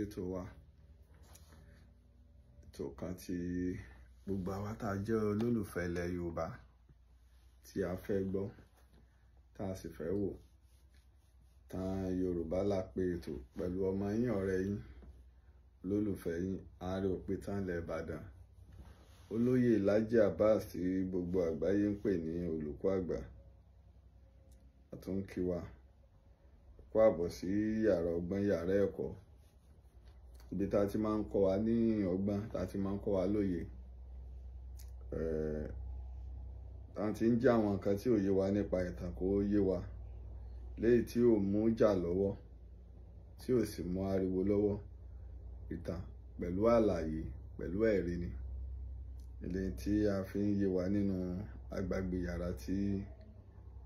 ètò wa ètò kan tí gbogbo àwa tá a jẹ́ olólùfẹ́ ilẹ̀ Yorùbá tí a fẹ́ gbọ́ tá a sì fẹ́ wò Ìtàn Yorùbá la pè ètò pẹ̀lú ọmọ yín ọ̀rẹ́ yín olólùfẹ́ yín ààrẹ òpìtàn ilẹ̀ Ìbàdàn olóyè Laji Abbas tí gbogbo àgbáyé ń pè ní olùkọ́ àgbà àtúnkíwa kó àbọ̀ sí yàrá ọgbọ́n yàrá ẹ̀kọ́ ibi tá a ti máa ń kọ́ wa ní ọgbọ́n tá a ti máa ń kọ́ wa lóye tá eh, a ti ń jẹ́ àwọn nǹkan tí ò yé wa nípa ìtàn kó yé wa léyìí tí ò mú jà lọ́wọ́ tí ò sì mú ariwo lọ́wọ́ ìtàn pẹ̀lú àlàyé pẹ̀lú ẹ̀rí ni ilé tí a fi ń yé wa nínú agbègbè yàrá tí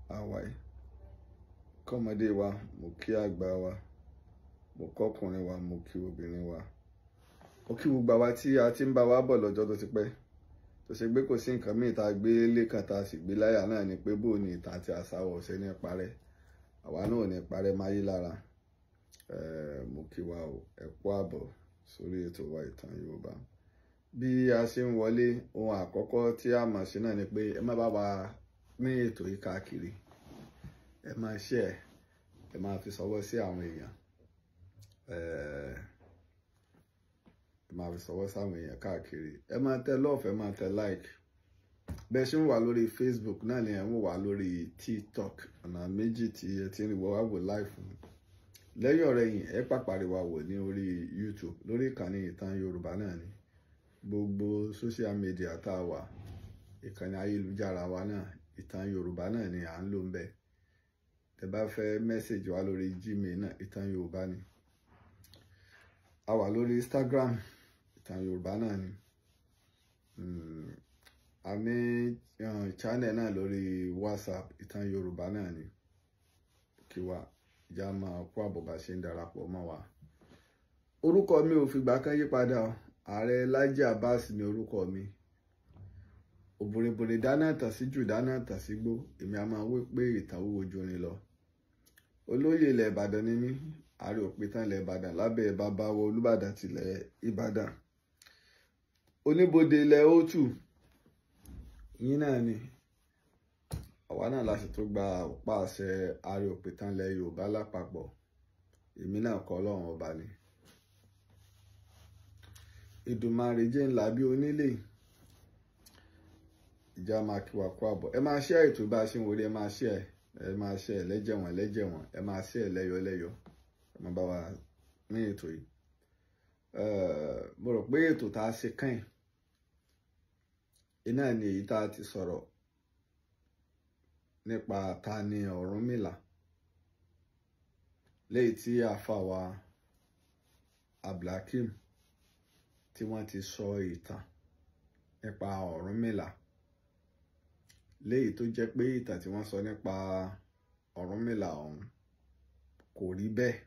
a wà yìí kọ́mọdé wa mo kí àgbà wa mo kọ́kùnrin wa mo kí obìnrin wa mo kí gbogbo àwa tí a ti ń bá wa bọ̀ lọ́jọ́ tó ti pẹ́ tó ṣe pé kò sí nǹkan míì tá a gbé lẹ́kàn tá a sì gbé láyà náà ni pé bó ni ìtàn àti àṣà wa ọ̀sẹ̀ ní parẹ́ àwa náà ní parẹ́ máyé lára mo kí wa o ẹ kú àbọ̀ sórí ètò wa ìtàn Yorùbá bí a ṣe ń wọlé ohun àkọ́kọ́ tí a máa ṣe náà ni pé ẹ má bá wa ní ètò yìí káàkiri ẹ máa ṣe ẹ máa fi sọwọ́ sí àwọn èèyàn Eh, máa fi sọwọ́ sáwọn èèyàn káàkiri ẹ máa tẹ lọf ẹ máa tẹ like bẹ́ẹ̀ ṣe ń wà lórí Facebook náà ni ẹ̀ ń wà lórí TikTok ọ̀nà méjì tí ẹ ti ń wọ́ wá láìfù live lẹ́yìn ọ̀rẹ́ yìí ẹ wà wò ní orí YouTube lórí ìkànnì ìtàn Yorùbá náà ni gbogbo social media tá a wà ìkànnì ayélujára wa náà ìtàn Yorùbá náà ni à ń lò ń bẹ tẹ bá fẹ́ mẹ́sàgì wa lórí Gmail náà ìtàn Yorùbá ni. a wà lórí Instagram ìtàn Yorùbá náà ni hmm, a ní eh, channel náà lórí WhatsApp ìtàn Yorùbá náà ni kí wa ìjà máa kó àbọ̀bá ṣe ń darapọ̀ mọ́ wa orúkọ mi ò fìgbà kan yí padà ààrẹ Laji Abbas ni orúkọ mi òbòrèbòrè dáná tàsí jù dáná tàsí gbó èmi a máa wí pé ìtàwó ojú ni lọ olóyè ilẹ̀ Ìbàdàn ni mí ààrẹ òpìtàn ilẹ̀ ìbàdàn lábẹ́ babawo olùbàdàn tilẹ̀ ìbàdàn oníbodè ilẹ̀ òtù yín náà ni àwa náà láti tó gba ọ̀pá àṣẹ ààrẹ òpìtàn ilẹ̀ yorùbá lápapọ̀ èmi náà kọ́ ọlọ́run ọba ni ìdùnmáre jẹ́ ńlá bí onílé ìjà máa kí wa kó àbọ̀ ẹ máa ṣe ètò bá a ṣe ń wọlé ẹ máa ṣe ẹ máa ṣe ẹ lẹ́jẹ̀ wọ̀n lẹ́jẹ̀ wọ̀n ẹ máa ṣe ẹ lẹ́yọ lẹ́yọ ẹ máa bá wa ní ètò yìí eh, mo rò pé ètò tá a ṣe kàn iná ni èyí tá a ti sọ̀rọ̀ nípa ta ni Ọ̀rúnmìlà léyìí tí àfàwà Abdulhakeem tí wọ́n ti sọ ìtàn nípa Ọ̀rúnmìlà léyìí tó jẹ́ pé ìtàn tí wọ́n sọ nípa Ọ̀rúnmìlà ọ̀hún kò rí bẹ́ẹ̀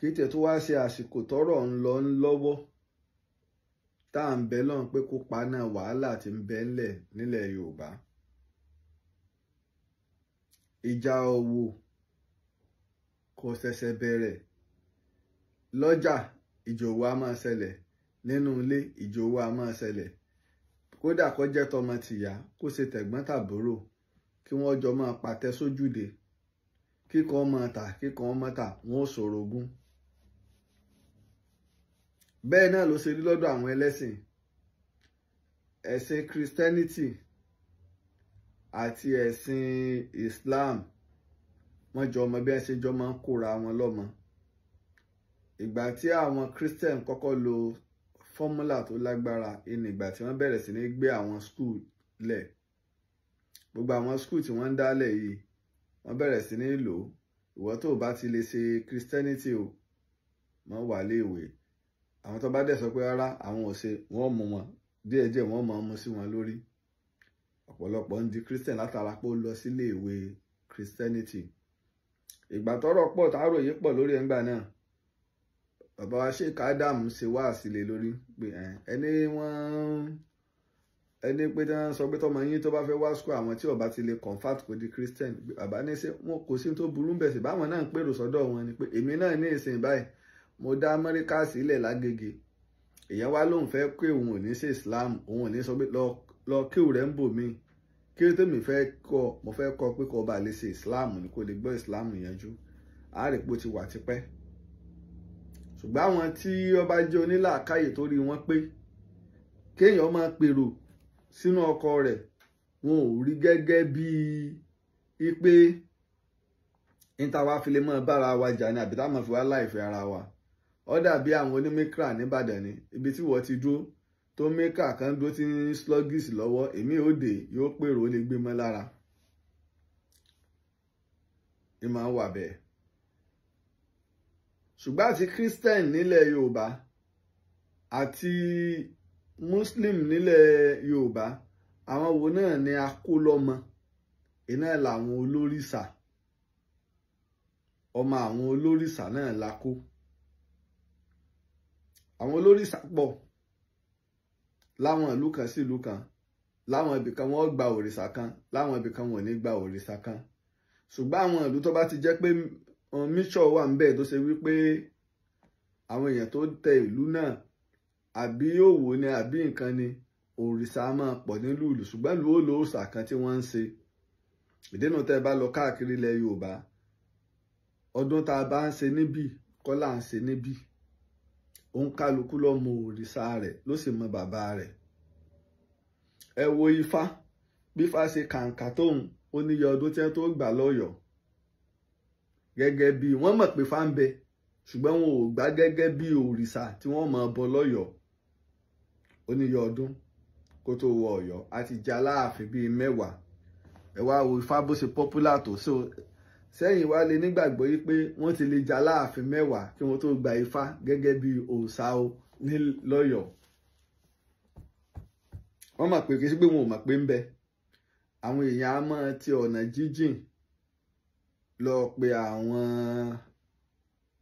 kí tẹ̀ tó wá ṣe àsìkò tọ́rọ̀ ń lọ lọ́wọ́ tá à ń bẹ lọ́n pé kó paná wàhálà tí ń bẹ ńlẹ̀ nílẹ̀ Yorùbá ìjà òwò kò ṣẹ̀ṣẹ̀ bẹ̀rẹ̀ lọ́jà ìjòwò a máa ṣẹlẹ̀ nínú ilé ìjòwò a máa ṣẹlẹ̀ kódà kó jẹ́ tọmọ tìyá kó ṣe tẹ̀gbọ́n tàbúrò kí wọ́n jọ máa pàtẹ sójúde kíkan máa tà kíkan máa tà wọ́n ò ṣòrogún bẹ́ẹ̀ náà ló ṣe rí lọ́dọ̀ àwọn ẹlẹ́sìn ẹ̀sìn christianity àti ẹ̀sìn islam wọ́n jọ ọmọ bí wọ́n ṣe jọ máa ń kóra wọn lọ́mọ ìgbà tí àwọn christian kọ́kọ́ lo fọ́múlà tó lágbára ní ìgbà tí wọ́n bẹ̀rẹ̀ sí ní gbé àwọn skul lẹ̀ gbogbo àwọn skul tí wọ́n ń dálẹ̀ yìí wọ́n bẹ̀rẹ̀ sí ní lò ìwọ tó bá ti lè ṣe christianity o mọ́ wà léèwé àwọn tó bá dẹ̀ sọ pé rárá àwọn ò ṣe wọ́n mú wọn díẹ̀díẹ̀ wọ́n máa mú sí wọn lórí ọ̀pọ̀lọpọ̀ ń di christian látara pé ó lọ sílé ìwé christianity ìgbà tọ́rọ̀ pọ̀ táàrò yìí pọ̀ lórí ẹgbà náà bàbá wa Sheikh Adam ṣe wá àsìlè lórí pé ẹni wọ́n ẹni pé tí wọ́n sọ pé tọmọ yín tó bá fẹ́ wá school àwọn tí ó ti lè convert kò di christian bàbá ní ṣe wọn kò sí tó burú bẹ̀ sí báwọn náà ń pèrò sọ́dọ̀ wọn ni pé èmi náà ní ìsìn báyìí mo dá amẹ́ríkà sílẹ̀ lágége èèyàn wá lóun fẹ́ pé òun ò ní ṣe islam òun ò ní sọ pé lọ kíw rẹ̀ ń bò mí kí ló tèmi fẹ́ kọ́ mo fẹ́ kọ́ pé kó bá lè ṣe islam ni kó lè gbọ́ islam yanjú àárẹ̀ pé ó ti wà tipẹ́ ṣùgbọ́n àwọn tí ọba jẹ́ onílàákàyè tó rí wọn pé kéèyàn máa pèrò sínú ọkọ rẹ̀ wọn ò rí gẹ́gẹ́ bíi pé níta wá fi lè mọ́ bára wa jà ni àbí táwọn fi wá láìfẹ́ ara wa ó dàbí àwọn onímíkra nìbàdàn ni ibi tí wọ́n ti dúró tó míkra kan dúró tí ń sluggish lọ́wọ́ èmi ò dé yóò pèrò ó lè gbé mọ́ lára ni máa ń wà bẹ́ẹ̀ ṣùgbọ́n àti christian nílẹ̀ yorùbá àti muslim nílẹ̀ yorùbá àwọn wo náà ni a kó lọ́mọ iná làwọn olórìṣà ọmọ àwọn olórìṣà náà la kó àwọn olórìṣà pọ̀ láwọn ìlú kan sí ìlú kan láwọn ibì kan wọ́n gba òrìṣà kan láwọn ibì kan wọ́n ní gba òrìṣà kan ṣùgbọ́n àwọn ìlú tó bá ti jẹ́ pé míṣọ̀ um, wà ń bẹ̀ tó ṣe wípé àwọn èèyàn tó tẹ ìlú náà àbí òwò ni àbí nǹkan ni òrìṣà máa pọ̀ nílùú ìlú ṣùgbọ́n ìlú ó lo òòṣà kan tí wọ́n ń ṣe ìdènà tẹ́ ẹ bá lọ káàkiri ilẹ̀ Yorùbá ọdún tá a bá ń ṣe níbí kọ́ ń ṣe níbí òǹkálukú ló mọ òrìṣà rẹ̀ ló sì mọ bàbá rẹ̀ ẹ wo ifá bífá ṣe kàǹkà tóun ó níye ọdún tí wọ́n tó gbà lọ́yọ̀ọ́ gẹ́gẹ́ bí wọ́n mọ̀ pé fá ń bẹ ṣùgbọ́n wọn ò gbà gẹ́gẹ́ bí òrìṣà tí wọ́n mọ̀ bọ lọ́yọ̀ọ́ ó níye ọdún kó tó wọ Ọ̀yọ́ àti jẹ aláàfin bíi mẹ́wàá ẹ wá wo ifá bó ṣe popular tó so sẹ́yìn wá lè nígbàgbọ́ yìí pé wọ́n ti lè jà láàfin mẹ́wàá kí wọ́n tó gba ifá gẹ́gẹ́ bí òòṣà o ní lọ́yọ̀ọ́ wọ́n mọ̀ pé kì í sí pé wọn ò mọ̀ pé ń bẹ àwọn èèyàn á mọ̀ ti ọ̀nà jíjìn lọ pe àwọn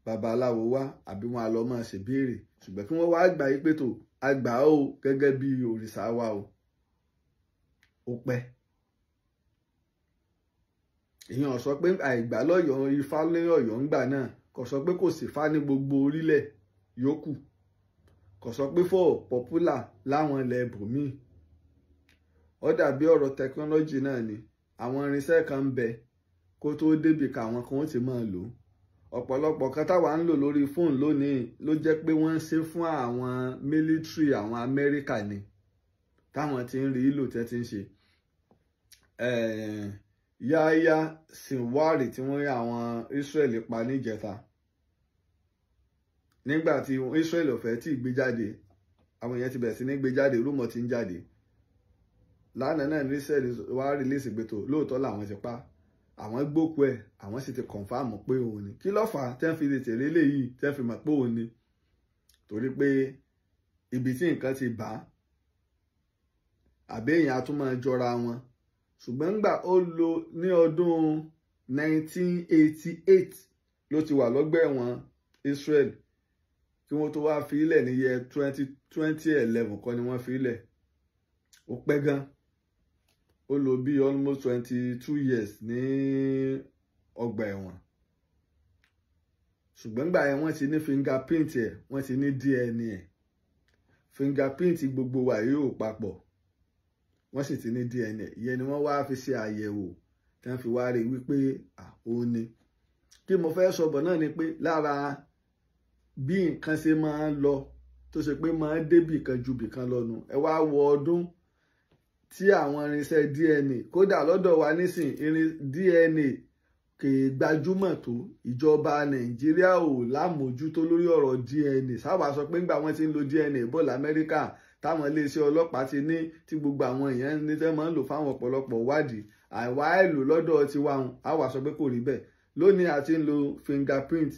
babaláwo wá àbí wọn á lọ mọ̀ ṣèbéèrè ṣùgbọ́n kí wọ́n wá gbà yí pé tó àgbà o gẹ́gẹ́ bí òrìṣà wa o ó pẹ́ èèyàn sọ pé àìgbà lọ́yọ̀ọ́ ifá lọ́yọ̀ọ́ ńgbà náà kò sọ pé kò sí fá ní gbogbo orílẹ̀ yòókù kò sọ pé fọ́ popular láwọn ilẹ̀ ibòmíì ó dàbí ọ̀rọ̀ tẹkinọ́lọ́jì náà ni àwọn irinṣẹ́ kan ń bẹ kó tó débi káwọn kan ó ti máa lò ó ọ̀pọ̀lọpọ̀ kan táwa ń lò lórí fóònù lónìí ló jẹ́ pé wọ́n ń ṣe fún àwọn mílítírì àwọn amẹ́ríkà ni táwọn ti ń rí lò tẹ́ ti ń ṣe yáyá sinwari tí wọ́n rí àwọn Israeli pa níjẹta nígbà tí Israeli ò fẹ́ tí ì gbé jáde àwọn èèyàn ti bẹ̀rẹ̀ sí ní gbé jáde rúmọ̀ tí ń jáde lánàá náà ní Israeli wá rìlíìsì lóòótọ́ làwọn ti pa àwọn gbókù ẹ̀ àwọn sì ti kọ̀ǹfàmù pé òun ni kí ló fà á tẹ́ ń fi tèrè léyìí tẹ́ ń fi mọ̀ pé òun ni torí pé ibi tí nǹkan ti bà àbẹ́yìn atúmọ̀ jọra wọn ṣùgbọ́n ńgbà ó lò ní ọdún 1988 ló ti wà lọ́gbà ẹ̀wọ̀n Israel kí wọ́n tó wá fi ilẹ̀ ní yẹ 2011 kọ́ ni wọ́n fi ilẹ̀ ó pẹ́ gan ó lò bí almost 22 years ní ọgbà ẹ̀wọ̀n ṣùgbọ́n gbà yẹn wọ́n ti ní fingerprint ẹ̀ wọ́n ti ní DNA fingerprint gbogbo wa yóò papọ̀ wọ́n sì ti ní DNA ìyẹn ni wọ́n wá fi ṣe àyẹ̀wò tí wọ́n fi wá rí wípé ó ní kí mo fẹ́ sọ bọ̀ náà ni pé lára bí nǹkan ṣe máa ń lọ tó ṣe pé máa ń débì kan ju bì kan lọ́nu ẹ wá wo ọdún tí àwọn irinṣẹ́ DNA kódà lọ́dọ̀ wa nísìn irin DNA kì í gbajúmọ̀ tó ìjọba nàìjíríà ò lámòjútó lórí ọ̀rọ̀ DNA sábà sọ pé ńgbà wọ́n ti ń lo DNA bọ́ọ̀lù amẹ́ríkà táwọn iléeṣẹ́ ọlọ́pàá ti ní tí gbogbo àwọn èèyàn ní tẹ́ máa ń lò fáwọn ọ̀pọ̀lọpọ̀ wádìí àwa ẹ̀ lò lọ́dọ̀ tiwa wọn á wà sọ pé kò rí bẹ́ẹ̀ lónìí a ń lo fingerprint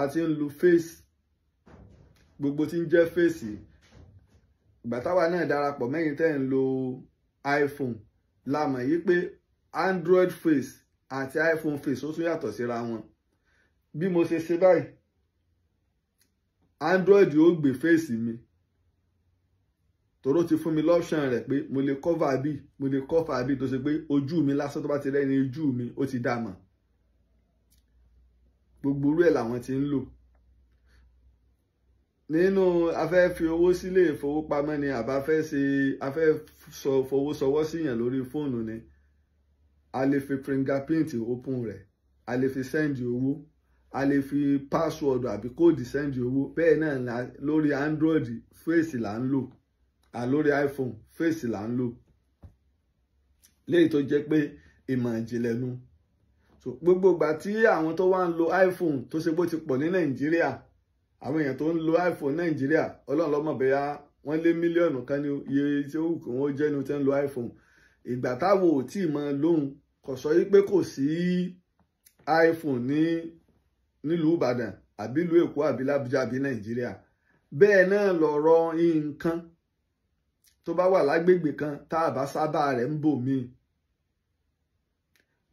a ń lo face gbogbo tí ń jẹ́ face ìgbà táwa náà darapọ̀ mẹ́yìn tẹ́ ń lo iPhone la yí pé Android face àti iPhone face ó tún yàtọ̀ síra wọn bí mo ṣe ṣe báyìí Android ó gbé face mi tòró ti fún mi lọ́pṣàn rẹ̀ pé mo lè cover bí mo lè cover bí tó ṣe pé ojú mi lásán tó bá ti rẹ́ni ojú mi ó ti dà mọ̀ gbogbo irú ẹ̀ làwọn ti ń lò nínú afẹ́ fi owó sílé ìfowópamọ́ ni àbá fẹ́ ṣe afẹ́ fowó sọwọ́ síyàn lórí fóònù ni a lè fi fingerprint open rẹ̀ a lè fi send owó a lè fi password àbí kóòdù send owó bẹ́ẹ̀ náà lórí android face là ń lò lórí iphone face là ń lò léyìí tó jẹ́ pé ìmọ̀ ìjìnlẹ̀ so gbogbo ìgbà tí àwọn tó wá ń lo iphone tó ṣe bó ti pọ̀ ní nàìjíríà àwọn èèyàn tó ń lo iphone nàìjíríà ọlọ́run lọ́mọ bẹ́yà wọ́n lé mílíọ̀nù kan ní iye tí ó wù kí wọ́n jẹ́ ní tí ń lo iphone ìgbà táwọn ò tí ì mọ lóhùn kò sọ yí pé kò sí iphone ní nílùú ìbàdàn àbí ìlú èkó àbí lábújá àbí nàìjíríà bẹ́ẹ̀ náà lọ̀rọ̀ nǹkan tó bá wà lágbègbè kan tá a bá sábà rẹ̀ ń bò míì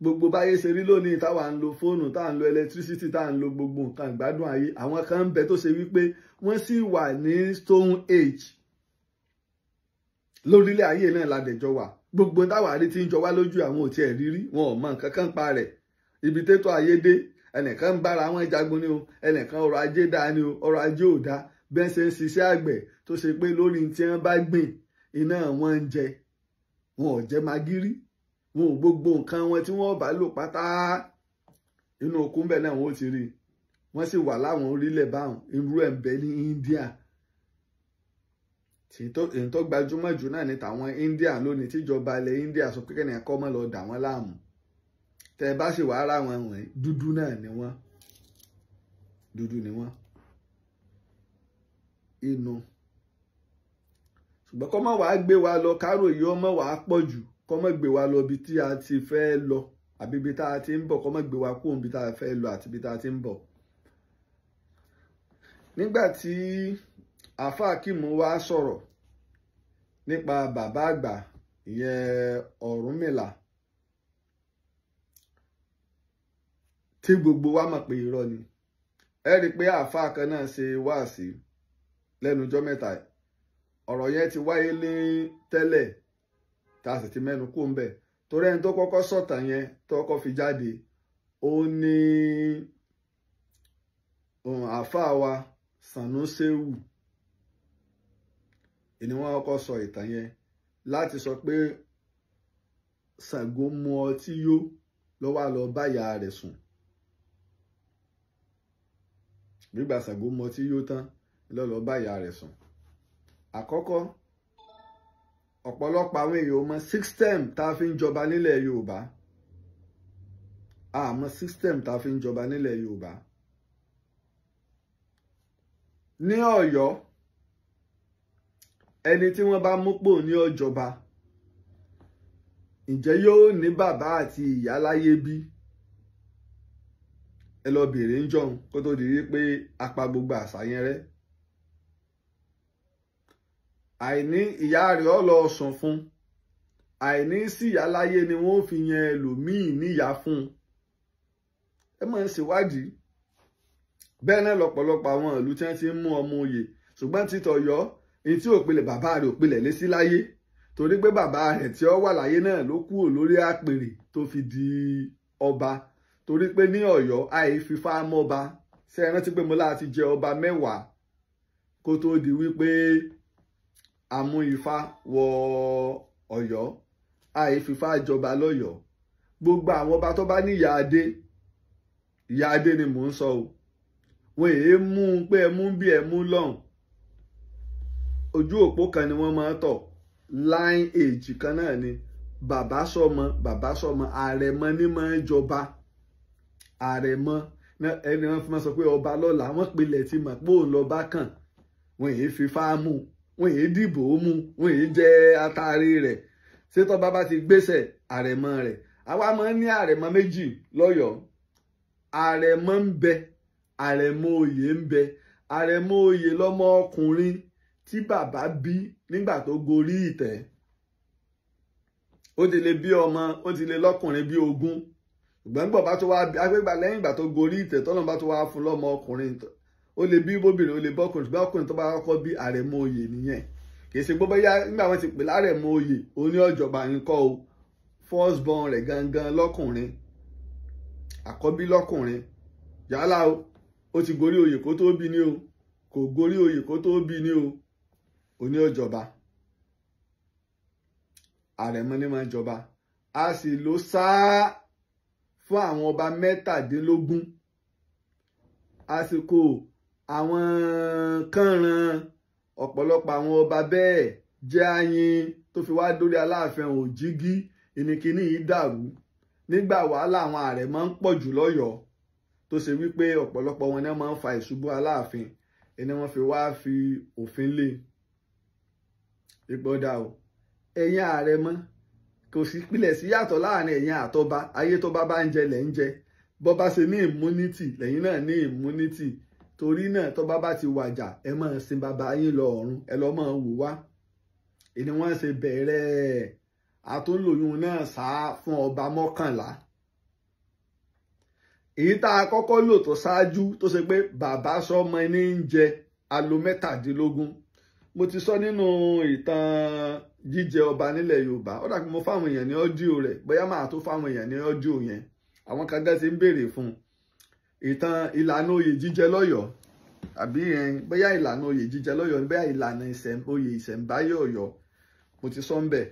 gbogbo báyé ṣe rí lónìí táwa ń lo fóònù tá à ń lo ẹlẹtírísítì tá ń lo gbogbo nǹkan ìgbádùn ayé àwọn kan ń bẹ tó ṣe wípé wọ́n sì wà ní stone age lórílẹ̀ ayé náà ládẹjọ́ wà gbogbo táwa rí ti ń jọ wá lójú àwọn ò tiẹ̀ rírí wọn ò mọ nǹkan kan pa rẹ̀ ibi tẹ́tọ́ ayé dé ẹnìkan ń bára wọn jagun ni o ẹnìkan ọrọ̀ ajé dáa ni o ọrọ̀ ajé ò dáa bẹ́ẹ̀ ṣe ń ṣiṣẹ́ àgbẹ̀ tó ṣe pé lórí tí wọ́n bá gbìn iná wọn ń jẹ wọn ò jẹ magírí wọn ò gbogbo nǹkan wọn tí wọn bá lò pátá inú okun bẹ́ẹ̀ náà wọn ò ti rí wọn sì wà láwọn orílẹ̀ báwọn irú ẹ̀ ń bẹ ní India èyí tó gbajúmọ̀ jù náà ni tàwọn India lónìí tíjọba ilẹ̀ India sọ pé kẹ́nìyàn kọ́ mọ́ lọ dà wọ́n láàmú tẹ́ bá sì wàá rà wọn wọ̀nyí dúdú náà ni wọ́n dúdú ni wọ́n inú ṣùgbọ́n kọ́ mọ́ wàá gbé wa lọ kárò yìí ọmọ wàá pọ̀ jù kọ́ mọ́ gbé wa lọ ibi tí a ti fẹ́ lọ àbí ibi tá a ti ń bọ̀ kọ́ mọ́ gbé wa kúrò ibi tá a fẹ́ lọ àti ibi tá a ti ń bọ̀. nígbà tí àáfàá kìmù wa sọ̀rọ̀ nípa bàbá àgbà ìyẹn Ọ̀rúnmìlà tí gbogbo wa mọ̀ pé irọ́ ni ẹ rí i pé àáfàá kan náà ṣe wáàsí lẹ́nu ọjọ́ mẹ́ta yìí ọ̀rọ̀ yẹn ti wáyé ní tẹ́lẹ̀ tá a sì ti mẹ́nu kú ńbẹ̀ torí ẹni tó kọ́kọ́ sọ̀tàn yẹn tó kọ́ fi jáde ó ní àáfàá wa Sanusewu ni wọ́n kọ́kọ́ sọ ìtàn yẹn láti sọ pé Ṣàngó mu ọtí yó ló wá lọ báyà rẹ̀ sùn nígbà Ṣàngó mu ọtí yó tán ló lọ báyà rẹ̀ sùn àkọ́kọ́ ọ̀pọ̀lọpọ̀ àwọn èèyàn ò mọ system tá a fi ń jọba nílẹ̀ Yorùbá àmọ́ system tá a fi ń jọba nílẹ̀ Yorùbá ní Ọ̀yọ́ ẹni tí wọ́n bá múpò ní ọ̀jọba ǹjẹ́ yóò ní bàbá àti ìyá láyé bí ẹ lọ bèrè ń jọun kó tó di rí apá gbogbo àṣà yẹn rẹ́ àìní ìyá rẹ̀ ọ lọ sùn fún àìní sí ìyá láyé ni wọ́n fi yan ẹlòmíì níyà fún ẹ máa ń ṣèwádìí bẹ́ẹ̀ náà lọ́pọ̀lọpọ̀ àwọn ìlú tí wọ́n ti ń mú ọmọ oyè ṣùgbọ́n títọ̀ yọ èyí tí òpilẹ̀ bàbá rẹ̀ òpilẹ̀ lé sí láyé torí pé bàbá rẹ̀ tí ó wà láyé náà ló kúrò lórí àpèrè tó fi di ọba torí pé ní Ọ̀yọ́ àì fífá mọ́ba ṣe é rántí pé mo láti jẹ ọba mẹ́wàá kó tóó di wípé amú ifá wọ Ọ̀yọ́ àìfífá jọba lọ́yọ̀ọ́ gbogbo àwọn ọba tó bá ní ìyá adé ìyá adé ni mò ń sọ o wọn èé mú un pé ẹ mú bí ẹ mú lọ́hùn ojú òpó kan ni wọ́n máa tọ̀ line age kan náà ni bàbá sọmọ bàbá sọmọ àrẹ̀mọ ní máa ń jọba àrẹ̀mọ ẹni wọ́n fi máa sọ pé ọba lọ́la wọ́n pilẹ̀ ti mọ̀ pé òun lọ́ba kàn wọn èé fi fáámù wọn èé dìbò mú wọn èé jẹ atari rẹ̀ ṣé tọ́ba bá ti gbéṣẹ̀ àrẹ̀mọ rẹ̀ àwa máa ń ní àrẹ̀mọ méjì lọ́yọ̀ọ́ àrẹ̀mọ ń bẹ àrẹ̀mọ oyè ń bẹ àrẹ̀mọ oyè lọ́mọ ọkùnrin tí bàbá bí nígbà tó gorí ìtẹ́ ó ti lè bí ọmọ ó ti lè lọ́kùnrin bí ogún ìgbọ́ngbọ̀n bá tó wá agbégbà lẹ́yìn ìgbà tó gorí ìtẹ́ tọ́lọ́n bá tó wá fún lọ́mọ ọkùnrin ó lè bí bóbìnrin ó lè bọ́kùnrin ṣùgbọ́n ọkùnrin tó bá kọ́kọ́ bí àrẹ̀mọ oyè nìyẹn kì í ṣe gbọ́ bóyá nígbà wọn ti pè lárẹ̀mọ oyè oní ọ̀jọ̀gbà nǹkan o first born rẹ̀ gangan lọ́kùnrin àkọ́bí lọ́kùnrin yálà o ó ti gorí oyè kó tó bí ni o kò gorí oyè kó tó bí ni o oní ọ̀jọ̀gbà àrẹ̀mọ ni máa jọba a sì ló sáá fún àwọn ọba mẹ́tàdínlógún àsìkò àwọn kànran ọ̀pọ̀lọpọ̀ àwọn ọba bẹ́ẹ̀ jẹ́ ayin tó fi wá dórí aláàfin òjígí ìnìkíní yìí dàrú nígbà wàhálà àwọn ààrẹ máa ń pọ̀ jù lọ́yọ̀ọ́ tó ṣe wípé ọ̀pọ̀lọpọ̀ wọn náà máa ń fa ìṣubú aláàfin ẹni wọ́n fi wá fi òfin lé ìgbọ́dà o ẹ̀yin ààrẹ mọ́ kò sí pilẹ̀ sí yàtọ̀ láàrin ẹ̀yin àtọba ayé tó bá bá ń jẹ lẹ́ ń jẹ bọ́ba ṣe ní immunity lẹ́yìn náà ní immunity torí náà tó bá bá ti wàjà ẹ máa sin bàbá yín lọ ọ̀run ẹ lọ́ máa wò wá èni wọ́n ṣe bẹ̀rẹ̀ àtúnlòyún náà sá fún ọba mọ́kànlá èyí tá a kọ́kọ́ lò tó ṣáájú tó ṣe pé bàbá sọmọ ní ń jẹ alo mẹ́tàdínlógún mo ti sọ nínú ìtàn jíjẹ ọba nílẹ̀ yorùbá ó dàbí mo fáwọn èèyàn ní ọ́díò rẹ̀ bóyá màá tó fáwọn èèyàn ní ọ́díò yẹn àwọn kan gẹ́sí ń béèrè fún un ìtàn ìlànà oyè jíjẹ lọ́yọ̀ọ́ àbí bóyá ìlànà oyè jíjẹ lọ́yọ̀ọ́ ni bóyá ìlànà oyè ìṣẹ̀ǹbáyé ọ̀yọ́ mo ti sọ ń bẹ̀.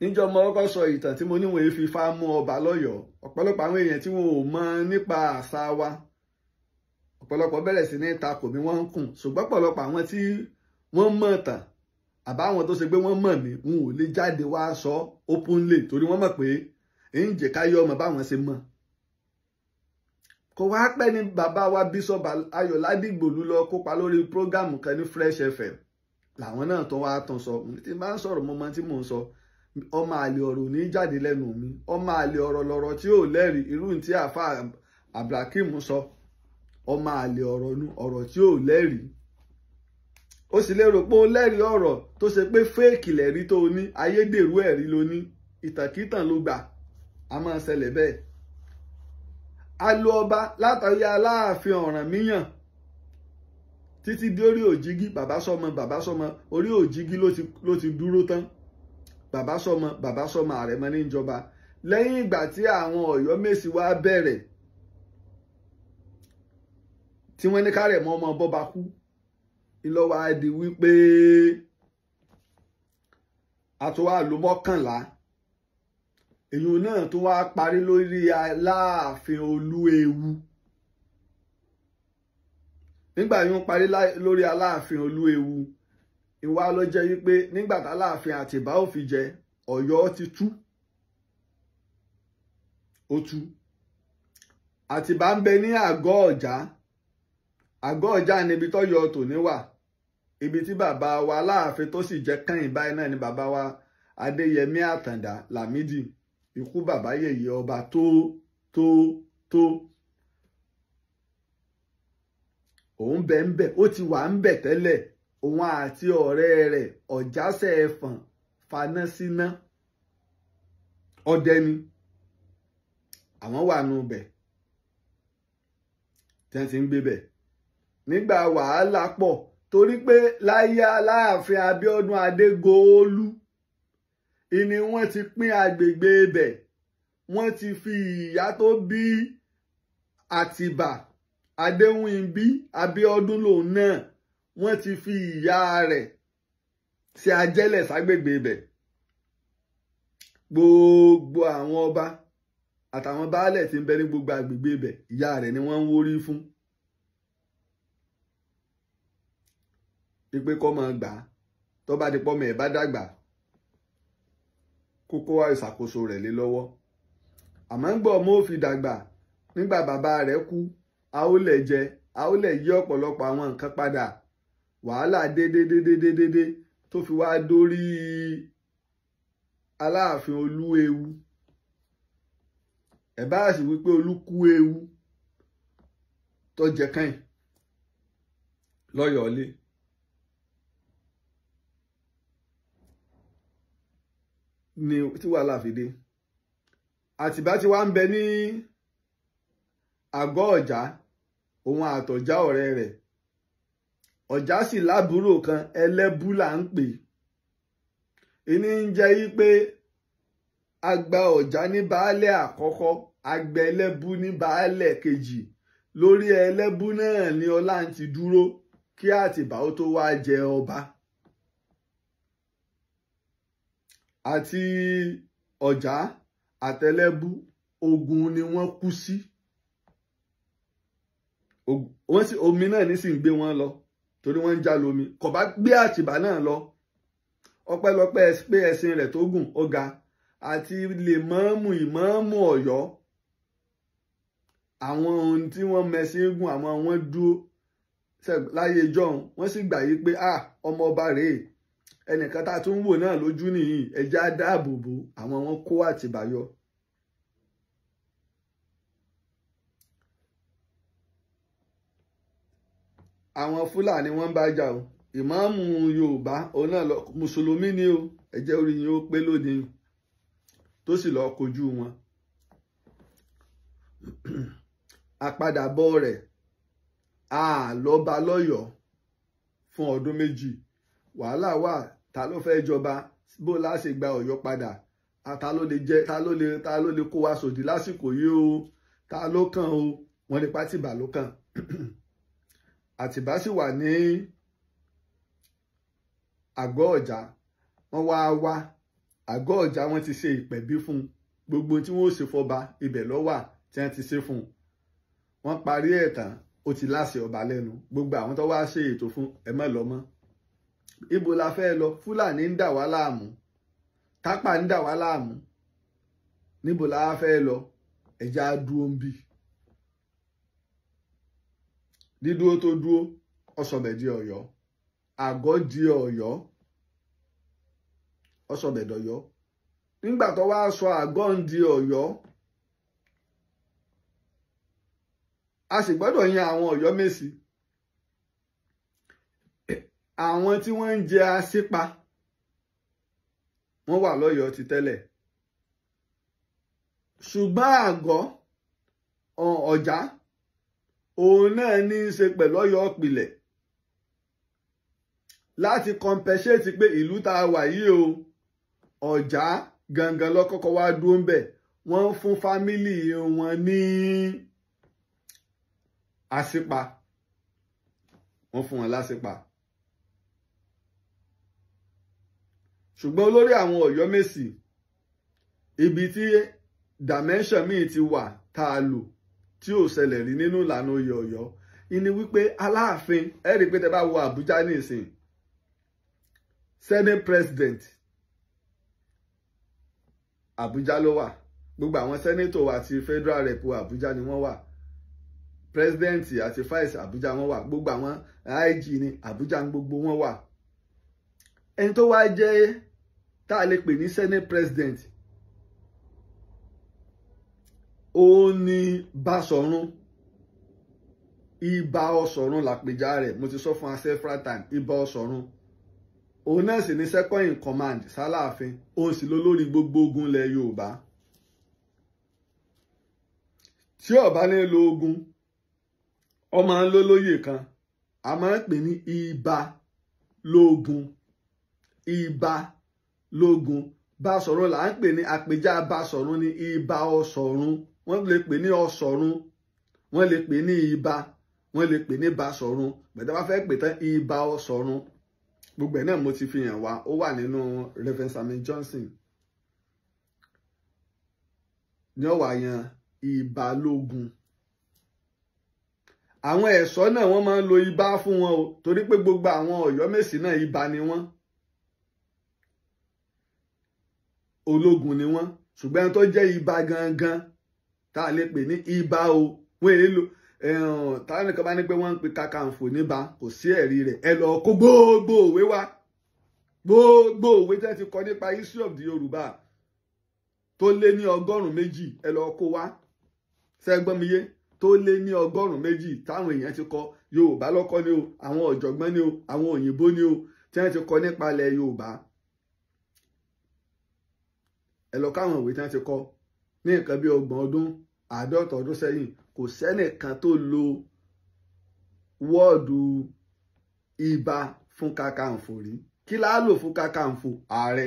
níjọ́ mo kọ́kọ́ sọ ìtàn tí mo ní wọ́n fi fá mú ọba lọ́yọ̀ọ́ ọ̀pọ̀lọpọ̀ àwọn èèyàn tí wọn ò mọ nípa àṣà wa ọ̀pọ̀lọpọ̀ bẹ̀rẹ̀ sí ní takò mi wọ́n ń kùn ṣùgbọ́n ọ̀pọ̀lọpọ̀ àwọn tí wọ́n mọ̀ tàn àbáwọn tó ṣe pé wọ́n mọ̀ mí n ò lè jáde wá sọ openly torí wọ́n mọ̀ pé ń jẹ́ káyọ́ ọmọ báwọn ṣe mọ̀ kò wá pẹ́ ní bàbá wa bishop ayọ̀lá dìgbòlú lọ kópa lórí prógámù kan ní fresh fm làwọn náà tó wá tán sọ ní ti máa ń sọ̀rọ̀ mọ́mọ́ tí mò ń sọ ọmọ àlè ọ̀rọ̀ ní jáde lẹ́nu mi ọmọ àlè ọ̀rọ̀ lọ̀rọ̀ tí ò lẹ́rìí irú tí àfa abdulhakeem sọ ọmọ àlè ọ̀rọ̀ nu ọ̀rọ̀ tí ò lẹ́rìí ó sì lérò pé ó lẹ́rìí ọ̀rọ̀ tó ṣe pé fẹ́ẹ̀kì lẹ́rìí tó ní ayédèrú ẹ̀rí ló ìtàkìtàn ló gbà á máa ṣẹlẹ̀ bẹ́ẹ̀ alu ọba látàrí aláàfin Ọ̀rànmíyàn títí dé orí òjìgí bàbá sọmọ bàbá sọmọ orí òjìgí ló ti dúró tán bàbá sọmọ bàbá sọmọ àrẹ̀mọ ní ìjọba lẹ́yìn ìgbà tí àwọn Ọ̀yọ́ Mèsì wá bẹ̀rẹ̀ tí wọ́n ní kárẹ̀ mọ́ ọmọ bọ́ba kú ìlọ́wọ́ di wípé àtúwà ló èyí náà tó wá parí lórí aláàfin olúewu nígbà yìí wọ́n parí lórí aláàfin olúewu ìwà ló jẹ́ wípé nígbà táláàfin àtìbá ò fi jẹ ọ̀yọ́ ti tú ó tú àtìbá ń bẹ ní àgọ́ ọ̀já àgọ́ ọ̀já níbi tọ́yọ tòní wà ibi tí bàbá wa aláàfin tó sì jẹ́ kẹ́yìn báyìí náà ni bàbá wa adéyẹmí àtàndá lámídì ikú bàbá yèyé ọba tó tó tó òun bẹ ń bẹ ó ti wà ń bẹ tẹ́lẹ̀ òun àti ọ̀rẹ́ rẹ̀ ọ̀jásẹ̀ ẹ̀fọ̀n faná síná ọdẹ ni àwọn wà nù bẹ̀ tí wọ́n ti ń gbé bẹ̀ nígbà wàhálà pọ̀ torí pé láyé Aláàfin Abíọ́dún Adégoolú ìní wọ́n ti pín agbègbè ibẹ̀ wọ́n ti fi ìyá tó bí àtìbà adéwìnbí abíọ́dún lòun náà wọ́n ti fi ìyá rẹ̀ ṣe ajẹ́lẹ̀ ságbègbè ibẹ̀ gbogbo àwọn ọba àtàwọn baálẹ̀ tí ń bẹ ní gbogbo agbègbè ibẹ̀ ìyá rẹ̀ ni wọ́n ń wórí fún ipe kọ́ máa gbà tó bá di pọ́ mọ̀ bá dàgbà kókó ìṣàkóso rẹ̀ lé lọ́wọ́ àmọ́ ń gbọ́ ọmọ ò fi dàgbà nígbà bàbá rẹ̀ kú a ó lẹ̀ jẹ a ó lẹ̀ yí ọ̀pọ̀lọpọ̀ àwọn nǹkan padà wàhálà dédédédédédé tó fi wá dórí aláàfin olú ewu ẹ bá sì wípé olú kú ewu tó jẹ kẹ́yìn lọ́yọ̀ọ́lé ni tí la fi ati àtìbá ti wá ń bẹ ní àgọ́ ọ̀já òun àtọ̀já ọ̀rẹ́ rẹ̀ ọ̀já sì lábúrò kan ẹlẹ́bú là ń pè ìní ń jẹ́ yí pé agba ọ̀já ní baálẹ̀ àkọ́kọ́ agba ẹlẹ́bú ní baálẹ̀ kejì lórí ẹlẹ́bú náà ni ọlá ń ti dúró kí àtìbá ó tó wá jẹ ọba. àti ọjà àtẹlẹbú ogun ni wọ́n kú sí wọ́n sì omi náà ní sì ń gbé wọn lọ torí wọ́n ń já lómi kò bá gbé àtìbá náà lọ ọpẹ́lọpẹ́ pé ẹ̀sìn rẹ̀ tó gùn ó ga àti lè mọ́ọ́mù ìmọ́ọ́mù ọ̀yọ́ àwọn ohun tí wọ́n mẹ́sìn gùn àwọn wọn dúró láyé ìjọ́un wọ́n sì gbà yí pé ah, ọmọ ọba rèé ẹnìkan tá a tún ń wò náà lójú nìyí ẹja dáàbò bò àwọn wọn kó àtìbáyọ. àwọn fúlàní wọ́n bá jà o ìmáàmù yorùbá òun náà lọ mùsùlùmí ni o ẹjẹ orí yìí ó pé lónìí tó sì lọ kojú wọn àpadàbọ̀ rẹ̀ àlọba fún ọdún méjì wàhálà wà ta ló fẹ́ jọba bó la gba ọ̀yọ́ padà ta ló lè jẹ ta ló lè ta ló lè kó wa sòdì lásìkò yìí o ta ló kàn o wọ́n ní pátìbà ló kàn àtìbá sì wà ní àgọ́ ọ̀jà wọ́n wá wá àgọ́ ọ̀jà wọ́n ti ṣe ìpẹ̀bí fún gbogbo tí wọ́n ó ṣe fọba ibẹ̀ ló wà tí wọ́n ti ṣe fún wọ́n parí ẹ̀ tán ó ti láṣẹ ọba lẹ́nu gbogbo àwọn tó wá ṣe ètò fún ẹ mọ́ lọ́mọ́ ibo la fẹ́ lọ fúlàní ń dà wá láàmú tápà ń dà wá láàmú níbo la fẹ́ lọ ẹja dúró ń bì dídúró tó dúró ọsọbẹ di Ọ̀yọ́ àgọ́ di Ọ̀yọ́ ọsọbẹ dọ̀yọ́ nígbà tó wá sọ àgọ́ ń di Ọ̀yọ́ a sì gbọ́dọ̀ yan àwọn Ọ̀yọ́ mèsì àwọn tí wọ́n ń jẹ aṣípa wọ́n wà lọ́yọ̀ọ́ ti tẹ́lẹ̀ ṣùgbọ́n àgọ́ ọ̀já òun náà ní í ṣe pẹ̀lú ọ̀yọ́ pilẹ̀ láti compensate pé ìlú tá a wà yìí o ọ̀já gangan lọ́kọ́kọ́ wá dúró ń bẹ̀ wọ́n fún fámílì wọn ní àṣìpa wọ́n fún wọn láṣìpa. ṣùgbọ́n olórí àwọn ọ̀yọ́mèsì ibi tí dimension míì ti wà tá a lò tí ò ṣẹlẹ̀ rí nínú ìlànà oyè ọ̀yọ́ ìní wípé aláàfin ẹ rí i pé tẹ bá wo àbújá nísìn senate president àbújá ló wà gbogbo àwọn senator àti federal rep àbújá ni wọ́n wà president àti vice àbújá wọ́n wà gbogbo àwọn ig ni àbújá gbogbo wọ́n wà ẹni tó wá jẹ́ tá a lè pè ní senate president òun ni Basọ̀run Ìbà Ọ̀ṣọ̀run làpèjá rẹ̀ mo ti sọ fún several times Ìbà Ọ̀ṣọ̀run òun náà sì ni second in command sáláàfin òun sì lólórí gbogbo ogun ilẹ̀ Yorùbá tí ọba ní lo ogun ọmọ ń ló lóyè kan a máa ń pè ní Ìbà lógun lógun Basọ̀run là ń pè ní àpèjá Basọ̀run ní ibà ọ̀sọ̀run wọ́n lè pè ní ọ̀sọ̀run wọ́n lè pè ní ibà wọ́n lè pè ní Basọ̀run gbẹ̀dẹ́ bá fẹ́ pè tán ibà ọ̀sọ̀run gbogbo ẹ̀ náà mo ti fi hàn wá ó wà nínú Reverend Samuel Johnson ní ọ̀wà yan ibà lógun àwọn ẹ̀ṣọ́ náà wọ́n máa ń lo ibà fún wọn o torí pé gbogbo àwọn Ọ̀yọ́mèsì náà ibà ni wọ́n. ológun ni wọ́n ṣùgbọ́n ẹni tó jẹ́ ibà gangan tá a lè pè ní ibà o wọ́n èyí lò táwọn nìkan bá ní pé wọ́n ń pe kàkàǹfò níbà kò sí ẹ̀rí rẹ̀ ẹ lọ kó gbogbo òwe wá gbogbo òwe tẹ́ ti kọ nípa history of the Yorùbá tó lé ní ọgọ́rùn-ún méjì ẹ lọ kó wá sẹ́gbọ́nmiyé tó lé ní ọgọ́rùn-ún méjì táwọn èèyàn ti kọ Yorùbá lọ́kọ́ ni o àwọn ọ̀jọ̀gbọ́n ni o àwọn òyìnbó ni o tí wọ́n ti kọ nípa ilẹ̀ Yorùbá ẹ lọ káwọn òwe tí wọ́n ti kọ ní nǹkan bí ọgbọ̀n ọdún àádọ́ta ọdún sẹ́yìn kò sẹ́nìkan tó lo wọ́ọ̀dù ibà fún kàkàǹfò rí kí láá lò fún kàkàǹfò ààrẹ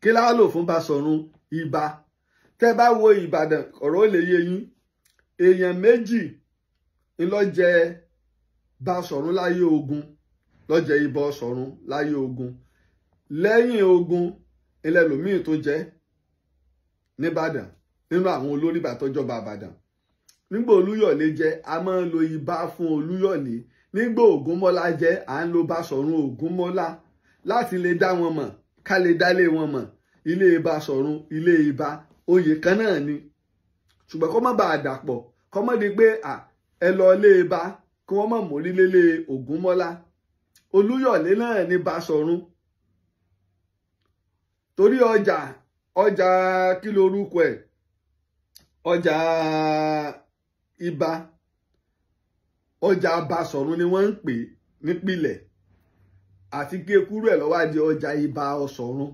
kí láá lò fún Basọ̀run ibà tẹ́ bá wo Ìbàdàn ọ̀rọ̀ lè yé yín èèyàn méjì ńlọ́jẹ Basọ̀run láyé ogun lọ́jẹ ibà Ọ̀ṣọ̀run láyé ogun lẹ́yìn ogun ẹlẹ́lòmíì tó jẹ́ nìbàdàn nínú àwọn olórí ìbátọ́jọba àbàdàn nígbà olúyọ̀lé jẹ́ a máa ń lo ibà fún olúyọ̀lé nígbà ògúnmọ́lá jẹ́ à ń lo báṣọ̀run ògúnmọ́lá láti lè dá wọn mọ̀ ká lè dálé wọn mọ̀ ilé ibà sọ̀run ilé ibà oyè kan náà ni ṣùgbọ́n kó má bàa dàpọ̀ kó má di pé à ẹ lọ ilé ibà kí wọ́n mọ̀ mórí lélẹ̀ ògúnmọ́lá olúyọ̀lé náà ní báṣọ̀run torí ọjà ọjà kí lorúkọ ẹ ọjà ibà ọjà abasọ̀run ni wọ́n ń pè nípìlẹ̀ àti kí kúrò ẹ̀ lọ́wọ́ di ọjà ibà ọ̀sọ̀run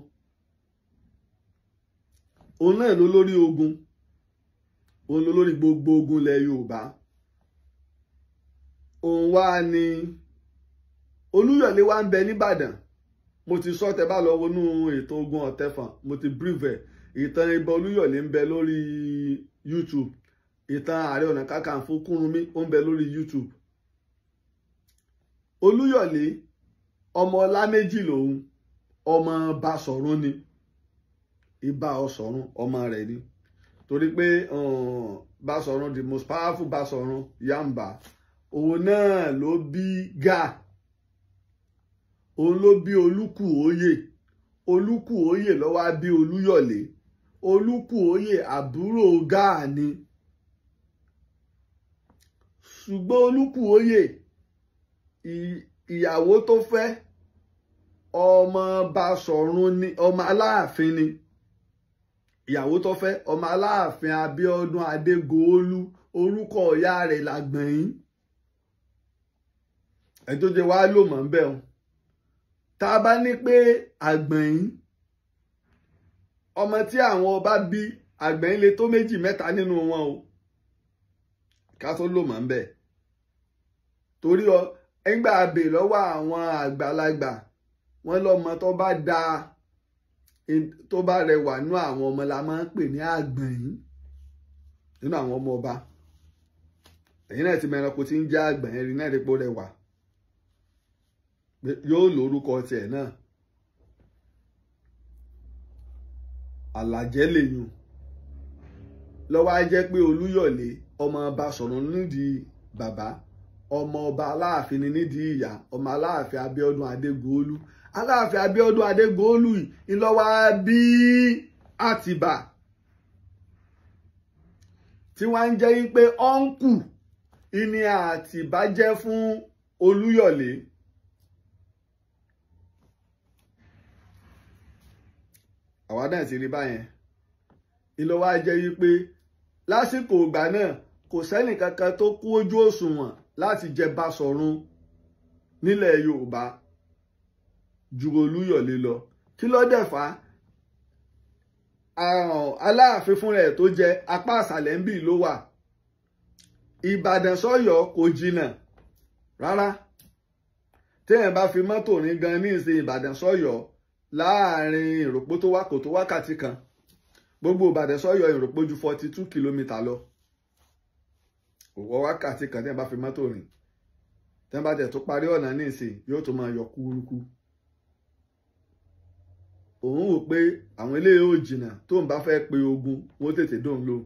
òun náà ló lórí ogun òun ló lórí gbogbo ogun ilẹ̀ Yorùbá òun wá ní Olúyọ̀lé wa ń bẹ nìbàdàn mo ti sọ tẹ bá lọ wọnú ètò ogun ọ̀tẹ̀fàn mo ti brief ẹ̀ ìtàn Ìbà Olúyọ̀lé ń bẹ lórí YouTube ìtàn Ààrẹ Ọ̀nà Kakanfò Kúrúnmí ó ń bẹ lórí YouTube Olúyọ̀lé ọmọ ọlá méjì lòun ọmọ Basọ̀run ni Ìbà Ọ̀ṣọ̀run ọmọ rẹ̀ ni torí pé Basọ̀run the most powerful Basọ̀run Yamba òun náà ló bí Gáà òun ló bí olúkù òye olúkù òye ló wá bí olúyọ̀lé olúkù òye àbúrò gáà ni ṣùgbọ́n olúkù òye ìyàwó tó fẹ́ ọmọ Basọ̀run ni ọmọ aláàfin ni ìyàwó tó fẹ́ ọmọ aláàfin Abíọ́dún Adégoolú orúkọ ìyá rẹ̀ làgbọ̀nyín ẹ̀ tó jẹ́ wàá lò mọ́ ń bẹ̀ wọn tá a bá ní pé àgbọ̀nyín ọmọ tí àwọn ọba bí àgbọ̀nyín lè tó méjì mẹ́ta nínú wọn o ká tó lò mọ́ ń bẹ̀ torí ọ ẹgbà abè lọ́wọ́ àwọn àgbàlagbà wọ́n lọ́mọ tó bá dáa tó bá rẹwà nú àwọn ọmọ la máa ń pè ní àgbọ̀nyín nínú àwọn ọmọ ọba ẹ̀yin náà ti mọ ẹranko tí ń jẹ́ àgbọ̀nyín rí náà rí pé rẹwà yóò lórúkọ tiẹ̀ náà àlàjẹ́ lèyùn lọ́wọ́ á jẹ́ pé olúyọ̀lé ọmọ ọba sọ̀rọ̀ nídìí bàbá ọmọ ọba aláàfin ni nídìí ìyá ọmọ aláàfin abíọ́dún adégoolu aláàfin abíọ́dún adégoolu ìlọ́wọ́ bí àtìbà tí wọ́n ń jẹ́ yín pé ọ́nkù ìní àtìbà jẹ́ fún olúyọ̀lé. àwa náà ti rí báyẹn ìlọ wa jẹ́ wípé lásìkò ìgbà náà kò sẹ́nì kankan tó kú ojú òṣùwọ̀n láti jẹ Basọ̀run nílẹ̀ Yorùbá ju Olúyọ̀lé lọ kí ló dẹ̀ fà á Aláàfin fúnra ẹ̀ tó jẹ apá àṣàlẹ̀ ń bì ló wà Ìbàdàn sọ́yọ́ kò jìnnà rárá téèyàn bá fi mọ́tò rìn gan ní ìsìn Ìbàdàn sọ́yọ́ láàrin ìròpó tó wá kò tó wákàtí kan gbogbo ìbàdàn sọ́yọ́ ìròpó ju forty two kìlómítà lọ kò wọ wákàtí kan tẹ́ ẹ bá fi mọ́tò rìn tẹ́ ẹ bá tẹ̀ tó parí ọ̀nà ní ìsìn yóò tó máa yọ kúrúkú òun wò pé àwọn eléyìí ò jìnnà tó ń bá fẹ́ pe ogun wọ́n tètè dóun ló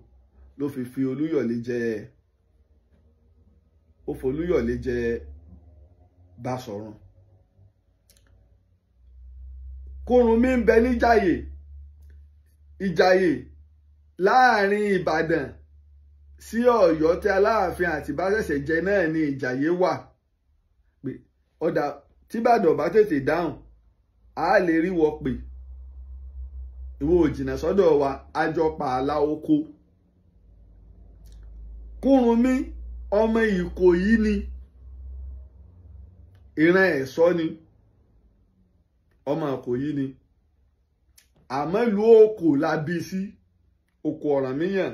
ló fi fi olúyọ̀lé jẹ ó folúyọ̀lé jẹ Basọ̀run Kúrúnmí ń bẹ níjàyè ìjàyè láàrin Ìbàdàn sí Ọ̀yọ́ tí Aláàfin Àtìbá ṣẹ̀ṣẹ̀ jẹ náà ni ìjàyè wà pé ọ̀dà tíbàdàn bá tètè dáhùn a lè rí wọ pé ìwọ òjìnà sọ́dọ̀ wa àjọ pààlà oko Kúrúnmí ọmọ Ìkòyí ni ìran ẹ̀ṣọ́ ni ọmọ Ìkòyí ni àmọ́ ìlú Òkò la bí sí Òkò Ọ̀rànmíyàn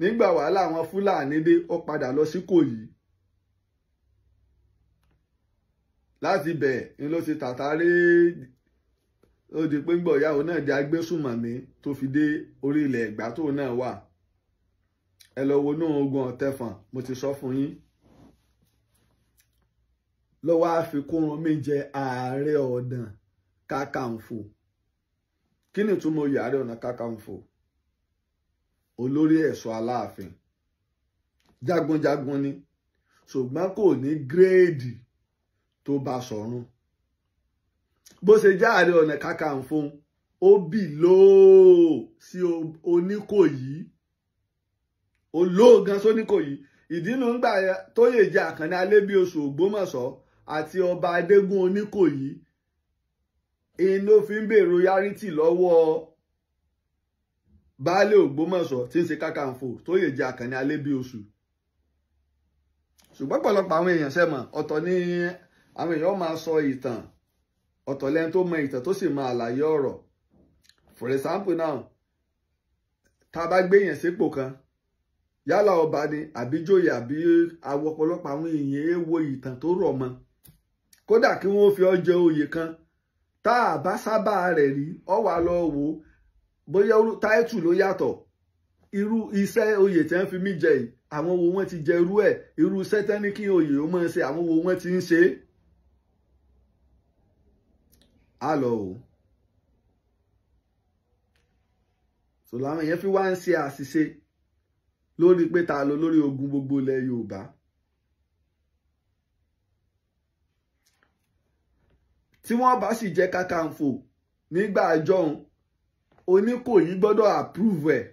nígbà wàhálà àwọn Fúlàní dé ó padà lọ sí Ìkòyí láti bẹ̀ ni ló ti tàtàrí ó di pé gbọ̀ ìyàwó náà di agbésùmọ̀mí tó fi dé orí ilẹ̀ Ẹ̀gbá tó náà wà ẹ lọ wo inú ogun ọ̀tẹ̀fọ̀n mo ti sọ fún yín lọ́wọ́ àfikún mi jẹ ààrẹ ọ̀dàn kákàǹfò kí ni ìtumọ̀ oyè ààrẹ ọ̀nà kákàǹfò olórí ẹ̀ṣọ́ aláàfin jagunjagun ni ṣùgbọ́n kò ní gírèèdì tó bá sọ̀run bó ṣe jẹ́ ààrẹ ọ̀nà o ó bì lóò sí oníkòyí ó lóò gan sóníkòyí ìdínú ńgbà tó yè jẹ àkànní alébíoṣù ògbómọ̀ṣọ́ àti ọba adégún oníkòyí iná fi ń lọwọ royalty lọ́wọ́ baálé Ògbómọ̀ṣọ́ tí ń ṣe kákàǹfò tó yè jẹ Àkànní Alébíoṣù ṣùgbọ́n pọ̀lọpọ̀ àwọn èèyàn sẹ́mọ̀ ọ̀tọ̀ ni àwọn èèyàn máa sọ ìtàn ọ̀tọ̀ lẹ́ni mọ ìtàn tó sì máa àlàyé ọ̀rọ̀ for example now tá a bá gbé èèyàn kan yálà ọba ni àbíjòyè àbí àwọn èèyàn ìtàn tó rọ̀ fi oyè kan tá a bá sábà rẹ̀ rí ọ wà lọ wò ó bóyá táìtù ló yàtọ̀ irú iṣẹ́ oyè tí wọ́n fi mí jẹ yìí àwọn wo wọ́n ti jẹ irú ẹ̀ irú iṣẹ́ tẹ́níkì oyè ó máa ń ṣe àwọn wo wọ́n ti ń ṣe é. a lọ o sọ làwọn èèyàn fi wá ń ṣe àṣìṣe lórí pé ta ló lórí ogun gbogbo ilẹ̀ Yorùbá tí wọ́n bá sì jẹ́ kàkàǹfò nígbà àjọhùn oníkòyí gbọ́dọ̀ approve ẹ̀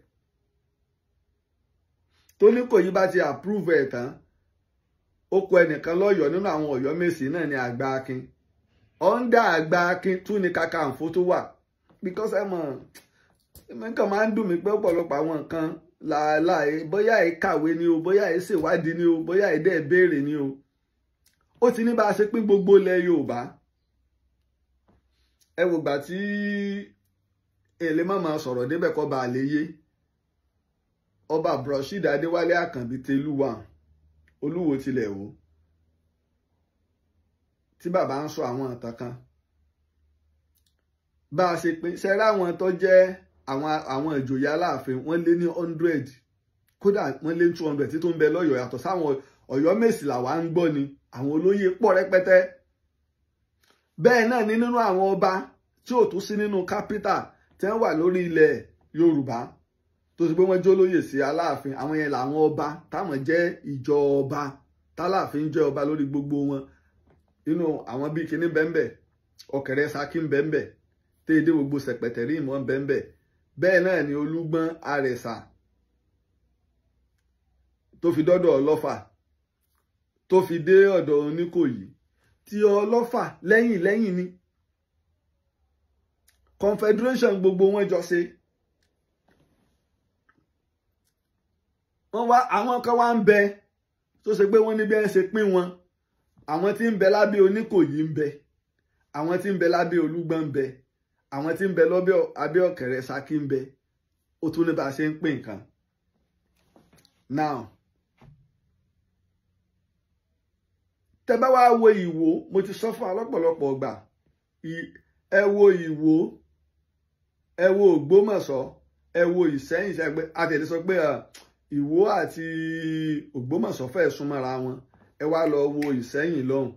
tóníkòyí bá ti approve ẹ̀ tán ó kọ ẹnìkan lọ́yọ̀ọ́ nínú àwọn ọ̀yọ́ mèsì náà ní àgbà akin ọ̀ǹdà àgbà akin tún ní kàkàǹfò tó wà because ẹ mọ̀ ẹ̀mí kan máa ń dùn mí pé ọ̀pọ̀lọpọ̀ àwọn nǹkan làálàá bóyá ẹ kàwé ni o bóyá ẹ ṣèwádìí ni o bóyá ẹ dẹ́ béèrè ni o ó ti ní bá a ṣe pín gbogbo ilẹ̀ Yorùbá ẹ wò gbà tí èlé má máa sọ̀rọ̀ débẹ̀ kọ́ bá a lè yé ọba brọ̀ṣídà adéwálé àkànbí tẹlúwà olúwo tilẹ̀ wò tí bàbá ń sọ àwọn àtàn kan bá a ṣe pé ṣẹ́rá àwọn tó jẹ́ àwọn ìjòyè aláàfin wọ́n lé ní hundred kódà wọ́n lé two hundred títún ń bẹ lọ́yọ̀ọ́ yàtọ̀ sáwọn ọ̀yọ́ mèsì làwa ń gbọ́ ni àwọn olóyè pọ̀ rẹpẹtẹ bẹ́ẹ̀ náà ni nínú àwọn ọba tí ò tún sí nínú kápítà tí wọ́n wà lórí ilẹ̀ yorùbá tó ti pé wọ́n jólóyè sí aláàfin àwọn yẹn làwọn ọba táwọn jẹ́ ìjọ ọba táláàfin jẹ́ ọba lórí gbogbo wọn inú àwọn bíi kinní bẹ́ńbẹ́ ọ̀kẹ́rẹ́ saki ń téèdé gbogbo sẹ̀pẹ̀tẹ̀rí ìmọ̀ ń bẹ́ẹ̀ náà ni olúgbọ́n àrẹ̀sà tó fi dọ́dọ̀ ọlọ́fà tó fi dé ọ̀dọ̀ oníkòyí ti ọlọ́fà lẹ́yìn lẹ́yìn ni confederation gbogbo wọn jọ ṣe wọ́n wá àwọn kan wá ń bẹ tó ṣe pé wọ́n ní bí ẹ ṣe pín wọn àwọn tí ń bẹ lábẹ́ oníkòyí ń bẹ àwọn tí ń bẹ lábẹ́ olúgbọ́n ń bẹ àwọn tí ń bẹ lọ́bẹ̀ abẹ́ ṣákí ń bẹ ó tún ní ṣe ń pín nǹkan now tẹ bá wá wo ìwò mo ti sọ fún alọ́pọ̀lọpọ̀ ọgbà ẹ wo ìwò ẹ wo ògbómọ̀ṣọ́ ẹ wo ìṣẹ́yìn ṣàgbé àtẹ̀lé sọ pé ìwò àti ògbómọ̀ṣọ́ fẹ́ súnmọ́ra wọn ẹ wá lọ wo ìṣẹ́yìn lọ́hùn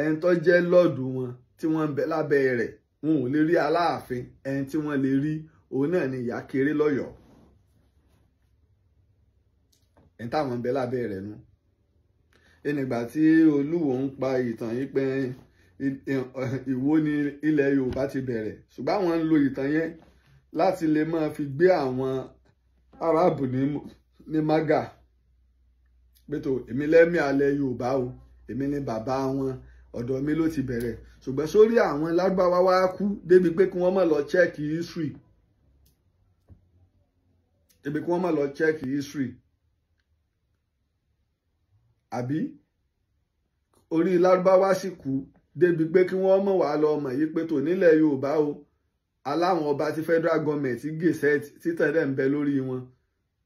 ẹni tó jẹ́ lọ́ọ̀dù wọn tí wọ́n ń bẹ lábẹ́ rẹ̀ wọn ò lè rí aláàfin ẹni tí wọ́n lè rí òun náà ni ìyá kéré lọ́yọ̀ọ́ ẹni táwọn ń bẹ lábẹ́ rẹ̀ nu. No ìnìgbà tí olúwo ń pa ìtàn yìí pé ìwó ni ilẹ̀ yorùbá ti bẹ̀rẹ̀ ṣùgbọ́n àwọn ń lo ìtàn yẹn láti lè máa fi gbé àwọn aráàbù ní mága pẹ̀tọ́ èmi lẹ́mí alẹ́ yorùbá o èmi ni bàbá wọn ọ̀dọ̀ mi ló ti bẹ̀rẹ̀ ṣùgbọ́n sórí àwọn lágbàwá wá kú débi pé kí wọ́n má lọ chẹ́ẹ̀kì history débi kí wọ́n má history àbí orí lárúbáwá sì kú débi pé kí wọ́n mọ̀ wá lọ mọ̀ yí pé tò nílẹ̀ yorùbá o aláwọn ọba ti federal government gazette títàn dẹ̀ ń bẹ lórí wọn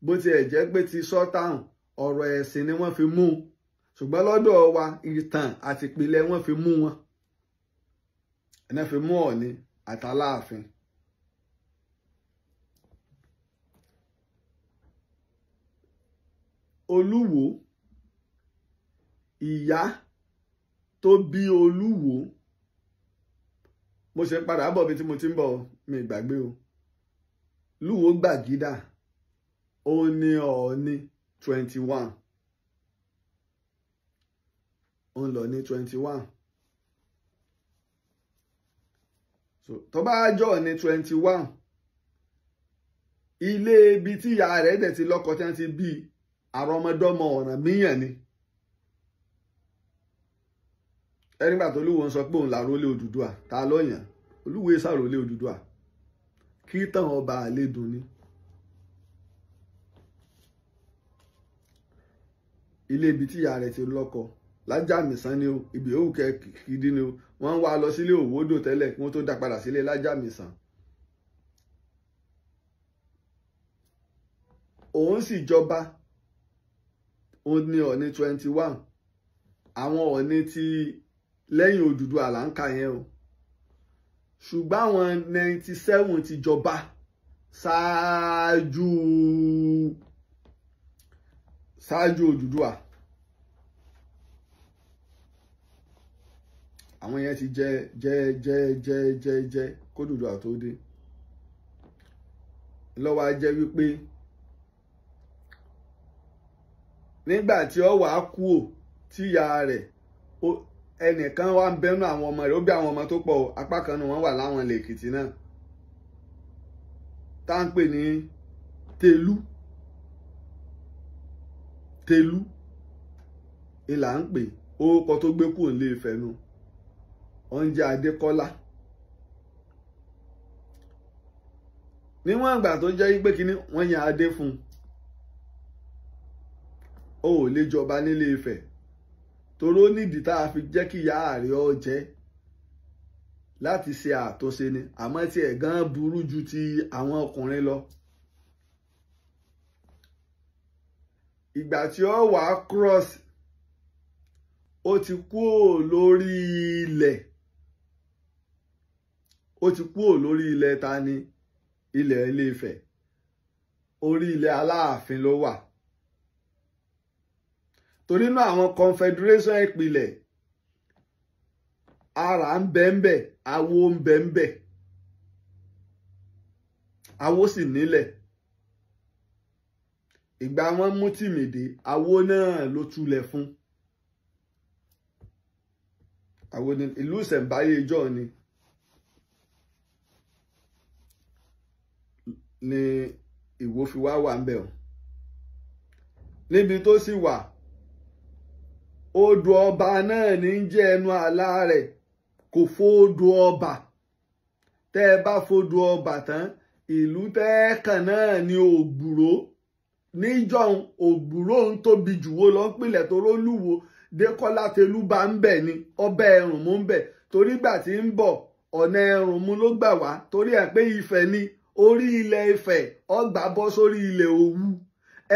bó tiẹ̀ jẹ́ pé ti sọ́tàùn ọ̀rọ̀ ẹ̀sìn ni wọ́n fi mú un ṣùgbọ́n lọ́dọ̀ wa ìtàn àti ìpìlẹ̀ wọ́n fi mú wọn ẹ̀nà fi mú ọ̀ní àtàláàfin. olúwo ìyá tó bí olúwo mo ṣe padà bọ̀ bí tí mo ti ń bọ̀ mi gbàgbé o lúwo gbàgídà ó ní ọ̀ọ́ni twenty one ó ń lọ ní twenty one so tó bá jọ ní twenty one ilé ibi tí ìyá rẹ̀ dẹ̀ ti lọ́kọ tí wọ́n ti bí àrọ́mọdọ́mọ ọ̀ràn míyàn ni. ẹnìgbà tó olúwo ń sọ pé òun làrólé Odùduwà ta ló yàn olúwo yìí sàrólé Odùduwà kí tàn ọba àlédùn ni. ilé ibi tí ìyá rẹ̀ ti lọ́kọ lájàmísán ni o ibi òwú kẹ́kìdí ni o wọ́n ń wá lọ sílé òwòdò tẹ́lẹ̀ kí wọ́n tó dá padà sílé lájàmísán. òun sì jọba òun ni ọ̀ní twenty one àwọn ọ̀ní ti lẹ́yìn Odùduwà là ń yẹn o ṣùgbọ́n àwọn ninety seven ti jọba ṣáájú ṣáájú Odùduwà àwọn yẹn ti jẹ jẹ jẹ jẹ jẹ jẹ kódùdùà tó dé lọ́wọ́ á jẹ́ wípé nígbà tí ó wàá kú ò tíya rẹ̀ ẹnìkan wa ń bẹ́nu àwọn ọmọ rẹ̀ ó bí àwọn ọmọ tó pọ̀ apá kan nu wọ́n wà láwọn ilẹ̀ èkìtì náà tá ń pè ní Telu Telu ìlà ń pè orúkọ tó gbé kúrò nílé nu oúnjẹ Adékọ́lá níwọn àgbà tó jẹ́ pé adé fún un ó lè jọba nílé toró nídìí tá a fi jẹ́ kí ìyá rẹ̀ ọ jẹ́ láti ṣe àtúnṣe ni àmọ́ tí ẹ̀ gan burú ju ti àwọn ọkùnrin lọ. ìgbà tí ó wà cross ó ti kúò lórí ilẹ̀ ó ti kúò lórí ilẹ̀ ta ni ilẹ̀ Ilé-Ifẹ̀ orí ilẹ̀ Aláàfin ló wà torí náà àwọn confederation ìpìlẹ̀ ara ń bẹ awo ń bẹ awo sì nílẹ̀ ìgbà wọn mú tìmìdì awo náà ló tulẹ̀ fún ìlú ìṣẹ̀ǹbáyé ìjọ ni ni Ìwó fi wá wà ń bẹ̀ níbi tó sì wà. odò ọba náà ní jẹ́ ẹnu àlá rẹ̀ kò fódò ọba tẹ́ ẹ bá fódò ọba tán ìlú tẹ́ẹ̀kan náà ni ògbúrò níjọ́un ògbúrò ń tóbi jùwó lọ ń pilẹ̀ tó rólùwò dékọ́lá telúba ń bẹ̀ ni ọbẹ̀ ẹ̀rùn mú ń bẹ̀ torí gbà tí ń bọ̀ ọ̀nà ẹ̀rùn mú ló gbà wá torí ẹ̀ pé Ifẹ̀ ni orí ilẹ̀ Ifẹ̀ ọgbà bọ́ sórí ilẹ̀ Òwu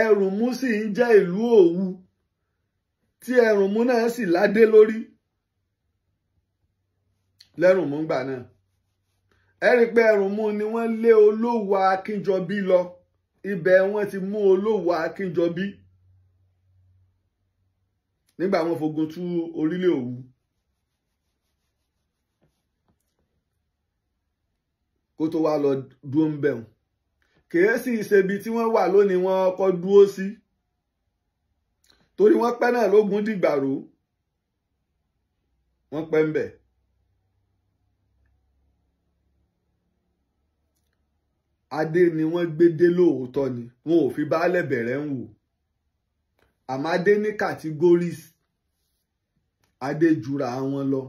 ẹ̀rùn mú sì ń jẹ́ ìlú Òwu tí ẹrùnmú náà sì ládé lórí lẹ́rùnmú gbà náà ẹ rí i pé ẹrùnmú ni wọ́n lé olówó akínjọbí lọ ibẹ̀ wọ́n ti mú olówó akínjọbí nígbà wọ́n fogun tú orílẹ̀ òwú. kó tó wá lọ dúró ń bẹ̀rùn kèé sì ṣebi tí wọ́n wà lónìí wọ́n kọ́ dúró sí. Si torí wọ́n pẹ́ náà lógun dìgbàrú wọ́n pẹ́ ń bẹ̀. adé ni wọ́n gbé dé lóòótọ́ ni wọn ò fi baálẹ̀ bẹ̀rẹ̀ ń wò àmọ́ adé ní categories adé jura wọn lọ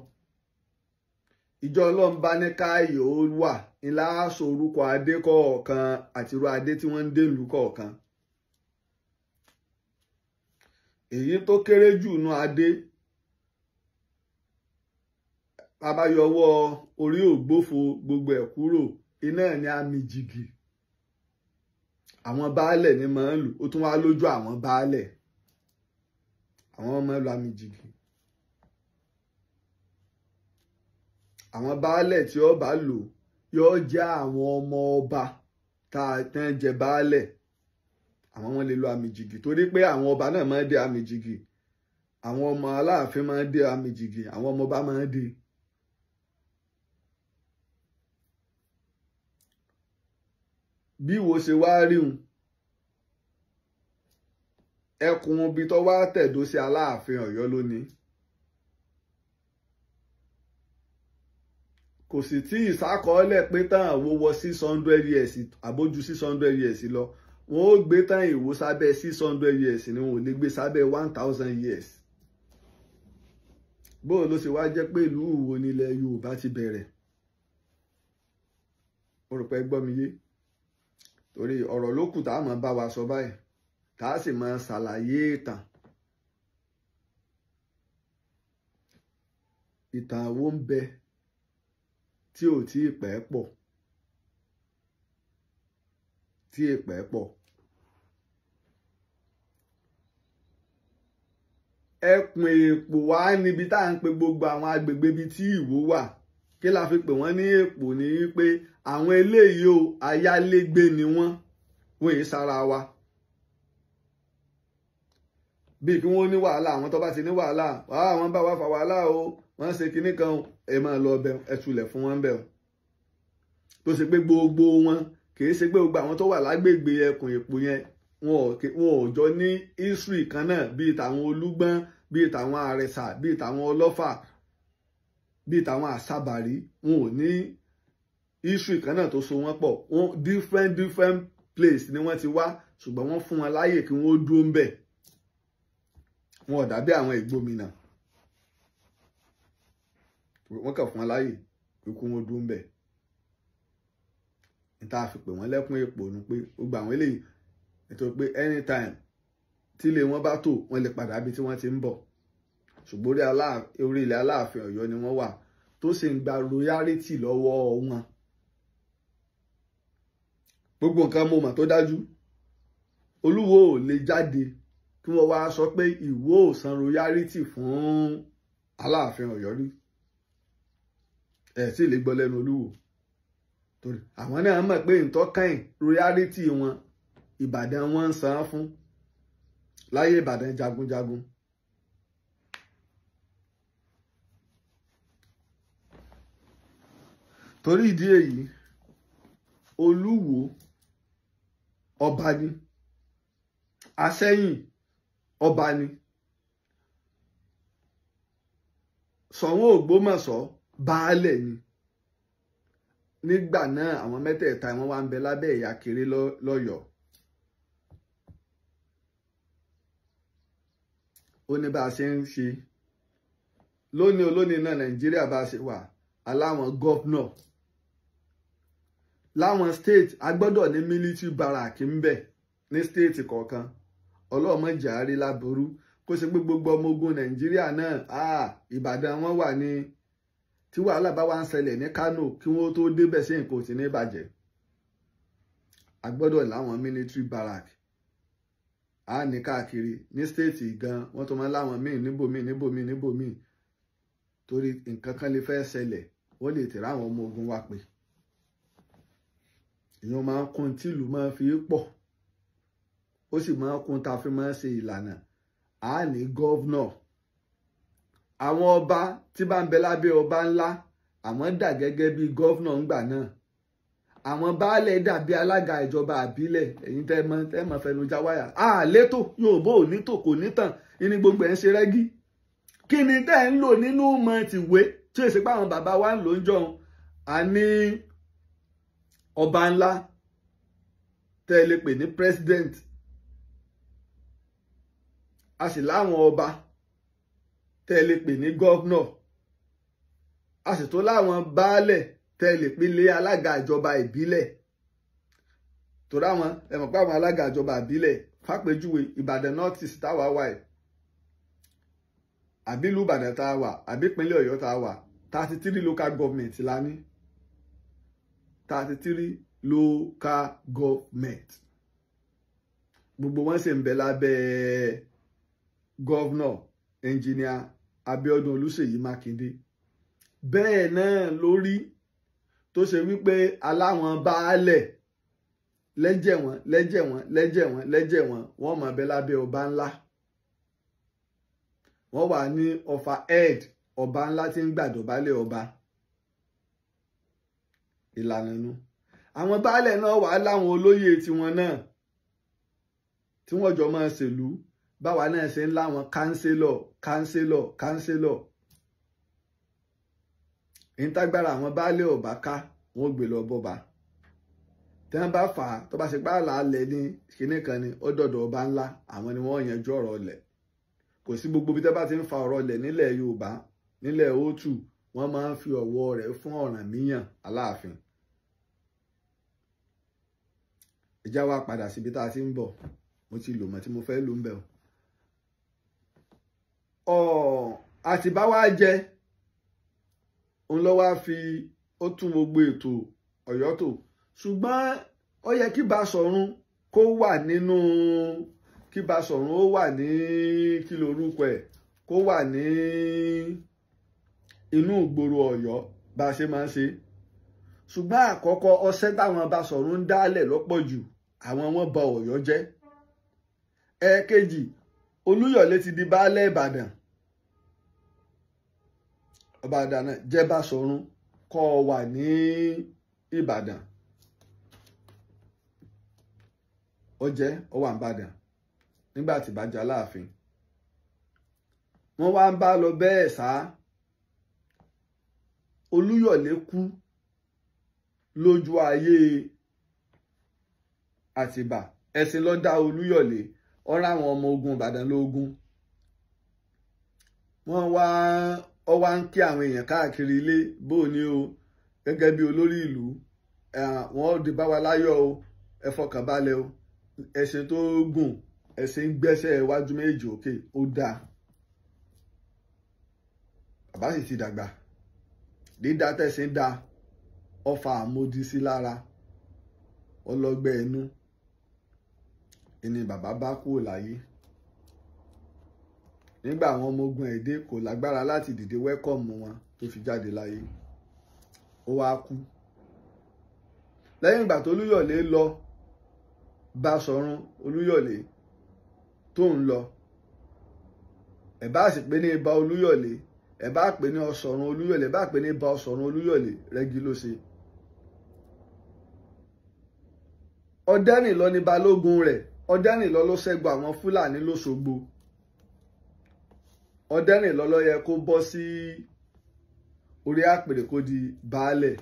ìjọ ọlọ́run bá ní káyọ̀ wà ńlá sọ orúkọ adé kọ̀ọ̀kan àtirú adé tí wọ́n ń dé ìlú kọ̀ọ̀kan èyí tó kéré jù nú adé abayọwọ orí ògbófo gbogbo ẹ̀ kúrò iná ẹ̀ ní àmì jìgì àwọn baálẹ̀ ni máa ń lù ó tún wá lójú àwọn baálẹ̀ àwọn ọmọ ẹ̀ lù àmì jìgì àwọn baálẹ̀ tí ó lò yóò jẹ́ àwọn ọmọ ọba tá a tán jẹ baálẹ̀ àwọn wọn lè lo àmìjìgì torí pé àwọn ọba náà máa ń dé àmìjìgì àwọn ọmọ aláàfin máa ń dé àmìjìgì àwọn ọmọọba máa ń dé. bí wo ṣe wá ríhun ẹkùn ibi tó wá tẹ̀dó sí aláàfin ọ̀yọ́ lónìí. kò sì tí ìsákọọ́lẹ̀ pé tán àwòwọ́ six hundred years àbójú six hundred years lọ wọn ó gbé tán èwo sábẹ́ six years ni wọn ò lè gbé sábẹ́ one years bóò ló ṣe wá jẹ́ pé ìlú Ìwó nílẹ̀ Yorùbá ti bẹ̀rẹ̀ mo rò pé gbọ́ mi yé torí ọ̀rọ̀ ló kù tá bá wa sọ báyìí tá a sì máa ṣàlàyé ìtàn ìtàn àwo ń bẹ tí ò tí ì pẹ́ pọ̀ tí ì pẹ́ pọ̀. ẹkùn èèpò wá níbi tá à ń pe gbogbo àwọn agbègbè ibi tí ìwó wà kí la fi pè wọ́n ní èèpò ní wípé àwọn eléyìí o ayálégbé ni wọ́n wọ́n èé sára wa bíi kí wọ́n ní wàhálà àwọn tó bá ti ní wàhálà wàhálà wọn bá wá fa wàhálà o wọ́n ṣe kinní kan ẹ máa lọ bẹ ẹ tulẹ̀ fún wọn bẹ tó ṣe pé gbogbo wọn kì í ṣe pé gbogbo àwọn tó wà lágbègbè ẹkùn èèpò yẹn wọn ò jọ ní history kan náà bíi tàwọn olúgbọ́n bíi tàwọn àrẹ̀sà bíi tàwọn ọlọ́fà bíi tàwọn àṣàbàrí wọn ò ní history kan náà tó so wọ́n pọ̀ wọn different different place ni wọ́n ti wá ṣùgbọ́n wọ́n fún wọn láàyè kí wọ́n dúró ń bẹ̀ wọn ò dàbí àwọn ìgbómìnà wọ́n kàn fún wọn láàyè pé kí wọ́n dúró ń bẹ̀ níta fi pè wọ́n lẹ́kún èpò nu pé ó gba àwọn eléyìí nítorí pé anytime tí ilé wọn bá tò wọn lè padà bí tí wọ́n ti ń bọ̀ ṣùgbọ́n orí ilẹ̀ aláàfin ọ̀yọ́ ni wọ́n wà tó sì ń gba royalty lọ́wọ́ wọn gbogbo nǹkan mo mọ̀ tó dájú olúwo ò lè jáde kí wọ́n wá sọ pé ìwọ ò san royalty fún aláàfin ọ̀yọ́ rí ẹ̀ sì lè gbọ́ lẹ́nu olúwo torí àwọn náà mọ̀ pé ìtọ́kàn royalty wọn ìbàdàn wọn ń san fún láyé ìbàdàn jagunjagun. torí ìdí èyí olúwo ọba ni àsẹ́yìn ọba ni Ṣọ̀ún Ògbómọ̀ṣọ́ baálẹ̀ ni nígbà náà àwọn mẹ́tẹ̀ẹ̀ta wọn wá ń bẹ lábẹ́ ìyá kéré lọ́yọ̀ọ́ ó ní bá a ṣe ń ṣe lónìí olónìí náà nàìjíríà bá a ṣe wà aláwọn gọ́fnọ̀ láwọn state a gbọ́dọ̀ ní military barrack ń bẹ ní state kọ̀ọ̀kan ọlọ́mọjàre láburú kó ṣe pé gbogbo ọmọ ogun nàìjíríà náà ìbàdàn wọn wà ní tí wàhálà bá wà ń ṣẹlẹ̀ ní kano kí wọ́n tó débẹ̀ sí nǹkan ò ti ní bàjẹ́ a gbọ́dọ̀ láwọn military barrack á ní káàkiri ní stéètì gan wọ́n tó máa ń láwọn míì níbòmíì níbòmíì níbòmíì torí nǹkan kan lè fẹ́ ṣẹlẹ̀ wọ́n lè tẹ̀rẹ̀ àwọn ọmọ ogun wa pé èèyàn máa ń kun tìlú máa fi pọ̀ ó sì máa ń kun ta fi máa ń ṣe ìlànà á ní gọ́vnọ̀ àwọn ọba tí bá ń bẹ lábẹ́ ọba ńlá àwọn dà gẹ́gẹ́ bí gọ́vnọ̀ ńgbà náà àwọn baálẹ̀ dàbí alága ìjọba àbílẹ̀ ẹ̀yin tẹ́ mọ tẹ́ mọ fẹnu já wáyà a létò Yorùbá ò nítò kò nítàn ní gbogbo ẹ̀ ń ṣe rẹ́gí kí ni tẹ́ ń lò nínú mọ tìwé tí èsì pé àwọn bàbá wa ń lò ń jọun a ọba ńlá tẹ́ ẹ lè pè ní president a sì láwọn ọba tẹ́ ẹ lè pè ní governor a sì tó láwọn baálẹ̀ tẹ́lẹ̀ pélé alága ìjọba ìbílẹ̀ torí àwọn ẹ mọ̀ pé àwọn alága ìjọba ìbílẹ̀ fàpèjúwe Ìbàdàn north east táwa wà ẹ̀ àbílù Ìbàdàn tá a wà àbípínlẹ̀ Ọ̀yọ́ tá a wà thirty three local government la ní thirty three local government gbogbo wọn sì ń bẹ lábẹ́ gọ́vnọ̀ ẹnjìníà Abiodun Olúṣèyí Mákindé bẹ́ẹ̀ náà lórí tó ṣe wípé aláwọn baálẹ̀ lẹ́jẹ̀ wọn lẹ́jẹ̀ wọn lẹ́jẹ̀ wọn lẹ́jẹ̀ wọn wọ́n mọ̀ bẹ́ lábẹ́ ọba ńlá wọ́n wà ní ọfà ed ọba ńlá tí ń gbàdọ̀bálẹ̀ ọba ìlànà nu àwọn baálẹ̀ náà wà láwọn olóyè tiwọn náà tí wọ́n jọ máa ṣèlú báwa náà ṣe ń láwọn kánsílọ̀ kánsílọ̀ kánsílọ̀ ìtagbára àwọn baálé ọba ká wọn gbè gbé lọ bọba tí wọn bá fà á tó bá ṣe pé àlàálẹ ní kinní kan ni ó dọdọ ọba ńlá àwọn ni wọn yanjú ọ̀rọ̀ ọlẹ kò sí gbogbo ibi tí bá ti ń fa ọ̀rọ̀ ọlẹ nílẹ̀ Yorùbá nílẹ̀ Otu wọn máa ń fi ọ̀wọ̀ rẹ̀ fún Ọ̀rànmíyàn Aláàfin ìjà wa padà síbi tá a ti ń bọ̀ mo ti lò mọ tí mo fẹ́ lò ń bẹ o ọ wa jẹ òun ló wáá fi ó tún gbogbo ètò ọ̀yọ́ tò ṣùgbọ́n ó yẹ kí Basọ̀run kó wà nínú kí Basọ̀run ó wà ní kí lorúkọ ẹ̀ kó wà ní inú ìgboro ọ̀yọ́ bá a ṣe máa ń ṣe ṣùgbọ́n àkọ́kọ́ ọṣẹ́ táwọn Basọ̀run ń dálẹ̀ lọ́pọ̀ jù àwọn wọn ba ọ̀yọ́ jẹ́ ẹ̀ẹ̀kejì Olúyọ̀lé ti di baálẹ̀ Ìbàdàn ọba àdànà jẹ́ Báṣọ̀run kọ́ ọ wà ní Ìbàdàn ó jẹ́ ó wà ní Ìbàdàn nígbà tí bá jà láàfin wọ́n wá ń bá lọ bẹ́ẹ̀ sá Olúyọ̀lé kú lójú ayé Àtìbà ẹ̀sìn ló dá Olúyọ̀lé ọ̀rọ̀ àwọn ọmọ ogun Ìbàdàn lógún wọ́n wá ó wá ń kí àwọn èèyàn káàkiri ilé bó o ní o gẹ́gẹ́ bí olórí ìlú wọ́n di bá wa láyọ̀ o ẹ fọkàn balẹ̀ o ẹ̀sìn tó gùn ẹ̀sìn ń gbẹ́sẹ̀ iwájú méjì òkè ó dáa bàbá sì ti dàgbà dídá tẹ̀sìn dáa ọfà àmódi sí lára ọlọ́gbẹ́ ẹnu ìní bàbá bá kúrò láyé nígbà àwọn ọmọ ogun ẹ̀dẹ́ kò lágbára láti dìde wẹ́kọ̀mù wọn tó fi jáde láyé ó wá kú lẹ́yìn ìgbà tó olúyọ̀lé lọ Báṣọ̀run olúyọ̀lé tó ń lọ ẹ bá sì pé ní ibà olúyọ̀lé ẹ bá pè ní ọ̀ṣọ̀run olúyọ̀lé ẹ bá pè ní ibà ọ̀ṣọ̀run olúyọ̀lé rẹ́gí ló ṣe ọdẹ́nìlọ ni balógun rẹ̀ ọdẹ́nìlọ ló ṣẹ́gun àwọn fúlàní lóṣogbo ọdẹ́rìn lọ́lọ́ yẹ kó bọ́ sí orí àpèrè kó di baálẹ̀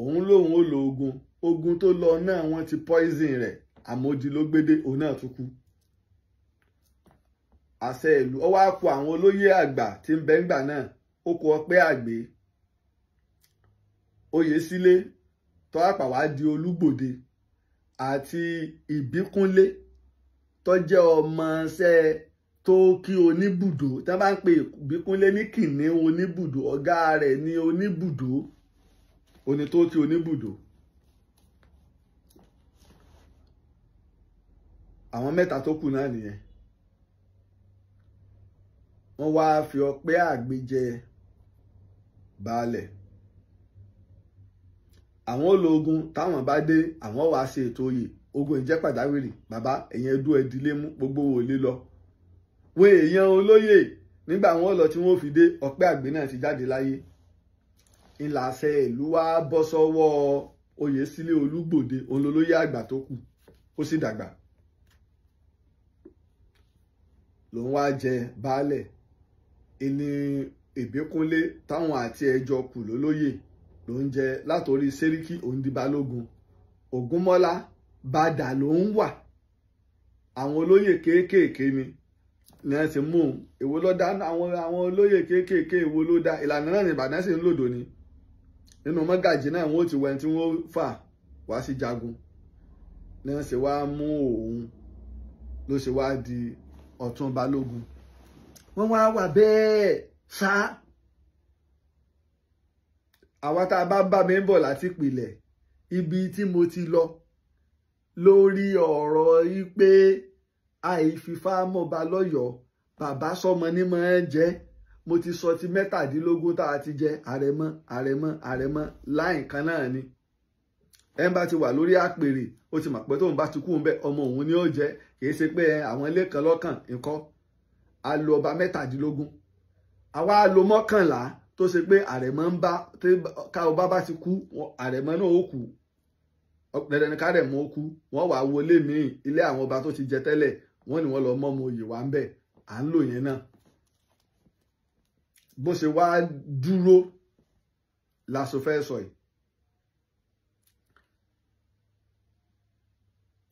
òun lòun ó lo ogun ogun tó lọ náà wọ́n ti poison rẹ̀ àmójì ló gbédé òun náà tún kú àṣẹ ìlú ọwọ́ àpò àwọn olóyè àgbà tí ń bẹ ńgbà náà ó kọ ọpẹ́ àgbé oyè sílé tọ́ àpàwá di olúgbòde àti ìbíkúnlé tó jẹ́ ọmọọṣẹ́ tó kí oníbùdó tá bá ń pè Ìbíkúnlé ní kìnní oníbùdó ọ̀gá rẹ̀ ní oníbùdó òní tó kí oníbùdó. àwọn mẹ́ta tó kù náà nìyẹn wọ́n wáá fi ọpẹ́ àgbéjẹ baálẹ̀ àwọn ológun táwọn bá dé àwọn wàá ṣe ètò yìí ogun ìjẹ́ pàjáwìrì bàbá ẹ̀yẹn dúró ẹdílé mú gbogbo wò lé lọ. wo èèyàn olóyè nígbà wọn lọ tí wọn fi dé ọpẹ́ àgbẹ̀ náà ti jáde láyé ìlàsẹ ìlú wa bọ́ sọ́wọ́ oyèsílẹ̀ olúgbòde olólóyè àgbà tó kù ó sì dàgbà lòun wá jẹ baálẹ̀ ìní ìbíkúnlé táwọn àti ẹjọ kù lólóyè ló ń jẹ látòrí sẹ́ríkì òǹdíbalógun ògúnmọ́lá bàdà ló ń wà àwọn olóyè kéékèèké ni ni wọ́n ti mú un èwo ló dá àwọn àwọn olóyè kéékèèké èwo ló dá ìlànà náà ní Ìbàdàn sì ń lòdò ni nínú mọ́gàjì náà wọ́n ti wẹni tí wọ́n fà wá sí jagun ni wọ́n sì wá mú òun ló ṣe wá di ọ̀tún balógun wọ́n wá wà bẹ́ẹ̀ sá àwa tá a bá bá mi bọ̀ láti pilẹ̀ ibi tí mo ti lọ lórí ọ̀rọ̀ yìí pé àìfífá lọ́yọ̀ọ́ bàbá sọmọ ní mọ́ ẹ jẹ́ mo ti sọ ti mẹ́tàdínlógún tá a ti jẹ àrẹ̀mọ àrẹ̀mọ àrẹ̀mọ láì kan náà ni ẹ bá ti wà lórí àpèrè ó ti mọ̀ pé tóun bá ti kú ń ọmọ òun ni ó jẹ kìí ṣe pé àwọn ilé kan lọ́kàn nǹkan a lo ọba mẹ́tàdínlógún àwa lo mọ́kànlá tó ṣe pé àrẹ̀mọ ń bá ká ọba bá ti kú àrẹ̀mọ náà ó kú dandan ni kárẹ̀ mọ́ kú wọ́n wàá wọlé míì ilé àwọn ọba tó ti jẹ tẹ́lẹ̀ wọ́n ní wọ́n lọ mọ́ ọmọ òye wá ń bẹ̀ à ń lò yẹn náà bó ṣe wá dúró láṣọ fẹ́ sọ yìí.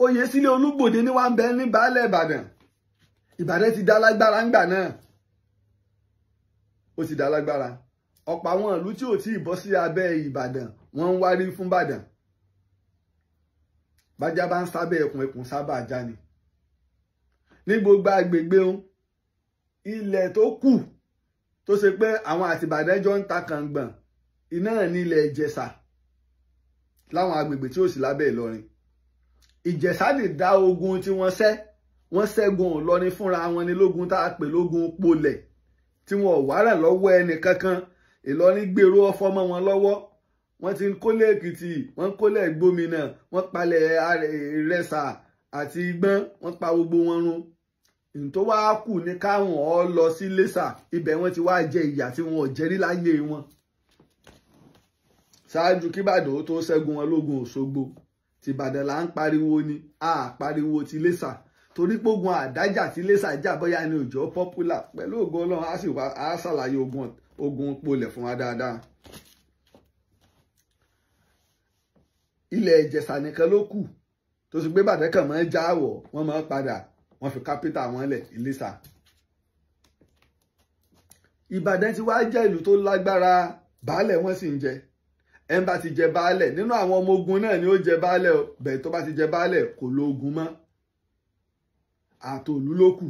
Oyèsílé Olúgbòde ní wá ń bẹ ní baálẹ̀ Ìbàdàn Ìbàdàn ti dá lágbára ńgbà náà ó ti dá ọ̀pọ̀ àwọn ìlú tí ò tí ì bọ́ sí abẹ́ Ìbàdàn wọ́n ń wárí fún Ìbàdàn bájá bá ń sábẹ́ ẹkùn ẹkùn sábà já ni ní gbogbo agbègbè ohun ilẹ̀ tó kù tó ṣe pé àwọn àtìbàdàn jọ ń ta kàngbọ̀n iná ní ilẹ̀ ìjẹ̀ṣà láwọn agbègbè tí ó sì lábẹ́ ìlọrin ìjẹ̀ṣà lè dá ogun tí wọ́n ṣẹ́ wọ́n ṣẹ́gun ìlọrin fúnra wọn ní lógun tá a pè lógun polẹ̀ tí wọn ò wárẹ̀ lọ́wọ́ ẹnì kankan ìlọrin gbèrò ọfọ́ mọ́ wọn lọ́wọ́ wọ́n ti ń kólẹ̀ èkìtì wọ́n kólẹ̀ gbómìnà wọ́n palẹ̀ ìrẹsà àti igbọ́n wọ́n pa gbogbo wọn run ntó wá kù ní káwọn ọ lọ sí lẹ́sà ibẹ̀ wọ́n ti wá jẹ ìyà tí wọn ò jẹ́rí láyé wọn ṣáájú kí Ìbàdàn ó tó ṣẹ́gun wọn lógun Òṣogbo ti Ìbàdàn là ń pariwo ni a pariwo ti lẹ́sà torí pógun àdájà tí lẹ́sà jà bóyá ní òjò popular pẹ̀lú ògo Ọlọ́run á sì wá á ṣàlàyé ogun polẹ̀ fún wa dáadáa. ilẹ̀ ìjẹ̀ṣà nìkan ló kù tó sì gbé bàtẹ́ kàn máa ń jáwọ̀ wọ́n máa ń padà wọ́n fi kápítà wọn lẹ̀ Ìlísà. Ìbàdàn ti wá jẹ́ ìlú tó lágbára baálẹ̀ wọ́n sì ń jẹ ẹn bá ti jẹ baálẹ̀ nínú àwọn ọmọ ogun náà ni ó jẹ baálẹ̀ bẹ́ẹ̀ tó bá ti jẹ baálẹ̀ kò lo ogun mọ́ àtòlú ló kù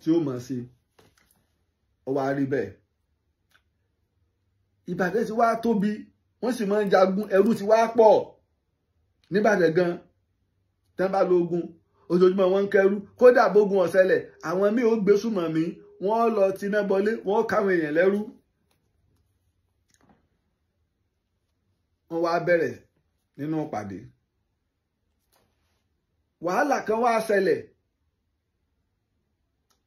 tí ó mọ̀ sí ọ wá rí bẹ́ẹ̀ Ìbàdàn ti wá tóbi wọ́n sì máa ń jagun ẹrú ti wá pọ̀ nìbàdàn gan tán bá lógun ojoojúmọ́ wọn ń kẹ́rú kódà bógun ọ̀sẹ̀lẹ̀ àwọn míì ó gbé súnmọ́ mi wọ́n lọ tiná bọlé wọ́n káwọn èèyàn lẹ́rú. wọ́n wá bẹ̀rẹ̀ nínú pàdé wàhálà kan wá ṣẹlẹ̀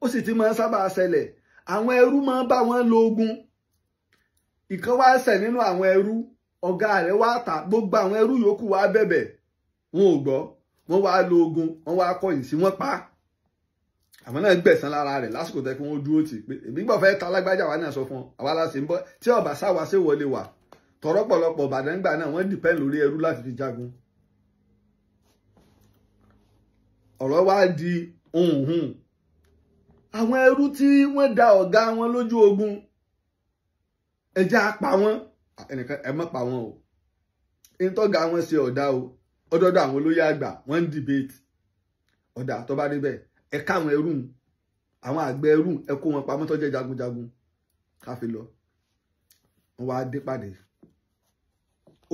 ó sì ti máa ń sábà ṣẹlẹ̀ àwọn ẹrú máa ń bá wọn lo ogun ìkan wá ṣẹ̀ nínú àwọn ẹrú ọ̀gá rẹ̀ wá tà gbogbo àwọn ẹrú yòókù wá bẹ̀bẹ̀ wọn ò gbọ́ wọn wá lo ogun wọn wá kọ̀yìn sí wọn pa àwọn náà gbẹ̀san lára rẹ̀ lásìkò tẹ́ kí wọ́n dúró tì pé èmi gbọ́ fẹ́ ta alágbájá wa náà sọ fún ọ àwa la sì ń bọ́ tí ọ̀bà sáwa ṣe wọlé wà tọrọ pọ̀lọpọ̀ Ìbàdàn gbà náà wọ́n dìpẹ́ lórí ẹrú láti fi jagun ọ̀rọ̀ wá di ohun àwọn ẹrú tí wọ́n da ọ̀gá wọn lójú ogun ẹja pa wọ́n ẹnìkan ẹ má pa wọn o ìtọ́gà wọn ṣe ọ̀dà o ọdọ́dọ̀ àwọn olóyè àgbà wọ́n ń dìbètì ọ̀dà tó bá níbẹ̀ ẹ káwọn ẹrú àwọn àgbẹ̀ ẹrú ẹ kó wọn pamọ́ tó jẹ́ jagunjagun káfí lọ wọn wá dé pàdé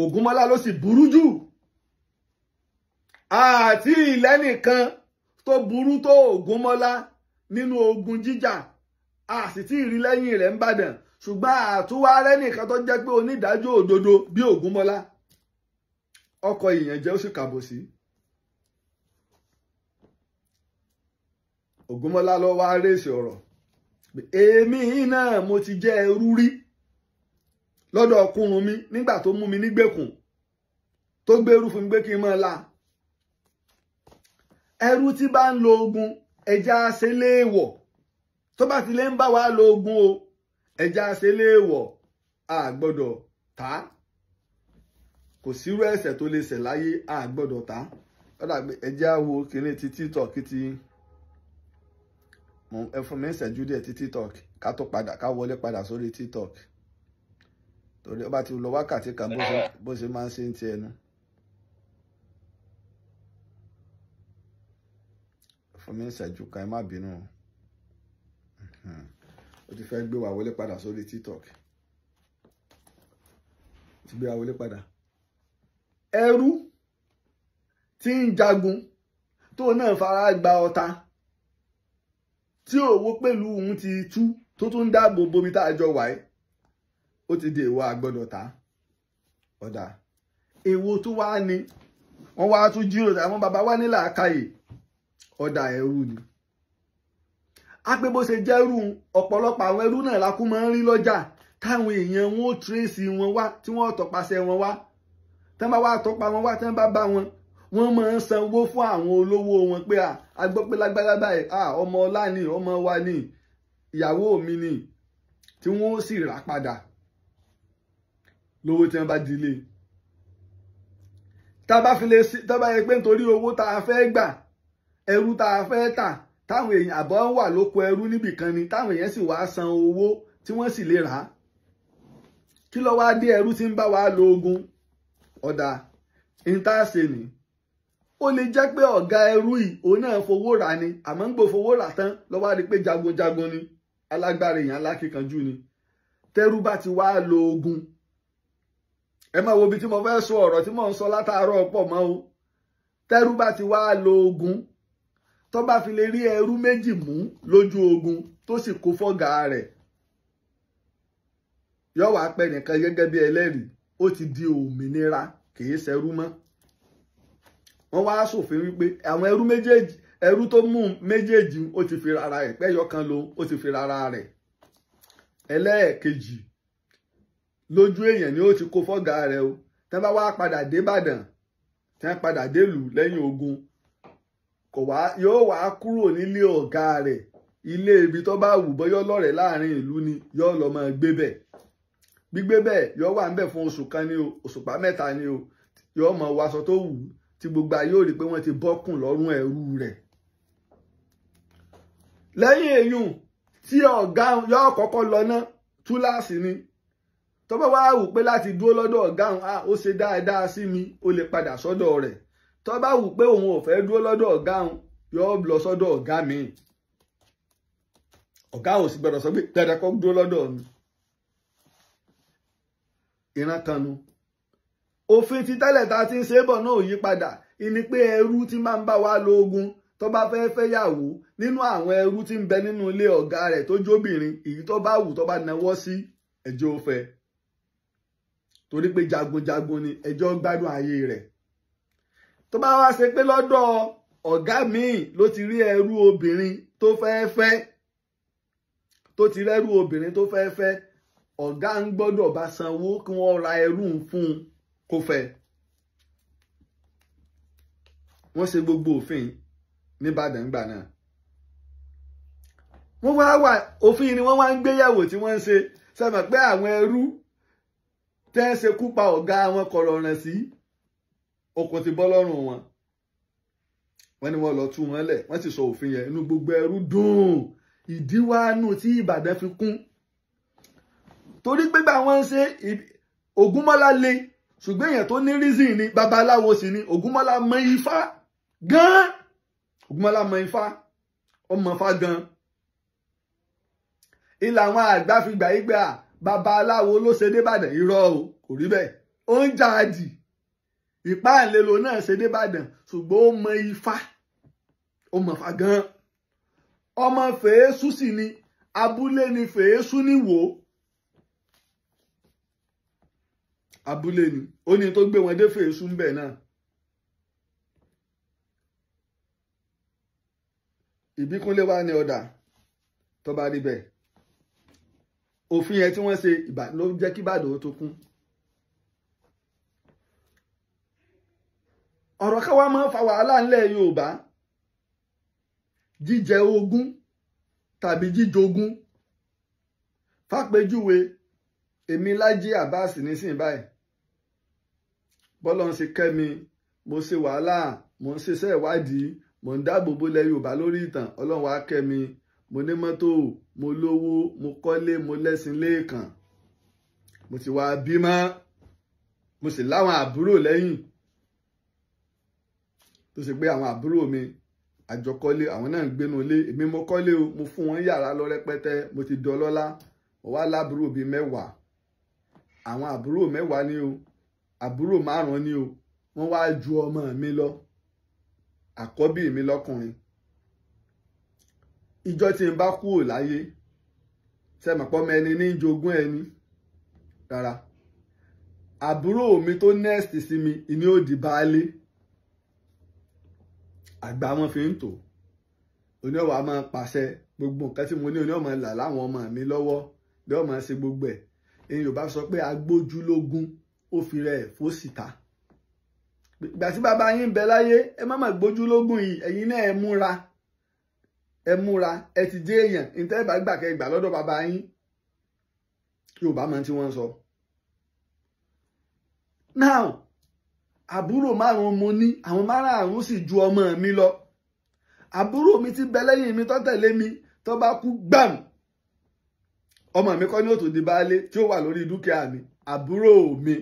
Ògúnmọ́lá ló sì burú jù àti ìlẹ́nìkan tó burú tó Ògúnmọ́lá nínú ogun jíjà a sì tí ì rí lẹ́yìn rẹ̀ ń bàdàn ṣùgbọ́n àtúwárẹ́ nìkan tó jẹ́ pé onídàájọ́ òdodo bí Ògúnmọ́lá ọkọ̀ ìyànjẹ ó sì kàbòsí. Ògúnmọ́lá ló wá rèsì ọ̀rọ̀ èmi náà mo ti jẹ́ ẹrú rí lọ́dọ̀ ọkùnrin mi nígbà tó mú mi nígbèkùn tó gbèrú fún mi pé kí n mọ́ la ẹrú tí bá ń lo ogun ẹja ṣe léèwọ̀ tó bá ti lè ń bá wa lo ogun o. ẹja wọ a gbọdọ ta kò sírú ẹsẹ tó lè sẹ láyé a gbọ́dọ̀ ta ọ̀dà ẹja wo kiri ti tiktok ti mo ẹ mi ń ká tó padà ká wọlé padà sórí tiktok torí ọba ti lọ wákàtí kan bó ṣe máa ń ṣe ń ti ẹnu. fún mi ń kan ó ti fẹ́ gbé wa wọlé padà sórí tiktok ti gbé wa wọlé padà ẹrú tí ń jagun tó náà fara gba ọ̀tá tí òwò pẹ̀lú òun ti tú tó tún dáàbò bomi tá a jọ wáyé ó ti di èèwọ̀ àgbọ̀dọ̀ ta ọ̀dà èèwọ̀ tó wá ní wọ́n wá tún jíròrò àwọn bàbá wa ní làákàyè ọ̀dà ẹrú ni á pé bó ṣe jẹ́rù ọ̀pọ̀lọpọ̀ àwọn ẹrú náà la kú máa ń rí lọ́jà táwọn èèyàn wọn ó tírèsì wọn wá tí wọ́n tọpasẹ̀ wọn wá tí wọ́n bá wá tọpa wọn wá tí wọ́n bá bá wọn wọ́n máa ń sanwó fún àwọn olówó wọn pé a gbọ́ pé lágbára báyìí ọmọ ọlá ni ọmọ wa ni ìyàwó mi ni tí wọ́n ó sì rà padà lówó tí wọ́n bá dilé tá a bá fi lè tá a bá yẹ pé nítorí owó tá a fẹ́ gbà ẹrú tá a fẹ́ tà táwọn èèyàn àbọ̀ ń wà lóko ẹrú níbìkan ni táwọn èèyàn sì wáá san owó tí wọ́n sì lè rà á kí ló wáá dé ẹrú tí ń bá wàá lo ogun ọ̀dà intaṣe ni ó lè jẹ́ pé ọ̀gá ẹrú yìí òun náà fowó rà ni àmọ́ ń gbò fowó rà tán ló rí pé jagunjagun ni alágbára èèyàn alákìkanjú ni tẹ́rú bá ti wá lo ogun ẹ máa wo ibi tí mo fẹ́ sọ ọ̀rọ̀ tí mò ń sọ látàárọ̀ pọ̀ mọ́ o tẹ́rú bá ti wá lo ogun tó bá fi lè rí ẹrú méjì mú lójú ogun tó sì kó fọ́gà rẹ̀ yóò wá pẹ nìkan gẹ́gẹ́ bí ẹlẹ́rìí ó ti di òmìnira kìí ṣẹrú mọ́ wọ́n wá ṣòfin wípé àwọn ẹrú méjèèjì ẹrú tó mú méjèèjì ó ti fi rárá rẹ̀ pẹ́yọ kan ló ó ti fi rárá rẹ̀ ẹlẹ́ẹ̀kejì lójú èèyàn ni ó ti kó fọ́gà rẹ̀ o tẹ́ bá wá padà dé Ìbàdàn tẹ́ padà délùú lẹ́yìn ogun kò wá yóò wá kúrò nílé ọ̀gá rẹ̀ ilé ibi tó bá wù bọ́yọ́ lọ́rẹ̀ láàrin ìlú ni yóò lọ máa gbé bẹ̀ gbígbé bẹ̀ yóò wà ń bẹ̀ fún oṣù kan ni o òṣùpá mẹ́ta ni o yóò máa waṣọ tó wù tí gbogbo ayé ò rí pé wọ́n ti bọ́kùn lọ́rùn ẹrú rẹ̀ lẹ́yìn èyùn tí ọ̀gá yóò kọ́kọ́ lọ túláàsì ni tó bá wá wù pé láti dúró lọ́dọ̀ ọ̀gá ó ṣe dáadáa sí mi ó lè padà sọ́dọ̀ rẹ̀ tó bá wù pé òun ò fẹ́ dúró lọ́dọ̀ ọ̀gá òun yóò lọ sọ́dọ̀ ọ̀gá mi ọ̀gá ò sì gbọ́dọ̀ sọ pé dandan kó dúró lọ́dọ̀ mi ìran kanu òfin ti tẹ́lẹ̀ ta ti ń ṣe bọ̀ náà ò yí padà ìní pé ẹrú ti máa ń bá wa lo ogun tọ́ bá fẹ́ fẹ́yàwó nínú àwọn ẹrú tí ń bẹ nínú ilé ọ̀gá rẹ̀ tó jóbìnrin èyí tó bá wù tó bá nawọ́ sí ẹjọ́ fẹ́ torí pé jagunjagun ni ẹjọ́ gbádùn ayé rẹ̀ tó bá wá ṣe pé lọ́dọ̀ ọ̀gá míì ló ti rí ẹrú obìnrin tó fẹ́ẹ́ fẹ́ tó ti rẹ́rú obìnrin tó fẹ́ẹ́ fẹ́ ọ̀gá ń gbọ́dọ̀ bá sanwó kí wọ́n ra ẹrú fún un kó fẹ́ wọ́n ṣe gbogbo òfin nìbàdàn gbà náà wọ́n wá wà òfin ni wọ́n wá ń gbéyàwó tí wọ́n ń ṣe sẹ́mọ̀ pé àwọn ẹrú tẹ́ ń ṣekú pa ọ̀gá wọn kọ̀rọ̀ ràn sí. Si okùn ti bọ́ lọ́rùn wọn wọ́n ní wọ́n lọ tú wọn lẹ̀ wọ́n sì sọ òfin yẹn inú gbogbo ẹrú dùn ìdíwáánú tí Ìbàdàn fi kún torí pé bá ń ṣe Ògúnmọ́lá le ṣùgbọ́n èèyàn tó ní reason ni babaláwo sì ni Ògúnmọ́lá mọ ifá gan-an Ògúnmọ́lá mọ ifá ọmọ ifá gan-an ilà àwọn àgbà fi gbà yí pé à babaláwo ló ṣe dé irọ́ o kò rí bẹ́ẹ̀ ó ń jà ìpáàlélo náà ṣe débàdàn ṣùgbọ́n ó mọ ifá ó mọ̀ fà gan-an ọmọ fèésù sì ni abúlé ni fèésù níwò abúlé ni ó ní tó gbé wọn dé fèésù ń bẹ̀ náà ìbíkúnlé wa ní ọ̀dà tó bá rí bẹ́ẹ̀ òfin yẹn tí wọ́n ṣe ló jẹ́ kí Ìbàdàn ó tó kún ọ̀rọ̀ kan wá máa ń fa wàhálà ńlẹ̀ Yorùbá jíjẹ ogún tàbí jíjogún fàpèjúwe èmi Lájí Abbas nísìnyí báyìí bọ́lá ń ṣe kẹ́mi mo ṣe wàhálà mo ń ṣiṣẹ́ ìwádìí mo ń dáàbò bo ilẹ̀ Yorùbá lórí ìtàn Ọlọ́run wá kẹ́mi mo ní mọ́tò mo lówó mo kọ́lé mo lẹ́sìn lẹ́ẹ̀kan mo ti wá bímọ mo sì láwọn àbúrò lẹ́yìn tó ṣe pé àwọn àbúrò mi àjọkọ́lé àwọn náà ń gbénu ilé èmi mo kọ́lé o mo fún wọn yàrá lọ rẹpẹtẹ mo ti dọlọ́lá mo wá lábúrò bíi mẹ́wàá àwọn àbúrò mẹ́wàá ni o àbúrò márùn-ún ni o wọ́n wá ju ọmọ mi lọ àkọ́bí mi lọ́kùnrin ìjọ tí n bá kúrò láyé sẹ́mọ̀pọ́ mẹ́ni ní jogún ẹni rárá àbúrò mi tó nẹ́ẹ̀sì sí mi ìní òdì baálé àgbà wọn fi ń tò oníwà máa pàṣẹ gbogbo nǹkan tí mo ní oníwà máa là láwọn ọmọ mi lọ́wọ́ ní ọmọ ṣe gbogbo ẹ̀ èyí ò bá sọ pé agbójúlógún ó fi rẹ̀ fósìta ìgbà tí bàbá yín ń bẹ láyé ẹ má má gbójúlógún yìí ẹ̀yin náà ẹ múra ẹ múra ẹ ti dé èèyàn níta ẹ bá gbà kẹ gbà lọ́dọ̀ bàbá yín Yorùbá mọ tí wọ́n sọ now àbúrò márùn mo ní àwọn márààrún sì ju ọmọ mi lọ àbúrò mi ti bẹ lẹ́yìn mi tó tẹ̀lé mi tó bá kú gbàm ọmọ mi kọ́ ní òtò di baálé tí ó wà lórí dúkìá mi àbúrò mi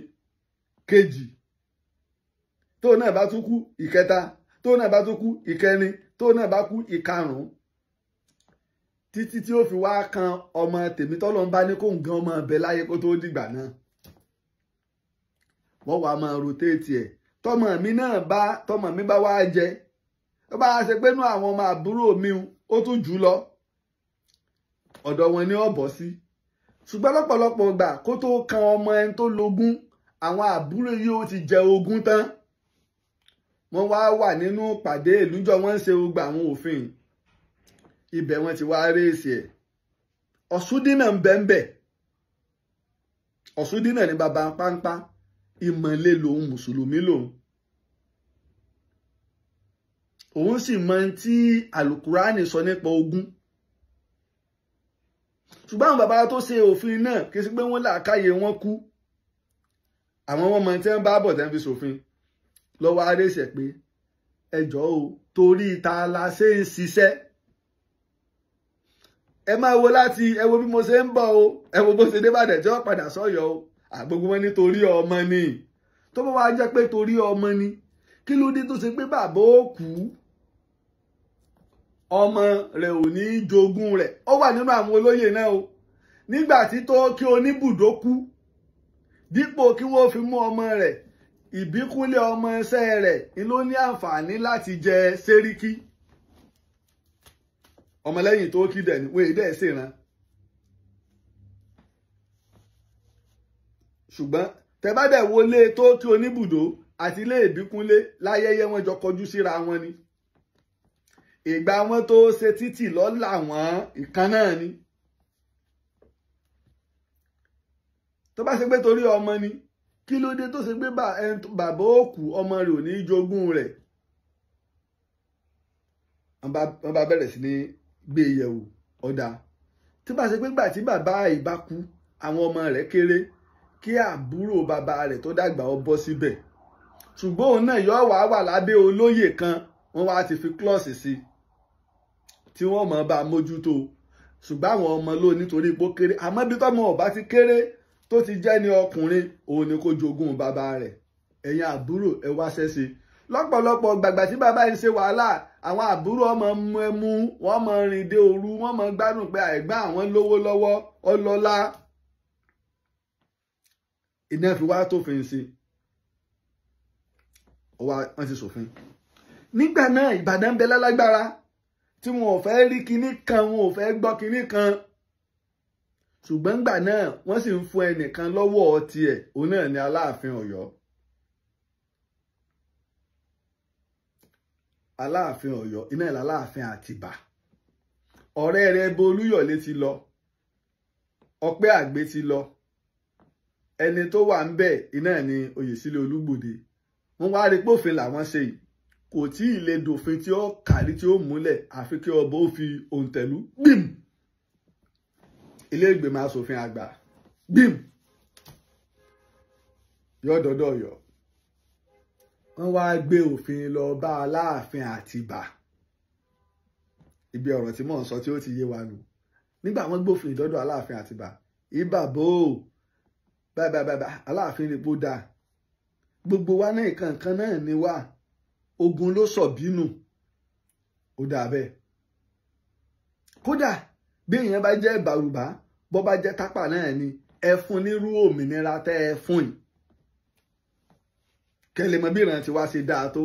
kejì tó náà bá tún kú ìkẹta tó náà bá tún kú ìkẹrin tó náà bá kú ìkarùn-ún títí tí ó fi wá kan ọmọ tèmi tọ́lọ́ ń bá ní kó nǹkan ọmọ ọbẹ̀ láyé kó tó dìgbà náà wọ́n wàá máa rotéètì ẹ̀ tọmọ mi náà bá tọmọ mi bá wá jẹ tó bá ṣe pé inú àwọn ọmọ àbúrò mi ó tún jù lọ ọ̀dọ̀ wọn ni ó bọ́ sí ṣùgbọ́n lọ́pọ̀lọpọ̀ gbà kó tó kan ọmọ ẹni tó lógún àwọn àbúrò yìí ó ti jẹ ogún tán wọ́n wá wà nínú pàdé ìlújọ wọ́n ń ṣe gbogbo àwọn òfin ibẹ̀ wọ́n ti wá réèsì ẹ̀ ọ̀ṣúndínà ń bẹ́ńbẹ́ ọ̀ṣúndínà ní baba páńpá ìmọ̀lé lòun mùsùlùmí lòun òun sì mọ tí alukurani sọ nípa ogun ṣùgbọ́n àwọn bàbá tó ṣe òfin náà kì í sí pé wọ́n làákàyè wọn kú àwọn ọmọ tí wọ́n bá bọ̀ tẹ́ fi ṣòfin lọ́wọ́ arẹ́sẹ̀ pé ẹjọ́ o torí ta la ṣe ń ṣiṣẹ́ ẹ máa wo láti ẹ wo bí mo ṣe ń bọ̀ o ẹ wo bó ṣe débàdàn tí wọ́n padà sọ́yọ́ o àgbogbo ah, wọn nítorí ọmọ ni tó bá wá jẹ́ pé torí ọmọ ni kí ló dé tó ṣe pé bàbá ó kú ọmọ rẹ̀ ò ní jogún rẹ̀ ó wà nínú àwọn olóyè náà o nígbà tí tó kí oníbùdó kú dípò kí wọ́n fi mú ọmọ rẹ̀ ìbíkúnlẹ̀ ọmọ ẹsẹ̀ rẹ̀ ló ní àǹfààní láti jẹ sẹ́ríkì ọmọlẹ́yìn tó kí dẹ̀ ní wéé dẹ̀ ṣùgbọ́n tẹ bá dẹ̀ wọlé tó tí oníbùdó àti ilé ìbíkúnlé láyẹyẹ wọn jọ kọjú síra wọn ni ìgbà wọn tó ṣe títì lọ́la wọn ìkan náà ni tó bá ṣe pé torí ọmọ ni kí ló dé tó ṣe pé bàbá òkú ọmọ rẹ̀ ò ní jogún rẹ̀ wọn bá bẹ̀rẹ̀ sí ní gbé yẹ̀wò ọ̀dà tó bá ṣe pé gbà tí bàbá ìbá kú àwọn ọmọ rẹ̀ kéré kí àbúrò bàbá rẹ̀ tó dàgbà ọ bọ́ síbẹ̀ ṣùgbọ́n òun náà yóò wá wà lábẹ́ olóyè kan wọ́n wá ti fi klọ́ọ̀sì sí tí wọ́n mọ̀ bá mójútó ṣùgbọ́n àwọn ọmọ ló nítorí pó kéré àmọ́ bí tọ́mọ ọ̀bá ti kéré tó ti jẹ́ ní ọkùnrin òun ni kó jogún bàbá rẹ̀ ẹ̀yin àbúrò ẹ wá ṣẹ́ṣe lọ́pọ̀lọpọ̀ gbàgbà tí bàbá yìí ṣe wàhálà àwọn àbúrò ọmọ ẹmu wọ́n mọ rìn dé òru wọ́n mọ gbádùn pé àìgbá àwọn lówó lọ́wọ́ ọlọ́lá iná fi wá tófin ṣe ọwọ́ wọn ti ṣòfin nígbà náà Ìbàdàn bẹ lálágbára tí wọn ò fẹ́ rí kinní kan wọn ò fẹ́ gbọ́ kinní kan ṣùgbọ́n gbà náà wọ́n sì ń fún ẹnìkan lọ́wọ́ tiẹ̀ òun náà ni Aláàfin Ọ̀yọ́ Aláàfin Ọ̀yọ́ iná ìlà Aláàfin Àtìbà ọ̀rẹ́ rẹ̀ Bolúyọ̀lé ti lọ Ọpẹ́ Àgbé ti lọ ẹni tó wà ń bẹ̀ iná ni Oyèsílẹ̀ Olúgbòde wọ́n wá rí pófin làwọn ṣe yìí kò tí ì lè dòfin tí ó kárí tí ó múlẹ̀ àfi kí ọba ó fi òǹtẹ̀lú gbìm ilé ìgbìmọ̀ asòfin àgbà gbìm yọ̀dọ̀dọ̀ yọ̀ wọ́n wá gbé òfin lọ bá Aláàfin Àtìbà ibi ọ̀rọ̀ tí mò ń sọ tí ó ti yé wa nù nígbà wọ́n gbófin ìdọ́dọ̀ Aláàfin Àtìbà ìbàbò báyìí báyìí báyìí aláàfin rèpo dà gbogbo wa náà nǹkan kan náà ni wá ogun ló sọ bínú ó dà bẹ́ẹ̀ kódà bí èèyàn bá jẹ́ ìbàrùbá bó bá jẹ́ tápà náà ni ẹ fún nírú òmìnira tẹ́ ẹ fún yìí kẹlẹ̀ mọ́ bí ìrántí wa ṣe dáa tó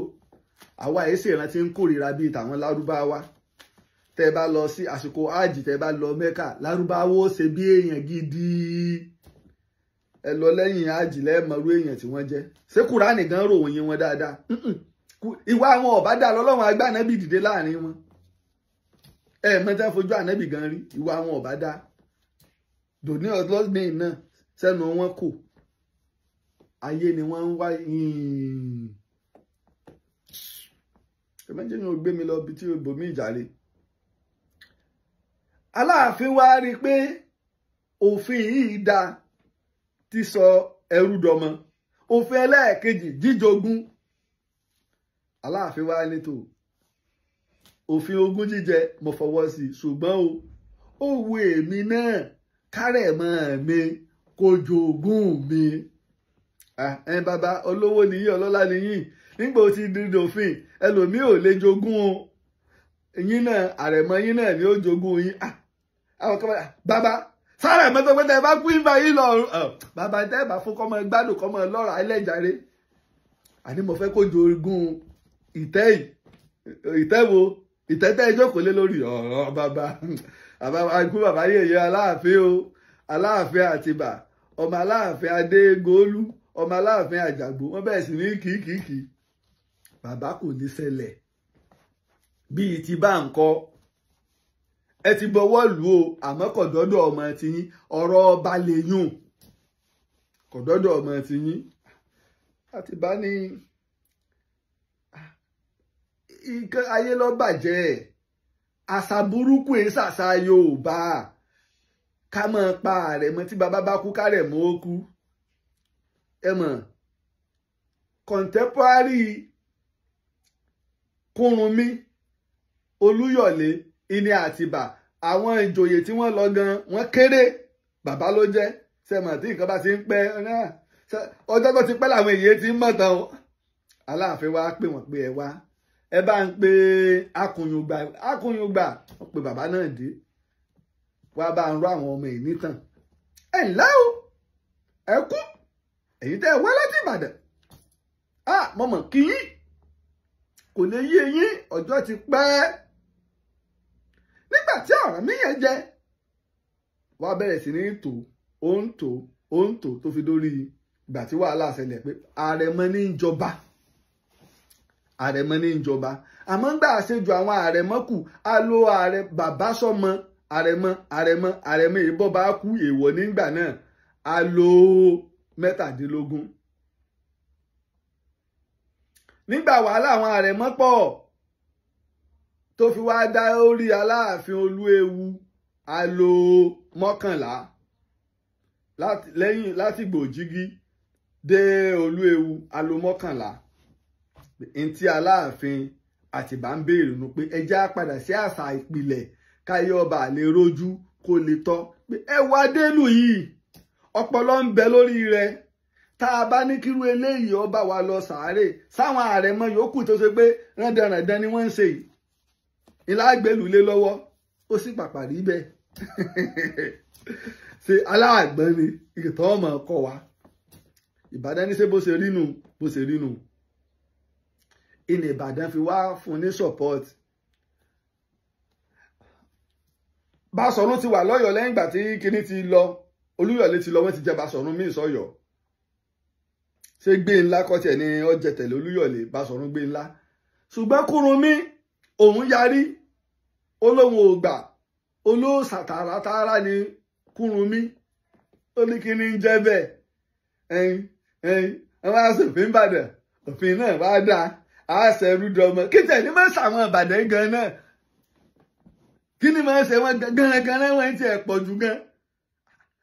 àwa èyí sì ìrántí ń kórìíra bíi tàwọn lárúbáwá tẹ́ bá lọ sí àsìkò áàjì tẹ́ bá lọ mẹ́kà lárúbáwá ṣe bí èèyàn gidi ẹ lọ lẹ́yìn àjìlẹ́ mọ̀rú èèyàn tí wọ́n jẹ́ ṣé kúránì gan ròyìn wọn dáadáa ìwà àwọn ọ̀bá dà lọ́lọ́run agbá ànábì dìde láàrin wọn ẹ mẹ́ta fojú ànábì gan rí ìwà àwọn ọ̀bá dà dòní ọlọ́gbìn náà sẹ́nu wọn kò ayé ni wọ́n ń wá ẹ̀mẹ́jẹ̀ ni o gbé mi lọ bí tí ó bomi ìjàre aláàfin wá rí i pé òfin yìí dáa sísọ ẹrú dọmọ òfin ẹlẹ́ẹ̀kejì jíjogún aláàfin wa nítò òfin ogún jíjẹ mo fọwọ́ sí ṣùgbọ́n o ó wu èmi náà kárẹ̀mọ́ mi kò jogún mi ẹ bàbá olówó nìyí ọlọ́lá nìyí nígbà ó ti di dòfin ẹlòmíì ò lè jogún o yín náà àrẹ̀mọ yín náà ni ó jogún yín àwọn kan bàbá sára ìpẹtẹpẹtẹ bá kú ìgbà yìí lọ bàbá tẹ ẹ bá fún kọmọ gbádùn kọmọ lọrọ ẹlẹjàre àní mo fẹ́ kó jogún ìtẹ́ ìtẹ́ wo ìtẹ́ tẹ́ ẹjọ́ kò lé lórí ọ̀rọ̀ bàbá àbáwájú bàbá yèyé aláàfin o aláàfin àtibá ọmọ aláàfin adégolú ọmọ aláàfin àjàgbó wọn bẹ̀rẹ̀ sí ní kìkìkì bàbá kò ní ṣẹlẹ̀ bíi ti bá ń kọ́ ẹ ti gbọ́wọ́ lù ú àmọ́ kò dọ́dọ̀ ọmọ ti yín ọ̀rọ̀ ọba lè yùn kò dọ́dọ̀ ọmọ ti yín àti bá ní nǹkan ayé lọ bàjẹ́ àṣà burúkú ẹ̀ ṣàṣà Yorùbá ká mọ̀ pa àrẹ̀mọ tí bàbá bá kú kárẹ̀ mọ́ ó kú ẹ mọ̀ contemporary Kúrúnmí Olúyọ̀lé ilé àtìbà àwọn ìjòyè tí wọ́n lọ gan wọ́n kéré bàbá ló jẹ́ sẹ́mọ̀ tí nǹkan bá ti ń pẹ́ ọjọ́ tó ti pẹ́ làwọn èyí ti ń mọ̀tàn o aláàfin wa pè wọ́n pé ẹ wá ẹ bá ń pe akùnyùgbà akùnyùgbà wọ́n pe bàbá náà dé wá bá ń rọ àwọn ọmọ yìí nítàn ẹ ǹlẹ́ o ẹ kú èyí tẹ́ ẹ wá láti Ìbàdàn a ah, mọ̀mọ̀ kí yín kò lè yé yín ọjọ́ ti pẹ́ nígbà tí Ọ̀rànmíyàn jẹ wàá bẹ̀rẹ̀ sí ní tò ó ń tò ó ń tò tó fi dórí ìgbà tí wàhálà ṣẹlẹ̀ pé àrẹ̀mọ ní ń jọba àrẹ̀mọ ní ń jọba àmọ́ ń gbà àṣejù àwọn àrẹ̀mọ kù á lo àrẹ bàbá sọmọ àrẹ̀mọ àrẹ̀mọ àrẹ̀mọ ìbọn bá kú èèwọ̀ nígbà náà á lo mẹ́tàdínlógún nígbà wàhálà àwọn àrẹ̀mọ pọ̀ tó fi wá dá orí aláàfin olúewu alo mọ́kànlá lẹ́yìn láti gbòjígí dé olúewu alo mọ́kànlá n tí aláàfin àtìbá ń béèrè nu pé ẹjẹ́ á padà sí àṣà ìpìlẹ̀ káyé ọba àlè rojú kó lè tọ́ pé ẹ wá délù yìí ọpọlọ ń bẹ lórí rẹ tá a bá ní kírú eléyìí ọba wa lọ sàárè sáwọn àrẹ̀mọ yòókù tó ṣe pé rẹ́ndẹ̀rẹ̀dẹ̀ ni wọ́n ń ṣe yìí ilá gbẹlùlé lọ́wọ́ ó sì pàpà rí bẹ́ẹ̀ ṣe aláàgbọ́n ni ìtọ́ ọmọ ọkọ wa ìbàdàn ní ṣe bó ṣe rínú bó ṣe rínú ìní ìbàdàn fi wá fún ní support Basọ̀run ti wà lọ́yọ̀ lẹ́yìn ìgbà tí kinní ti lọ Olúyọ̀lé ti lọ wọ́n ti jẹ Basọ̀run míì sọ́yọ̀ ṣé gbé ńlá kọ́tẹ̀ ni ó jẹ tẹ̀lé Olúyọ̀lé Basọ̀run gbé ńlá ṣùgbọ́n Kúrunmí òun yarí ó lóun ò gbà olóòṣà tààràtààrà ni Kúrúnmí ó ní kí ni ń jẹ́ bẹ́ẹ̀ ẹyin ẹyin àwọn aṣòfin Ìbàdàn òfin náà wá dá àṣẹ rúdọmọ kí tẹ̀lé má ṣàwọn Ìbàdàn gan náà kí ni máa ń ṣe wọn gangan wọn ti ẹ̀ pọ̀ jù gan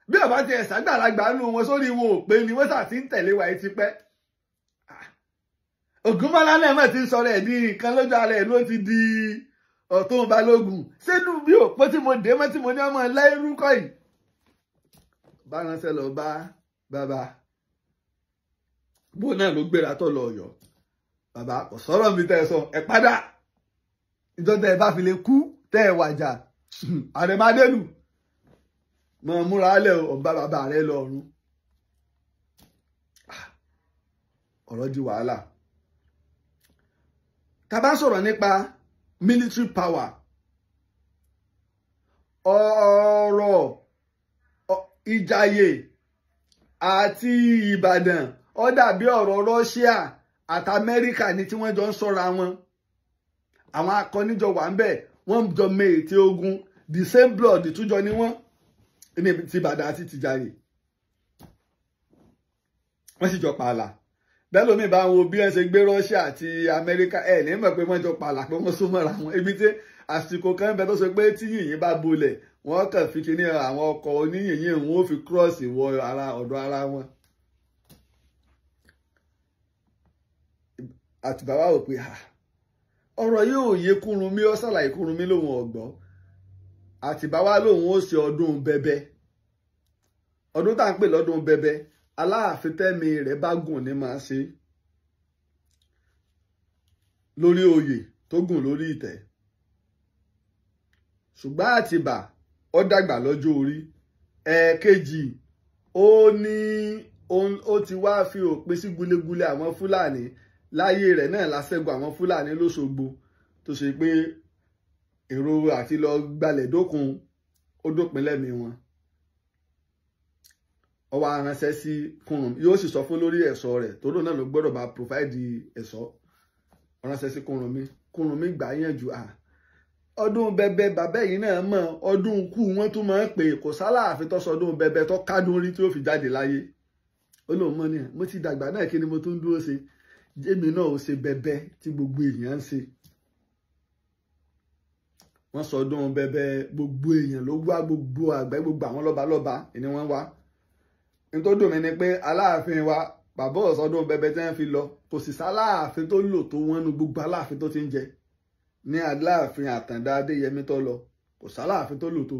bí ọba ti ẹ̀ ṣàgbàlagbà nù wọn sórí wọn ò pé ni wọ́n ṣà ti ń tẹ̀lé wa etí pẹ́ Ògúnmọ́lá náà mọ̀ ti ń sọ̀rọ̀ ẹ̀ ní nǹkan lójú ara ẹ̀ ló ti di ọ̀tún balógun sínú bí òpó tí mo dé mọ́ tí mo ní ọmọ láìrúkọ yìí báránṣẹ́ lọ bá bàbá bó náà ló gbéra tó lọ Ọ̀yọ́ bàbá kò sọ̀rọ̀ mi tẹ́ ẹ sọ ẹ padà ìjọ tẹ́ ẹ bá fi lè kú tẹ́ ẹ wàjà àrẹ̀mádẹ́lù mọ̀ múra lẹ̀ ọ̀bá bàbá rẹ lọ́rùn ah, ọ̀rọ̀ di wàhálà tá a bá sọ̀rọ̀ nípa military power ọ̀rọ̀ ìjàyè àti ìbàdàn ó dàbí ọ̀rọ̀ Russia àti America ni tí wọ́n jọ ń sọ́ra wọn àwọn akọ́nijọ wà ń bẹ̀ wọ́n jọ mẹ ogun the same blood ìtújọ ni wọ́n ní ti ìbàdàn àti tìjàyè wọ́n sì jọ pààlà bẹ́lómi bá wọn bí wọ́n ṣe gbé Russia àti Amẹ́ríkà ẹ̀ ní mọ̀ pé wọ́n jọ pààlà pé wọ́n súnmọ́ra wọn ibi tí àsìkò kan bẹ tó ṣe pé tí yìnyín bá bolẹ̀ wọ́n kàn fi kíní àwọn ọkọ̀ oníyìnyín wọn ò fi kírọ́ọ̀sì wọ ara ọ̀dọ̀ ara wọn. àtùbà wa ò pé ha ah, ọ̀rọ̀ yìí ò yé Kúrúnmí ó ṣàlàyé Kúrúnmí lòun ọ̀gbọ́n àtìbá lòun ó ṣe ọdún bẹbẹ ọdún tá à ń pè lọ́dún bẹbẹ aláàfin tẹ́mi rẹ̀ bá gùn ní máa ṣe lórí oyè tó gùn lórí ìtẹ́ ṣùgbọ́n àtìbà ó dàgbà lọ́jọ́ orí ẹ̀ẹ̀kejì ó ní ó ti wá fi òpin sí gulegule àwọn fúlàní láyé rẹ̀ náà lásẹ̀gùn àwọn fúlàní lóṣogbo tó ṣe pé èrò àti lọ gbalẹ̀ dókun ó dópin lẹ́mìí wọn ó wá ránṣẹ́ sí Kúnrunmí yóò sì sọ fún lórí ẹ̀ṣọ́ rẹ̀ tóró náà ló gbọ́dọ̀ bá provide ẹ̀ṣọ́ ó ránṣẹ́ sí Kúnrunmí Kúnrunmí gbà yànjú à ọdún bẹbẹ bàbá yìí náà mọ ọdún kú wọn tún máa ń pè kò sálà àfitọ́sọ ọdún bẹbẹ tó kádùn rí tí ó fi jáde láyé ó lóun mọ ni mo ti dàgbà náà kí ni mo tún dúró ṣe jẹ́mi náà ó ṣe bẹbẹ tí gbogbo èèyàn ń ṣe wọ́n sọ ọdún bẹbẹ gbogbo èèyàn ló wá gbogbo àgbẹ̀ gbogbo àwọn lọ́balọ́ba ni wọ́n wá ní tó dùn mí ni pé aláàfin wa bàbá ọ̀sọ́dún bẹbẹ tí wọ́n fi lọ kò sì sáláàfin tó lò tó wọ́n nu gbogbo aláàfin tó ti ń jẹ ní aláàfin àtàndá adéyẹmí tó lọ kò sáláàfin tó lò tó.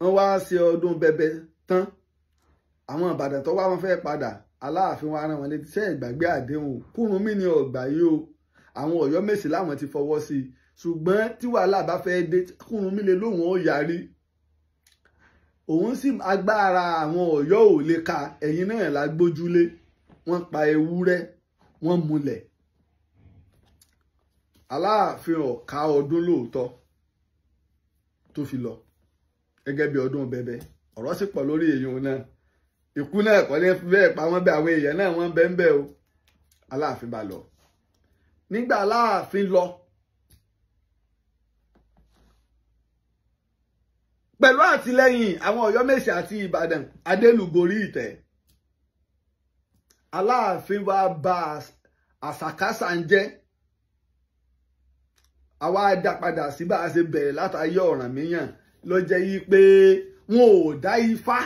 wọ́n wá ṣe ọdún bẹbẹ tán àwọn ìbàdàn tó wá wọn fẹ́ padà aláàfin wa rán wọn létí sẹ́yìn ìgbàgbé àdéhùn Kúrúnmí ni ọ̀gbà yìí o àwọn ọ̀yọ́ mèsì láwọn ti fọwọ́ sí i ṣùgbọ́n tí wàhálà bá fẹ́ dé Kúrúnmí lè lóun ó yarí òun sì agbára àwọn ọ̀yọ́ ò lè ka ẹ̀yìn náà la gbójúlé wọ́n pa ewúrẹ́ wọ́n múlẹ̀ aláàfin ọ̀ka ọdún lóòótọ́ tó fi lọ gẹ́gẹ́ bí ọdún bẹ̀bẹ̀ ọ̀rọ̀ sì pọ̀ lórí èèyàn náà ikú náà kọ́ ní bẹ́ẹ̀ pa wọ́n bẹ àwọn èèyàn náà wọ́n bẹ́ẹ̀ ń bẹ́ẹ̀ o aláàfin bá lọ nígbà aláàfin lọ pẹ̀lú àtìlẹ́yìn àwọn ọ̀yọ́mèsì àti ìbàdàn adélùgorí ìtẹ́ aláàfin wa ba àṣàkáṣà ń jẹ́ àwa dá padà sí bá a ṣe bẹ̀rẹ̀ látàyè Ọ̀rànmíyàn ló jẹ́ yí pé wọn ò dá ifá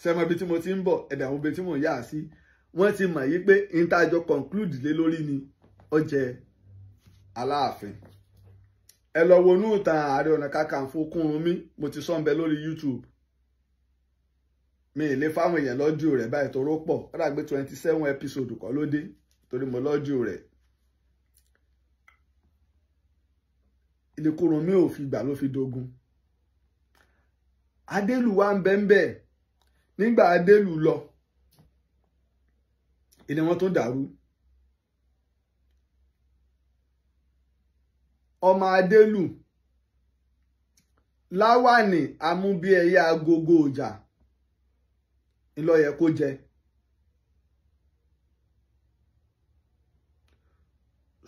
sẹ́mọ ibi tí mo ti ń bọ̀ ẹ̀dà àwọn ibi tí mò ń yà sí wọ́n ti mọ̀ yí pé intajọ conclude lé lórí ni ó jẹ́ aláàfin ẹ lọ wonú ìtàn ààrẹ ọ̀nà kakanfò Kúrúnmí mo ti sọ́nbẹ lórí YouTube mi ì lè fáwọn èèyàn lọ́jọ́ rẹ̀ báyìí toró pọ̀ kọ́dà gbé twenty seven episode kọ́ ló dé torí mo lọ́jọ́ rẹ̀ ilé Kúrúnmí ò fi gbà ló fi dogun adélù wa ń bẹ́ńbẹ́ nígbà adélù lọ ilé wọn tó dàrú ọmọ adélù láwàní amúbíẹyẹ agogo ọjà ńlọyẹ kó jẹ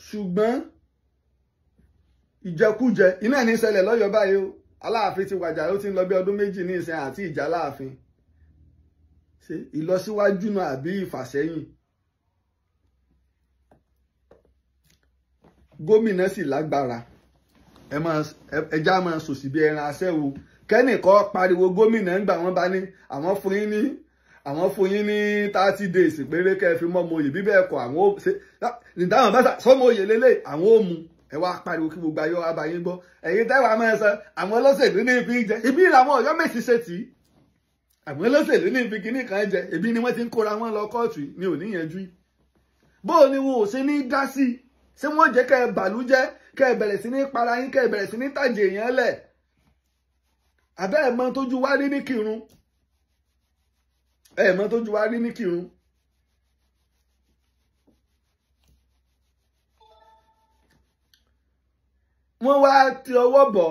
ṣùgbọ́n ìjẹkújẹ iná ní ṣẹlẹ̀ lọ́yọ́ báyìí o aláàfin ti wàjà ó ti ń lọ bí ọdún méjì ní ìsìn àti ìjà aláàfin ìlọsíwájú náà àbí ìfàsẹ́yìn gómìnà sì lágbára ẹja máa sòsì bí ẹran aṣẹ́wó kẹ́nìkan pariwo gómìnà ńgbà wọ́n bá ní àwọn fún yín ní àwọn fún yín ní thirty days péré kẹ́ fi mọ́ ọmọ òye bíbẹ̀ ẹ̀kọ́ àwọn ó ṣe nítawọn bá sọmọ òye lélẹ̀ àwọn ó mu ẹ wá pariwo kí gbogbo ayé wa bá yín gbọ́ ẹ̀yin tẹ́wàá máa sọ àwọn olóṣèlú ní ibi jẹ ibi làwọn ọ̀yọ́ mèsì ṣe tì í àwọn olóṣèlú ní ibi kíní kan jẹ ibi ni wọ́n ti ń kóra wọn lọ kóòtù ní òníyànjú bóò ni wọn ò ṣe ní dá sí i ṣé wọ́n jẹ́ kẹ́ ẹ bàlújẹ́ kẹ́ ẹ bẹ̀rẹ̀ sí ní para yín kẹ́ ẹ bẹ̀rẹ̀ sí ní tàjẹ̀ èèyàn lẹ̀ àbẹ́ ẹ̀ mọ tójú wá rí ní kírun ẹ̀ mọ tójú wá rí ní kírun. wọ́n wá ti ọwọ́ bọ̀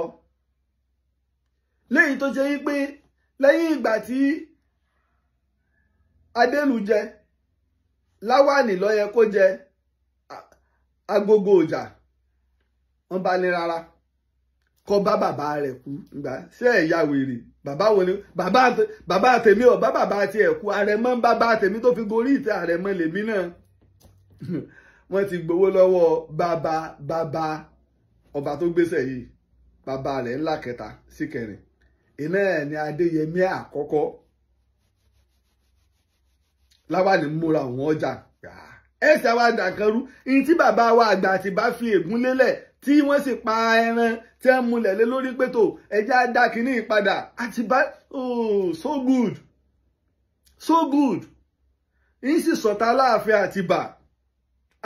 léyìí tó ṣe wípé lẹ́yìn ìgbà tí adélùjẹ láwàní ló kó jẹ agogo ọjà wọ́n bá ní rárá kọ́ bá bàbá rẹ̀ kú gbà ṣé ẹ̀yà wèrè bàbá wo ni bàbá bàbá tèmi ọ̀ bá bàbá tiẹ̀ kú àrẹ̀mọ́ ń bàbá tèmi tó fi gorí ìtẹ́ àrẹ̀mọ́ lèmi náà wọ́n ti gbowó lọ́wọ́ bàbá bàbá ọba tó gbéṣẹ̀ yìí bàbá rẹ̀ ńlá kẹta sí kẹrin iná ẹ̀ ní adéyẹmí àkọ́kọ́ láwa ní múra òun ọjà ẹ̀sà wa dàkànrú ní tí bàbá wa àgbà àti bá fi ègún lélẹ̀ tí wọ́n sì pa ẹran tí wọ́n múlẹ̀ lé lórí pẹ̀tò ẹja dá kínní ìpadà àti bá oh so good so good ń sì sọ̀tà láàfin àtìbà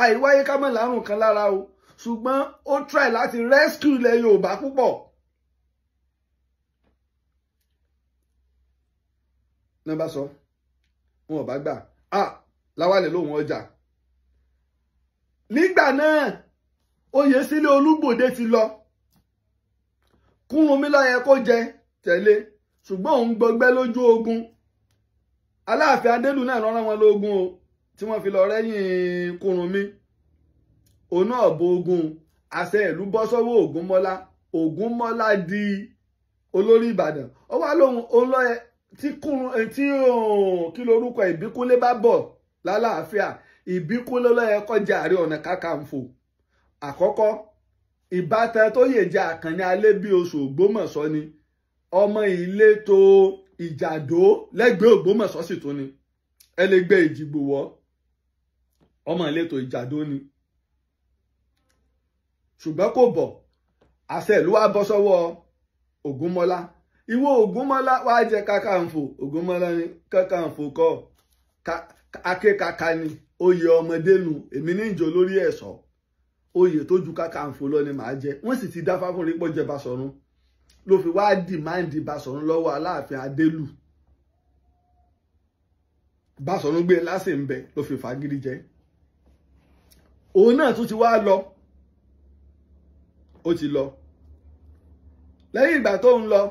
àìwáyé ká mọ̀ lárùn kan lára o ṣùgbọ́n ó try láti rescue ilẹ̀ Yorùbá púpọ̀. nọ́mbà sọ wọn ò bá gbà á ah, láwálẹ̀ lóhùn ọjà nígbà náà Oyèsílé Olúgbòde ti lọ Kúrúnmí ló yẹ kó jẹ tẹ̀lé ṣùgbọ́n òun gbọgbẹ́ lójú ogun Aláàfin Adélù náà rán wọn lógun o tí wọ́n fi lọ rẹ́yìn Kúrúnmí òun náà bo ogun àṣẹ ìlú bọ́ sọ́wọ́ Ògúnmọ́lá Ògúnmọ́lá di olórí Ìbàdàn ó wá lóhun òun ló yẹ tí oh, kí lorúkọ Ìbíkúnlé bá bọ̀ lálàáfíà ìbíkúnlé ló yẹ kó jẹ Ààrẹ Ọ̀nà Kakanfò àkọ́kọ́ ìbátan tó yèjẹ Àkànní Alébíoṣù Ògbómọ̀ṣọ́ ni ọmọ ìletò Ìjàdó lẹ́gbẹ̀ẹ́ Ògbómọ̀ṣọ́ sì tún ni ẹlẹgbẹ́ Ìjìgbò wọ́ ọmọ ìletò Ìjàdó ni ṣùgbọ́n kò bọ̀ àṣẹ ìlú wa bọ́ sọ́wọ́ Ògúnmọ́lá ìwọ Ògúnmọ́lá wàá jẹ Kakanfò Ògúnmọ́lá ni Kakanfò kọ́ ka akékaka ni oyè ọmọdé nu èmi ní ìjọ lórí ẹ̀ṣọ́ oyè tó ju Kakanfò lọ ni màá jẹ wọ́n sì ti dáfá fún rípọ̀ jẹ Basọ̀run ló fi wá dìmáàndì Basọ̀run lọ́wọ́ Aláàfin Adélù Basọ̀run gbé lásì ń bẹ ló fi fàgídí jẹ òun náà tún ti wá lọ ó ti lọ lẹ́yìn ìgbà tó ń lọ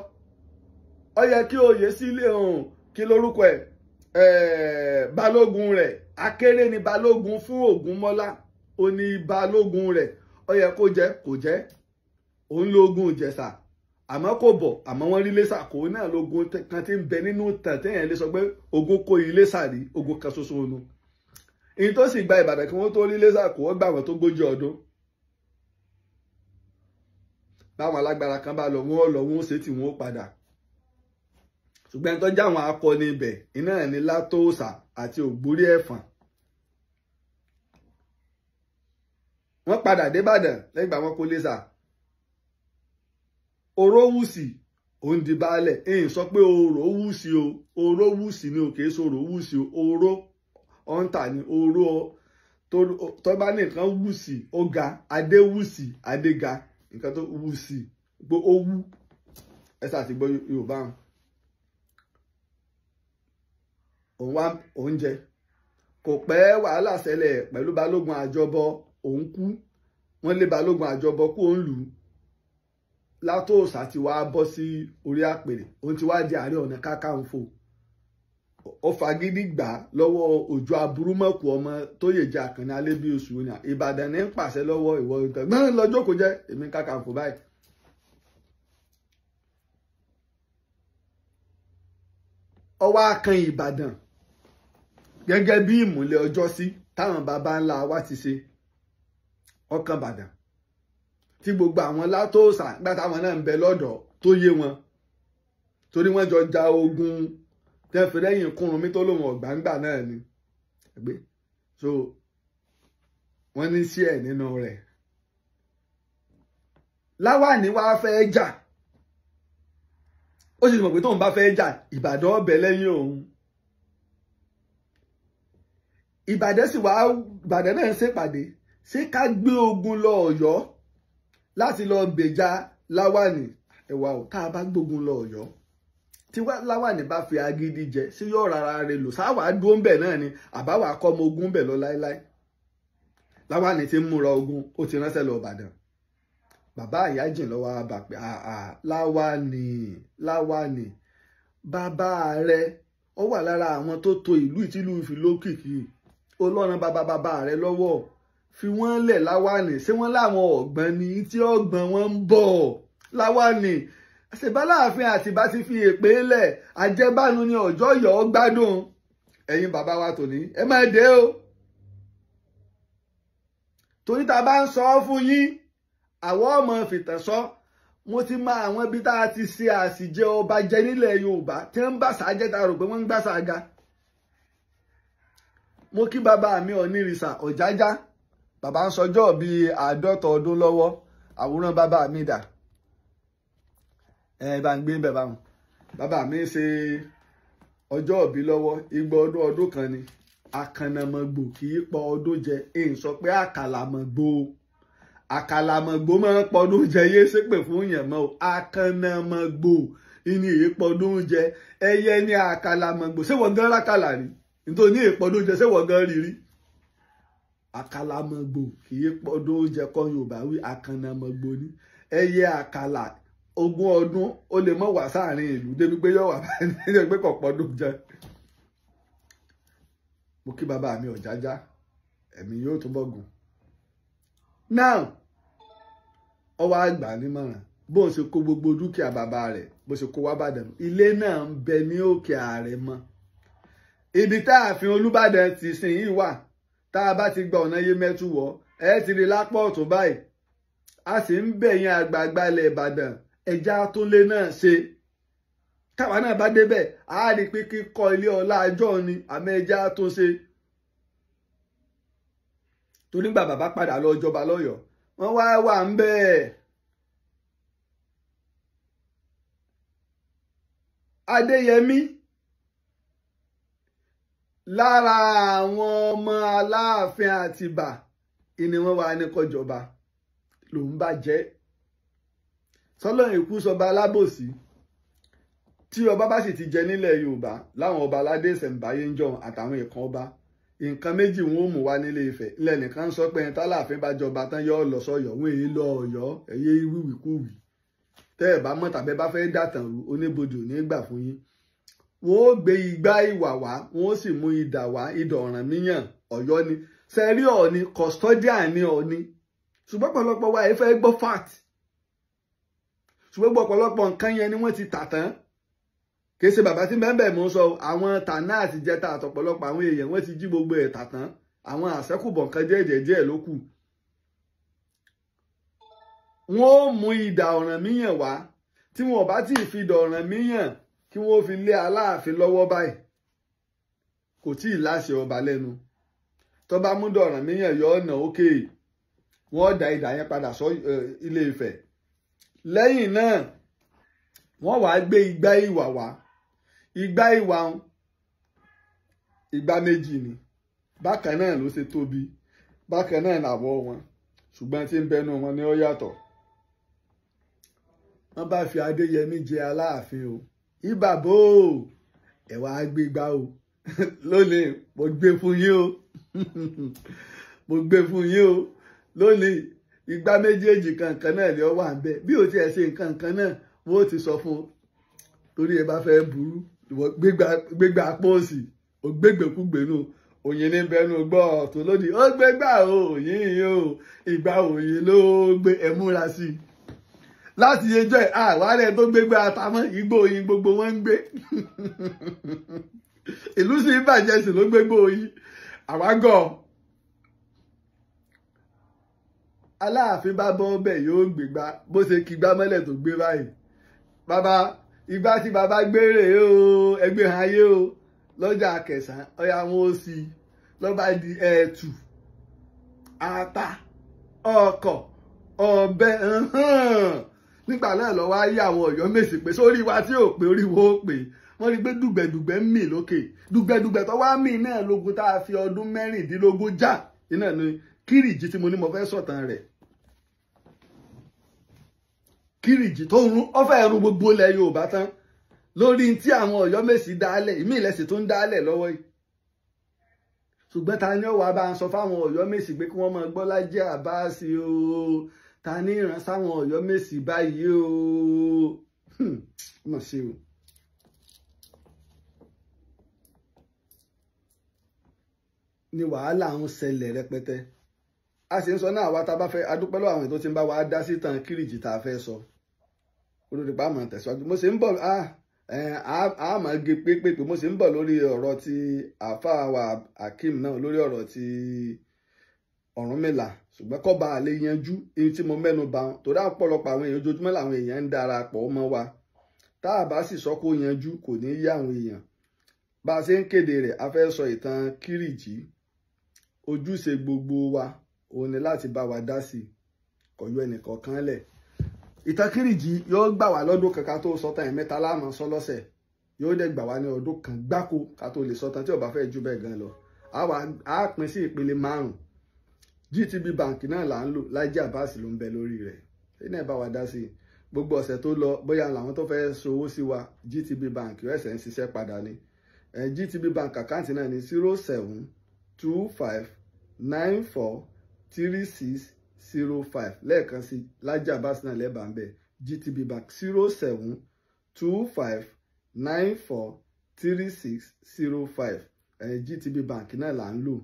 ó yẹ kí oyè sílé òun kí lórúkọ ẹ̀ Eh, balógun rẹ̀ akéré ni balógun fún Ògúnmọ́lá ó ní balógun rẹ̀ ó yẹ kó jẹ́ kó jẹ́ òun lógun Ìjẹ̀ṣà àmọ́ kò bọ̀ àmọ́ wọ́n rí lẹ́sà kò náà lógun kan ti ń bẹ nínú tàn téèyàn lè sọ pé ogun kò yí lẹ́sà rí ogun kan ṣoṣo nu èyí tó sì gba Ìbàdàn kí wọ́n tó rí lẹ́sà kò wọ́n gbà wọ́n tó gbójú ọdún báwọn alágbára kan bá lọ wọ́n lọ wọ́n ṣe tí wọ́n padà ṣùgbọ́n tó jáwọn akọni ibẹ̀ iná ní látòòsà àti ògbórí ẹ̀fọ̀n wọ́n padà débàdàn lẹ́gbà wọn kó lẹ́sà orówùsì òun di baálẹ̀ sọ pé orówùsì o orówùsì ni o kìí sọ̀rọ̀ wùsì o oró ọ̀ǹtà ni oró tó nìkan wùsì ó ga adé wùsì adé ga nǹkan tó wùsì ẹ Yorùbá hàn. ọwa oúnjẹ kò pẹ́ wàhálà ṣẹlẹ̀ pẹ̀lú balógun àjọbọ òun kú wọ́n lé balógun àjọbọ kú òun lù ú látòòsà ti wá bọ́ sí orí àpèrè òun ti wá di ààrẹ ọ̀nà kákàǹfò ó fagídí gbà lọ́wọ́ òjò aburú mọ́kù ọmọ tó yèjì àkànní alébíoṣù ní ìbàdàn ní ń pàṣẹ lọ́wọ́ ìwọ ìtàn gbọ́n lọ́jọ́ kò jẹ́ èmi kákàǹfò báyìí. ọwọ́ akan ìbàdàn gẹ́gẹ́ bí ìmùlẹ̀ ọjọ́ sí táwọn baba ńlá wa ti ṣe ọkàn bàdàn tí gbogbo àwọn látòsà gbàtàwọn náà ń bẹ lọ́dọ̀ tó yé wọn torí wọ́n jọ ja ogun tẹ́ fi lẹ́yìn tó lòun ọ̀gbàǹgbà náà ni gbé so wọ́n ní sí ẹ̀ nínú rẹ̀ láwàní wàá fẹ́ jà ó sì mọ̀ pé tóun bá fẹ́ jà ìbàdàn ọbẹ̀ lẹ́yìn òun ìbàdàn sì wá ìbàdàn náà ṣèpàdé ṣé ká gbé ogun lọ ọ̀yọ́ láti lọ gbèjà láwàní ẹwà ò tá a bá gbógun lọ ọ̀yọ́ tí láwàní bá fi agídí jẹ sí yóò rárá rẹ lò sáwà dúró ń bẹ náà ni àbáwà kọ ọmọ ogun ń bẹ lọ láéláé láwàní ti ń múra ogun ó ti ránṣẹ́ lọ ìbàdàn bàbá àyájìn lọ́wọ́ àbà pé láwàní láwàní bàbá rẹ ó wà lára àwọn tó to ìlú ìtìlú ìfìlókìkì ọlọ́run bàbá bàbá rẹ lọ́wọ́ fi wọ́n lẹ̀ láwàní ṣé wọ́n láwọn ọ̀gbọ́n ni tí ọ̀gbọ́n wọn ń bọ̀ láwàní ṣèbáláàfin àtìbá ti fi èpè lẹ̀ àjẹbánu ni ọjọ́ yọ̀ ọ́ gbádùn ẹ̀yin bàbá wa tòní ẹ má dé o torí tá a bá ń sọ ọ́ fún yín àwọn ọmọ fìtàn sọ mo ti mọ àwọn ibi tá a ti ṣe àṣìjẹ ọba jẹ nílẹ̀ Yorùbá tí wọ́n ń bá ṣàájẹ́ rò pé wọ́n ń gbà ṣàga mo kí bàbá mi onírìṣà ọ̀jájá bàbá ń sọjọ́ bíi àádọ́ta ọdún lọ́wọ́ àwòrán bàbá mi dà ẹ bá ń gbé bàbá wọn bàbá mi ṣe ọjọ́ òbí lọ́wọ́ igba ọdún ọdún kan ni akànnàmọ̀gbò kì í pọ ọdún jẹ èyí sọ pé àkàlàmọ̀gbò àkàlàmọ̀gbò máa ń pọ ọdún jẹ yé ṣépè fún yẹn mọ́ akànnàmọ̀gbò ìní èyí pọ ọdún jẹ ẹyẹ ní àkàlàmọ̀gbò ṣé wọ́n gán rákàlà ni nítorí ní ìpọ́dún oúnjẹ sẹ́wọ̀n gan rírí àkàlàmọ̀gbò kì í pọ́dún oúnjẹ kọ́ Yorùbá wí àkànnàmọ̀gbò ni ẹyẹ àkàlà ogún ọdún ó lè mọ̀ wá sáàrin ìlú débi pé yọ̀ wà nínú pé kò pọ́dún jẹ mo kí bàbá mi ọ̀jájá ẹ̀mí yóò túbọ̀ gùn now ọwọ́ àgbà nímọ̀ràn bó ṣe kó gbogbo dúkìá bàbá rẹ̀ bó ṣe kó wá bàdàn ilé náà ń bẹ ní òkè ààrẹ mọ́ ibi tá ààfin olúbàdàn ti sin yìí wà tá a bá ti gba ọ̀nà yemẹtu wọ̀ ẹ ti rí lápò ọ̀tún báyìí a sì ń bẹ̀yìn àgbààgbà ilẹ̀ ìbàdàn ẹja tó lé náà ṣe táwa náà bá débẹ̀ a rí pé kíkọ́ ilé ọlá àjọ ni àmọ́ ẹja tó ṣe tonígbà bàbá padà lọ jọba lọ́yọ̀ọ́ wọ́n wá wà ń bẹ́ẹ̀. adéyẹmí lára àwọn ọmọ aláàfin àtìbà ìní wọn wà ní kọjọba lòún bàjẹ́ sọlọ́run ìkú sọba alábòsí tí ọba bá sì ti jẹ nílẹ̀ yorùbá láwọn ọba aládé ìṣẹ̀ǹbáyé ń jọun àtàwọn èèkàn ọba nǹkan méjì wọn ò mú wá nílé Ifẹ̀ lẹ́nìkan ń sọ pé ẹni táláàfin bá jọba tán yọ ọ lọ sọ́yọ́ wọn èyí lọ Ọ̀yọ́ ẹyẹ wíwìkúwì tẹ́ ẹ bá mọ̀ tàbí bá fẹ́ dàtàn rú oníbodò ní gbà fún yín wọn ó gbé igbá ìwà wá wọn ó sì mú idà wá idà ọ̀ràn níyàn ọ̀yọ́ ni sẹ́rí ọ̀ni custodian ni ọ̀ni ṣùgbọ́n ọ̀pọ̀lọpọ̀ wa ẹ fẹ́ gbọ́ fact ṣùgbọ́n ọ̀pọ̀lọpọ̀ nǹkan yẹn ni wọ́n ti tà tán kìí ṣe bàbá tí bẹ́ẹ̀ mú sọ àwọn tànà àtijẹta àtọ̀pọ̀lọpọ̀ àwọn èèyàn wọ́n ti jí gbogbo ẹ̀ tà tán àwọn àṣẹ́kùbọ̀ nǹkan díẹ̀ díẹ̀ ló kù wọ́n ó mú idà ọ̀ràn míyàn wá tí wọn ò bá tí ì fi idà ọ̀ràn míyàn kí wọ́n fi lé aláàfin lọ́wọ́ báyìí kò tí ì láṣẹ ọba lẹ́nu tó bá mú dọ̀ràn míyàn yọ ọ̀nà òkè wọ́n da idà yẹn padà sọ ilé Ifẹ̀ lẹ́yìn náà wọ́n wàá gbé igbá ìwà wá igbá ìwà igbá méjì ni bákan náà ló ṣe tóbi bákan náà làwọ̀ wọn ṣùgbọ́n tí ń bẹnu wọn ni ó yàtọ̀ wọ́n bá fi Adéyẹmí jẹ Aláàfin o ìbàbò ẹ wá gbégbá o lónìí mo gbé fún yín o mo gbé fún yín o lónìí igbá méjèèjì kankan náà ni ó wà ń bẹ bí o tiẹ̀ ṣe nǹkan kan náà wọ́n ti sọ fún un torí ẹ bá fẹ́ burú gbégbá pọ́ọ̀sì ò gbégbèkúgbè nù òyìn ní bẹnu gbọ́ ọ̀tún lónìí ó gbégbá o òyìn yìí o ìgbà òyìn ló gbé ẹ múra sí i láti yejọ́ ẹ̀ àwárẹ̀ tó gbégbé atamọ́ igbó oyin gbogbo wọn ń gbé ìlú sí ìbàjẹ́ sí ló gbégbé oyin àwágọ̀ aláàfin bá bọ́ bẹ̀ yóò gbégbá bó ṣe kígbá mọ́lẹ̀ tó gbé báyìí bàbá ìgbà tí bàbá gbére o ẹgbẹ́ ayé o lọ́jà kẹsàn-án wọn ó sì lọ́ba di ẹ̀ẹ́tù ata ọkọ̀ ọ̀bẹ nígbà náà lọ́wọ́ á yá àwọn ọ̀yọ́ mèsì pé sórí wa tí ò pé orí wo pé wọ́n rí pé dùgbẹ̀dùgbẹ̀ ń mì lókè dùgbẹ̀dùgbẹ̀ tó wá mì náà lógun tá a fi ọdún mẹ́rìndínlógún já iná ni kírìjì tí mo ní mo fẹ́ sọ̀tàn rẹ̀ kírìjì tó ń rún ọfẹ́ ẹ̀rù gbogbo ilẹ̀ Yorùbá tán lórí tí àwọn ọ̀yọ́ mèsì dálẹ̀ ìmí ìlẹ̀sì tó ń dálẹ̀ lọ́wọ́ yìí ṣùgbọ́n ta ni ó wàá bá ń sọ fáwọn ọ̀yọ́ mèsì pé kí wọ́n máa gbọ́ lájẹ́ àbáṣe ooo ta ní ìran sáwọn Ọ̀yọ́ Mèsì báyìí o hmm, mọ̀ ni wàhálà ń ṣẹlẹ̀ rẹpẹtẹ a sì ń sọ náà àwa tá bá fẹ́ adúpẹ́ àwọn ètò tí ń bá wa dá sí tan kírìjì tá fẹ́ sọ olùdìpá mọ̀ tẹ̀síwájú mo sì ń bọ̀ a a ge pépépé mo sì ń bọ̀ lórí ọ̀rọ̀ ti àfáà wa Akeem náà lórí ọ̀rọ̀ ti Ọ̀rúnmìlà ṣùgbọ́n kọ́ ba àlè yanjú èyí tí mo mẹ́nu bà torí àpọ̀lọpọ̀ àwọn èèyàn ojoojúmọ́ làwọn èèyàn ń darapọ̀ mọ́ wa tá a bá sì sọ kó yanjú kò ní yé àwọn èèyàn bá a ṣe ń kéde rẹ̀ a fẹ́ sọ ìtàn Kírìjí ojúṣe gbogbo wa òun ni láti bá wa dá sí i kò yọ ẹnìkọ̀ọ̀kan lẹ̀ ìtàn Kírìjí yóò gbà wá lọ́dún kan ká tó sọ tán ẹ̀mẹ́ta láàmú sọ lọ́sẹ̀ yóò dẹ̀ gbà wá ní ọdún kan gbáko ká lè sọ tán tí ó fẹ́ ju bẹ́ẹ̀ gan lọ a pín sí ìpele márùn-ún GTB bank náà là ń lò Laji Abbas ló ń bẹ lórí rẹ̀ ẹni ẹ̀ bá wa dá sí i gbogbo ọ̀sẹ̀ tó lọ bóyá làwọn tó fẹ́ẹ́ ṣòwò sí wa GTB bank ẹ̀sẹ̀ ń ṣiṣẹ́ padà ni GTB bank àkáǹtì náà ní zero seven two five nine four three six zero five lẹ́ẹ̀kan sí Laji Abbas náà lẹ́ẹ̀bà ń bẹ GTB bank zero seven two five nine four three six zero five GTB bank náà là ń lò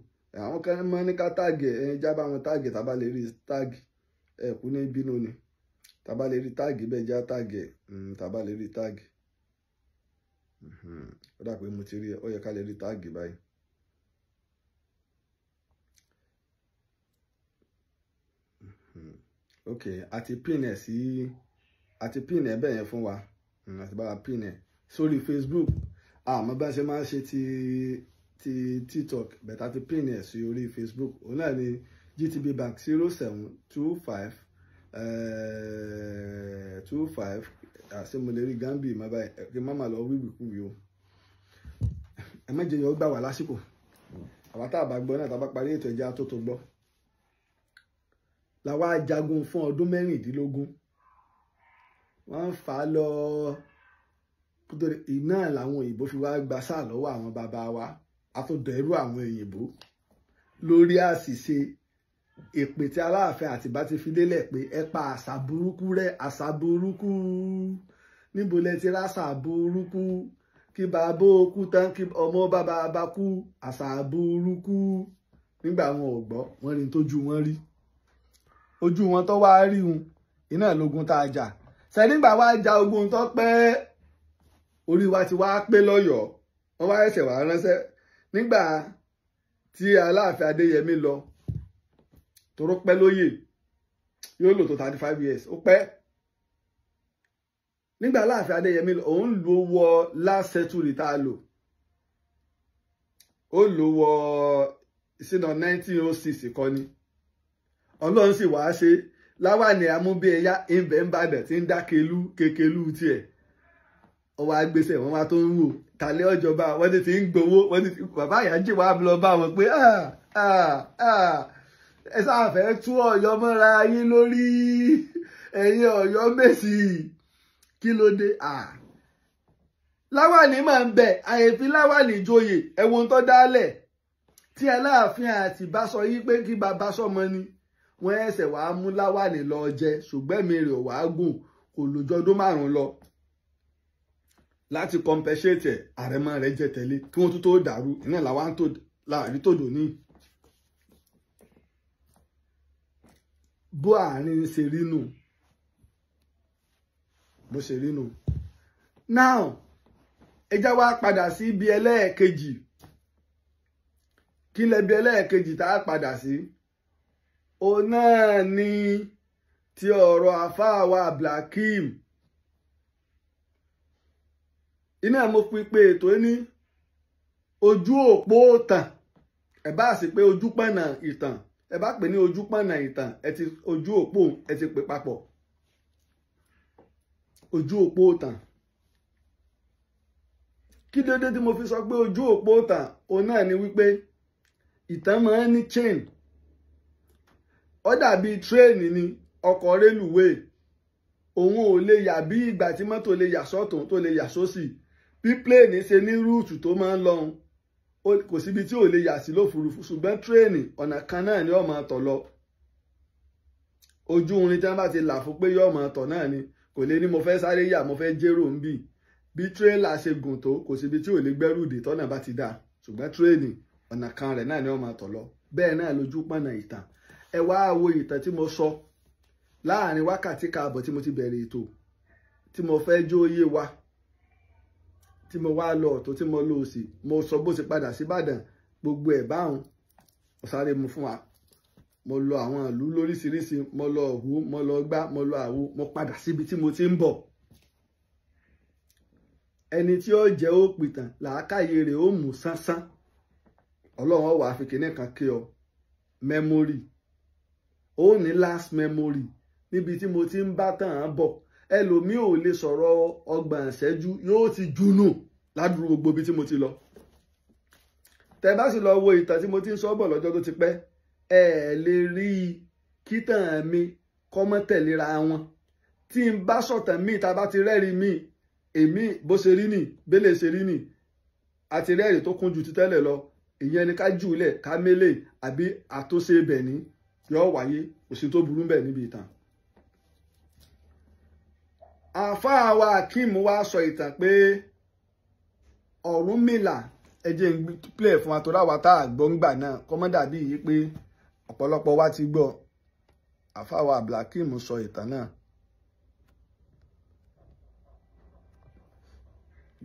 àwọn kan mọ́ ní ká táàgì ẹ̀ ẹja bá táàgì tá a bá lè rí táàgì ẹ̀ kú ní bínú ni tá a bá lè rí táàgì bẹ́ẹ̀ já táàgì ẹ̀ mm, tá a bá lè rí táàgì mm-hmm. ó dà pé mo ti rí ẹ ó yẹ ká lè rí táàgì báyìí. Mm-hmm. ok àti pin ẹ sí àti pin ẹ bẹ́ẹ̀ yẹn fún wa àti mm, bá wa pin ẹ sórí Facebook àmọ́ bá ṣe máa ń ṣe ti ti tiktok bẹ̀tà ti pin ẹ̀ sí orí facebook òun náà ni gtb bank zero seven two five eh, two five àṣemọ̀lẹ́rí gambi màbá ẹ̀ kí màmá lọ wíwìkúwì o ẹ mẹ́jẹ yọ gbà wá lásìkò àwa tá a bá gbọ́ náà tá a bá parí ètò ẹja tó tó gbọ́ làwa jagun fún ọdún mẹ́rìndínlógún wọ́n ń fà á lọ iná làwọn òyìnbó fi wá gba sáà lọ́wọ́ àwọn bàbá wa àtúndẹ̀rù àwọn òyìnbó lórí àṣìṣe èpè tí aláàfin àtìbá ti fi lélẹ̀ pé ẹ pa àṣà burúkú rẹ àṣà burúkú níbo lẹ ti ráṣà burúkú kí bàbá òkú tán kí ọmọ bàbá bá kú àṣà burúkú nígbà wọn ò gbọ́ wọn rí tójú wọn rí ojú wọn tó wá rí un iná lógun tá a jà sẹ́nígbà wá ja ogun tó pẹ́ orí wa ti wá pé lọ́yọ̀ọ́ wọ́n wá ẹ̀ṣẹ̀ wá ránṣẹ́ nígbà tí aláàfin adéyẹmí lọ toró pẹ́ lóyè yóò lò tó thirty five years ó pẹ́ nígbà aláàfin adéyẹmí lọ òun ló wọ last century tá a lò ó lò wọ sínú nineteen oh six kọ́ni ọlọ́run sì wá ṣe láwàní amúbíẹ̀yà ìbẹ̀ǹbàdàn tí ń dá kelú kékelú tiẹ̀ wọ́n wá gbèsè wọ́n wá tó ń wò tàlẹ́ ọ̀jọba wọ́n ti ti ń gbowó wọ́n ti bàbá àyájí wa lọ bá wọn pé ẹ sáfẹ́ tú ọ̀yọ́ mọ́ra yín lórí ẹ̀yin ọ̀yọ́ mèsì kí ló dé láwàní máa ń bẹ àyèfi láwàní joyè ẹ̀wọ̀n tó dálẹ̀ tí aláàfin Àtìbá sọ yí pé kí bàbá sọmọ ni wọ́n ẹsẹ̀ wàá mú láwàní lọ jẹ ṣùgbẹ́mi rẹ̀ wàá gùn kò lòjọ́ ọdún márùn lọ láti compensate àrẹ̀mọ rẹ̀ jẹ tẹ̀lé kí wọ́n tún tó dàrú iná làwa ń tò láàrí tòdò ní. bó àárín ṣe rí nù bó ṣe rí nù. now ẹ já wá padà sí ibi ẹlẹ́ẹ̀kejì kí lẹbi ẹlẹ́ẹ̀kejì tá a padà sí òun náà ni ti ọ̀rọ̀ àfáàwà Abdulhakeem iná mo fi pe ètò ní ojú òpó tàn ẹ bá sì pé ojú pọ̀nà ìtàn ẹ bá pè ní ojú pọ̀nà ìtàn ẹ ti ojú òpó ẹ ti pè papọ̀ ojú òpó tàn kí dédé tí mo fi sọ pé ojú òpó tàn òun náà ni wípé ìtàn máa ń ní chain ó dàbí tírèènì ni ọkọ̀ rélùwéè òun ò lè yà bí ìgbà tí mọ́tò lè yà sọ́tún tó lè yà sósì. So si bí pléènì ṣe ní rúùtù tó máa ń lọ́hùn kò síbi tí ò lè yà sí lófurufú ṣùgbọ́n tírèènì ọ̀nà kan náà ni ó máa tọ̀ lọ ojú irin tí wọ́n bá ti là fún pé yóò tọ̀ náà ni kò lè ní mo fẹ́ sáré yà mo fẹ́ jérò ń bì bí tírélà ṣe gùn tó kò síbi tí ò lè gbẹ́rù dè tọ́nà bá ti dà ṣùgbọ́n tírèènì ọ̀nà kan rẹ̀ náà ni ó máa tọ̀ lọ bẹ́ẹ̀ náà lójú pọ̀nà ìtàn ẹ wá wo ìtàn tí mo sọ láàrin wákàtí kaàbọ̀ tí mo ti bẹ̀rẹ̀ ètò tí mo fẹ́ jó yé wa tí mo wá lọ ọ̀tún tí mo lọ òsì mo sọ bó ṣe padà síbàdàn gbogbo ẹ̀ báwọn ọ̀sáré mu fún wa mo lọ àwọn ìlú lóríṣiríṣi mo lọ òwú mo lọ gbá mo lọ àwo mo padà síbi tí mo ti ń bọ̀ ẹni tí ó jẹ́ ó pìtàn làákàyè rẹ̀ ó mú sánsán ọlọ́run ọ̀wà àfikínní kan kí ọ memory ó ní last memory níbi tí mo ti ń bá tàn án bọ̀ ẹlòmíì ò lè sọ̀rọ̀ ọgbọ̀n ìṣẹ́jú yóò ti junú. No ládùúgbò gbogbo ibi tí mo ti lọ tẹ bá sì lọ wo ìtàn tí mo ti ń sọ bọ̀ lọ́jọ́ tó ti pẹ́ ẹ lè rí i kítàn mi kọ́mọ́ tẹ̀léra wọn tí n bá sọ̀tàn míì tá a bá ti rẹ́rìí míì èmi bó ṣe rí nì bẹ́lẹ̀ ṣe rí nì àti rẹ́rìí tó kún ju ti tẹ́lẹ̀ lọ ìyẹn ni ká jùlẹ̀ ká mélè àbí àtúnṣe ibẹ̀ ní yóò wáyé kò tó burú bẹ̀ níbi ìtàn. àfáà wa akeem wa sọ ìtàn pé. Ọ̀rúnmìlà ẹ jẹ́ ń play fún wa torí àwa tá a gbọ́ ńgbà náà kọ́mọ́dà bí yìí pé ọ̀pọ̀lọpọ̀ wa ti gbọ́ àfáwà Abdulhakeem sọ ìtàn náà.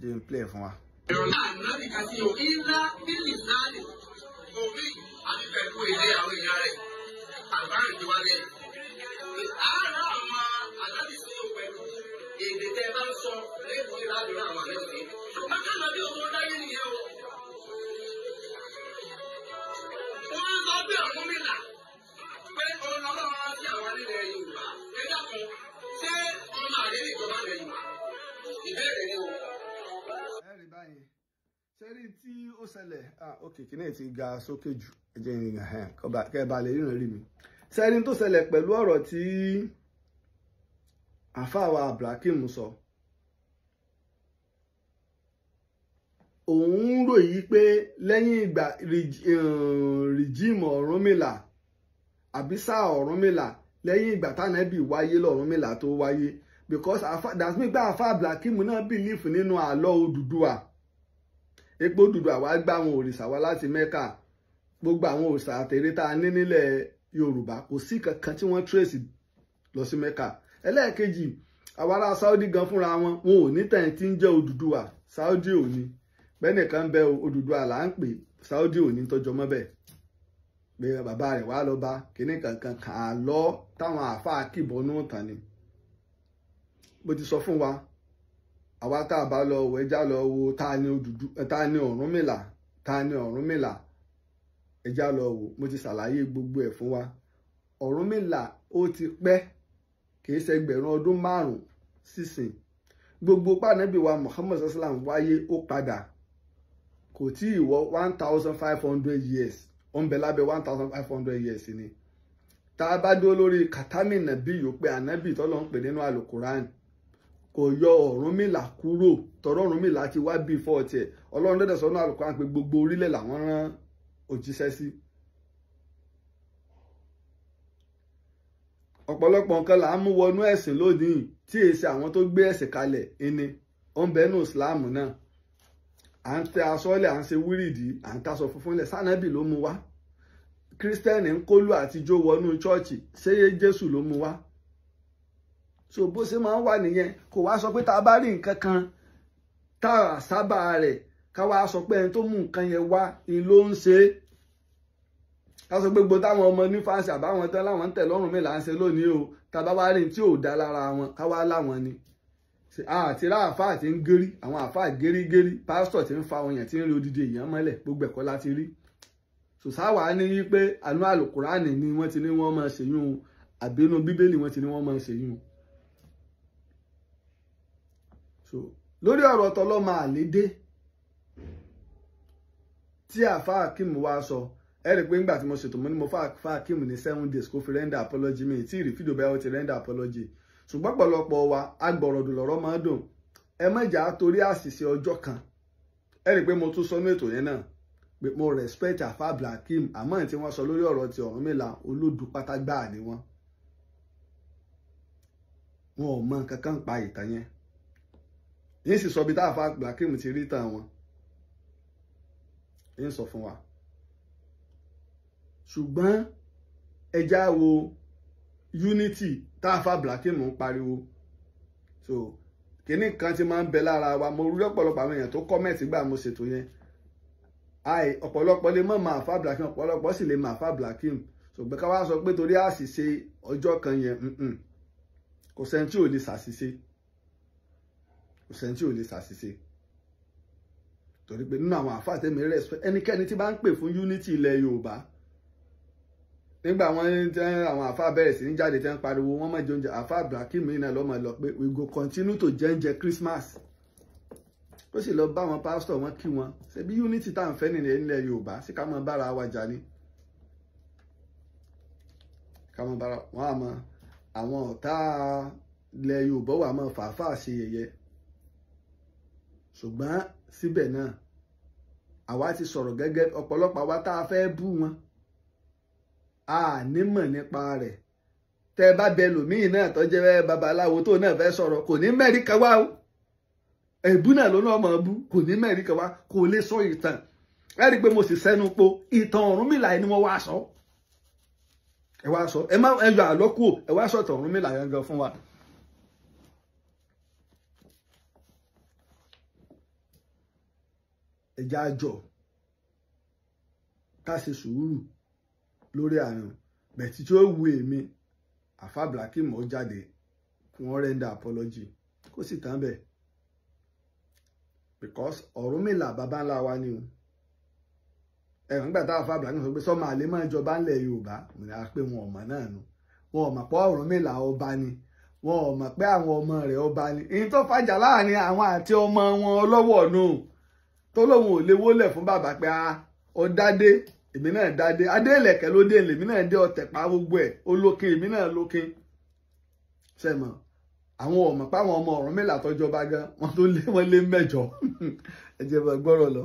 jẹ́ ń play fún wa. ẹ̀rọ náà náà pẹ̀lú èdè tẹ́ bá ń sọ lẹ́yìn tó àwọn àlẹ́ òní. bàtà nàbí ọmọ dáyé o. ti tó ṣẹlẹ̀ pẹ̀lú ọ̀rọ̀ tí àfáà wa Abdulhakeem sọ. òun ń ròyìn pé lẹ́yìn ìgbà eh, rìjíìmù Ọ̀rúnmìlà àbí sáà Ọ̀rúnmìlà lẹ́yìn ìgbà tánẹ́bì wáyé lọ́rúnmìlà tó wáyé because that's me gba afa Abdulhakeem náà belief nínú àlọ́ Odùduwà epo Odùduwà wá gbá àwọn òrìṣà wá láti Mẹ́kà gbogbo àwọn òrìṣà àtẹ̀rẹ́ tá a ní nílẹ̀ Yorùbá kò sí kankan tí wọ́n trace lọ sí Mẹ́kà ẹlẹ́ẹ̀kejì àwa ará Saudi gan fúnra wọn wọn ò ní tẹ̀yìn tí ń jẹ́ Odùduwà Saudi ò ní bẹ́nìkan bẹ Odùduwà là ń pè Saudi òní tọjọ mọ́ bẹ́ẹ̀ pé bàbá rẹ̀ wá lọ bá kíní kankan kàn án lọ táwọn àáfàá kìbọnú tàn ni bó ti sọ fún wa àwa tá a bá lọ wọ ẹjá lọ wo ta ni Odùduwà ta ni Ọ̀rúnmìlà ta ni Ọ̀rúnmìlà ẹjá lọ wò mo ti ṣàlàyé gbogbo ẹ̀ fún wa Ọ̀rúnmìlà ó ti pẹ́ kì í ṣẹgbẹ̀rún ọdún márùn sísìn gbogbo pàdánù bí wa Muhammad sallam wáyé ó padà kò tí ì wọ one thousand five hundred years ó ń bẹ one thousand five hundred years ni tá a bá dúró lórí kàtámì nàbí yòópé ànábì tọ́lọ́ ń pè nínú àlùkùránì kò yọ Ọ̀rúnmìlà kúrò tọ̀rọ̀ Ọ̀rúnmìlà ti wá bí fọ́ tiẹ̀ ọlọ́run dẹ́dẹ̀ sọ́nà àlùkùránì pé gbogbo orílẹ̀ làwọn rán òjíṣẹ́ sí. ọ̀pọ̀lọpọ̀ nǹkan là ń mú wọnú ẹ̀sìn lónìí tí èsì àwọn tó gbé ẹ̀sìn kalẹ̀ ẹni ó Islam náà à ń tẹ asọ́lẹ̀ à ń ṣe wírìdì à ń tasọ̀ funfun lẹ̀ sànàbì ló mú wá kírísítẹ́nì ń kólú àtijọ́ wọnú chọ́ọ̀chì ṣéyé jésù ló mú wá so bó ṣe máa ń wà nìyẹn kò wá sọ pé tá a bá rí nǹkan kan tá a sábà rẹ̀ ká wá sọ pé ẹni tó mú nǹkan yẹn wá ni ló ń ṣe é ká sọ pé gbogbo táwọn ọmọ nífàṣà àbáwọn tán láwọn ń tẹ̀ lọ́rùn mi là ń ṣe lónìí o tá a bá wá rí tí ò dá lára wọn ká wá láwọn ni àti rá àfáà tí ń gérí àwọn àfáà gérígérí pásítọ̀ tí ń fa òyìn tí ń rí odidi èèyàn mọ́lẹ̀ gbogbo ẹ̀kọ́ láti rí sòsáwà ní wípé àánú àlùkùránì ni wọ́n ti ní wọ́n máa ṣèyún àbínú bíbélì wọ́n ti ní wọ́n máa ṣèyún lórí ọ̀rọ̀ tọlọ́mọ àlédè tí àfáà Kim wá sọ ẹ rí i pé nígbà tí mo ṣètò mo ní mo fà fà Kim ní seven days kó fi render apology mi tí ìrì fídíò bẹ́ẹ̀ ó ti render apology ṣùgbọ́n pọ̀lọpọ̀ wa agbọ̀rọ̀dùn lọ́rọ̀ máa dùn ẹ mọ̀jà torí àṣìṣe ọjọ́ kan ẹ rí i pé mo tún sọnú ètò yẹn náà pé mo respect àfa blakim àmọ́ tí wọ́n sọ lórí ọ̀rọ̀ ti Ọ̀rúnmìlà olódù pátágbáà ni wọ́n wọn ò mọ nǹkan kan pa ìtàn yẹn yín sì sọ bí tá àfa blakim ti rí tàn wọn yín sọ fún wa ṣùgbọ́n ẹja wo unity tá a fa blakim ń pariwo so kínní kan ti máa ń bẹ lára wa mo rí ọ̀pọ̀lọpọ̀ àwọn èèyàn tó kọ́mẹ̀tì gbà mo ṣètò yẹn àì ọ̀pọ̀lọpọ̀ lè mọ̀ máa fa blakim ọ̀pọ̀lọpọ̀ sì lè máa fa blakim ṣùgbọ́n ká wá sọ pé torí àṣìṣe ọjọ́ kan yẹn kò sẹ́ni tí ò lè ṣàṣìṣe kò sẹ́ni tí ò lè ṣàṣìṣe torí pé nínú àwọn àfáà tẹ́mi rẹ̀ ẹnikẹ́ni tí ba. ń pè unity ilẹ̀ Yorùbá nígbà wọn tẹ àwọn àfa bẹ̀rẹ̀ sí ní jáde tẹ ń pariwo wọn mọ̀ jẹun jẹ àfa Abdulhakeem yìí náà lọ́mọ lọ pé we go continue to jẹ́ǹjẹ Christmas ó sì lọ bá wọn pásítọ̀ wọn kí wọn ṣebí unity tá à ń fẹ́ nìyẹn nílẹ̀ Yorùbá sí ká mọ bára wa jà ni ká mọ bára wọn àmọ́ àwọn ọ̀tá ilẹ̀ Yorùbá wà mọ́ fàáfàá ṣe yẹ̀yẹ́ ṣùgbọ́n síbẹ̀ náà àwa ti sọ̀rọ̀ gẹ́gẹ́ ọ̀pọ̀lọpọ̀ àwa tá a fẹ́ bú wọn a nímọ̀ nípa rẹ̀ tẹ́ ẹ bá bẹ lòmíì náà tó jẹ́ babaláwo tó náà fẹ́ sọ̀rọ̀ kò ní mẹ́rin wá o ẹ̀bú náà ló náà mọ̀ kò ní mẹ́rin wá kò lè sọ ìtàn ẹ rí i pé mo sì sẹ́nu po ìtàn Ọ̀rúnmìlà ni wọ́n wá sọ ẹ wá sọ ẹ má ẹ yọ àlọ́ kú ẹ wá sọ ìtàn Ọ̀rúnmìlà gangan fún wa. ẹja jọ ká ṣe sùúrù lórí àrùn bẹ̀tí tí ó wu èmi àfa blakim ó jáde kí wọ́n rẹ́ndà apology kó sì tán bẹ́ẹ̀ because Ọ̀rúnmìlà bàbá ńlá wa ni o ẹ̀rọ nígbà táwọn àfa blakim sọ pé sọ́mọ àlè máa jọba ńlẹ̀ Yorùbá ìrìnà pé wọn ò mọ̀ náà nu wọn ò mọ̀ pé Ọ̀rúnmìlà ọba ni wọn ò mọ̀ pé àwọn ọmọ rẹ̀ ọba ni èyí tó fàjà láàrin àwọn àti ọmọ wọn ọlọ́wọ̀ nù tó lóun ò lè wólẹ̀ fún bàbá pé a ah, ọ̀dádé èmi náà dáadé adé ìlẹ̀kẹ̀ ló dé ìlẹ̀ èmi náà dé ọ̀tẹ̀ pa gbogbo ẹ̀ olókin èmi náà lókin sẹ́mọ̀ àwọn ọmọ páwọn ọmọ ọ̀rọ̀ mẹ́là tọ́jọba gan wọn tó lé wọn lé mẹ́jọ ẹ bá gbọ́rọ̀ lọ.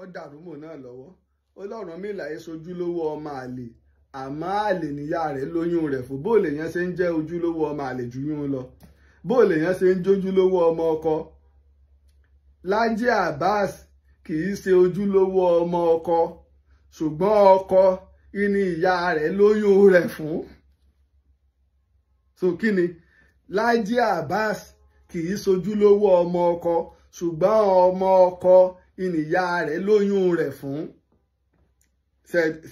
ó dàrú mọ́ náà lọ́wọ́ ó lọ́rùn sojúlówó ọmọ àlè àmọ́ àlè níyà rẹ̀ lóyún rẹ̀ fún bó lè ṣe jẹ́ ojúlówó ọmọ àlè jù yún lọ bó ọmọ ọkọ Abbas kì í ṣe ọmọ ọkọ ṣùgbọ́n ọkọ ìní ìyá rẹ̀ lóyún rẹ̀ fún so kí ni Abbas kì ọmọ ọkọ ṣùgbọ́n ọmọ ọkọ ìnìyá rẹ̀ lóyún rẹ̀ fún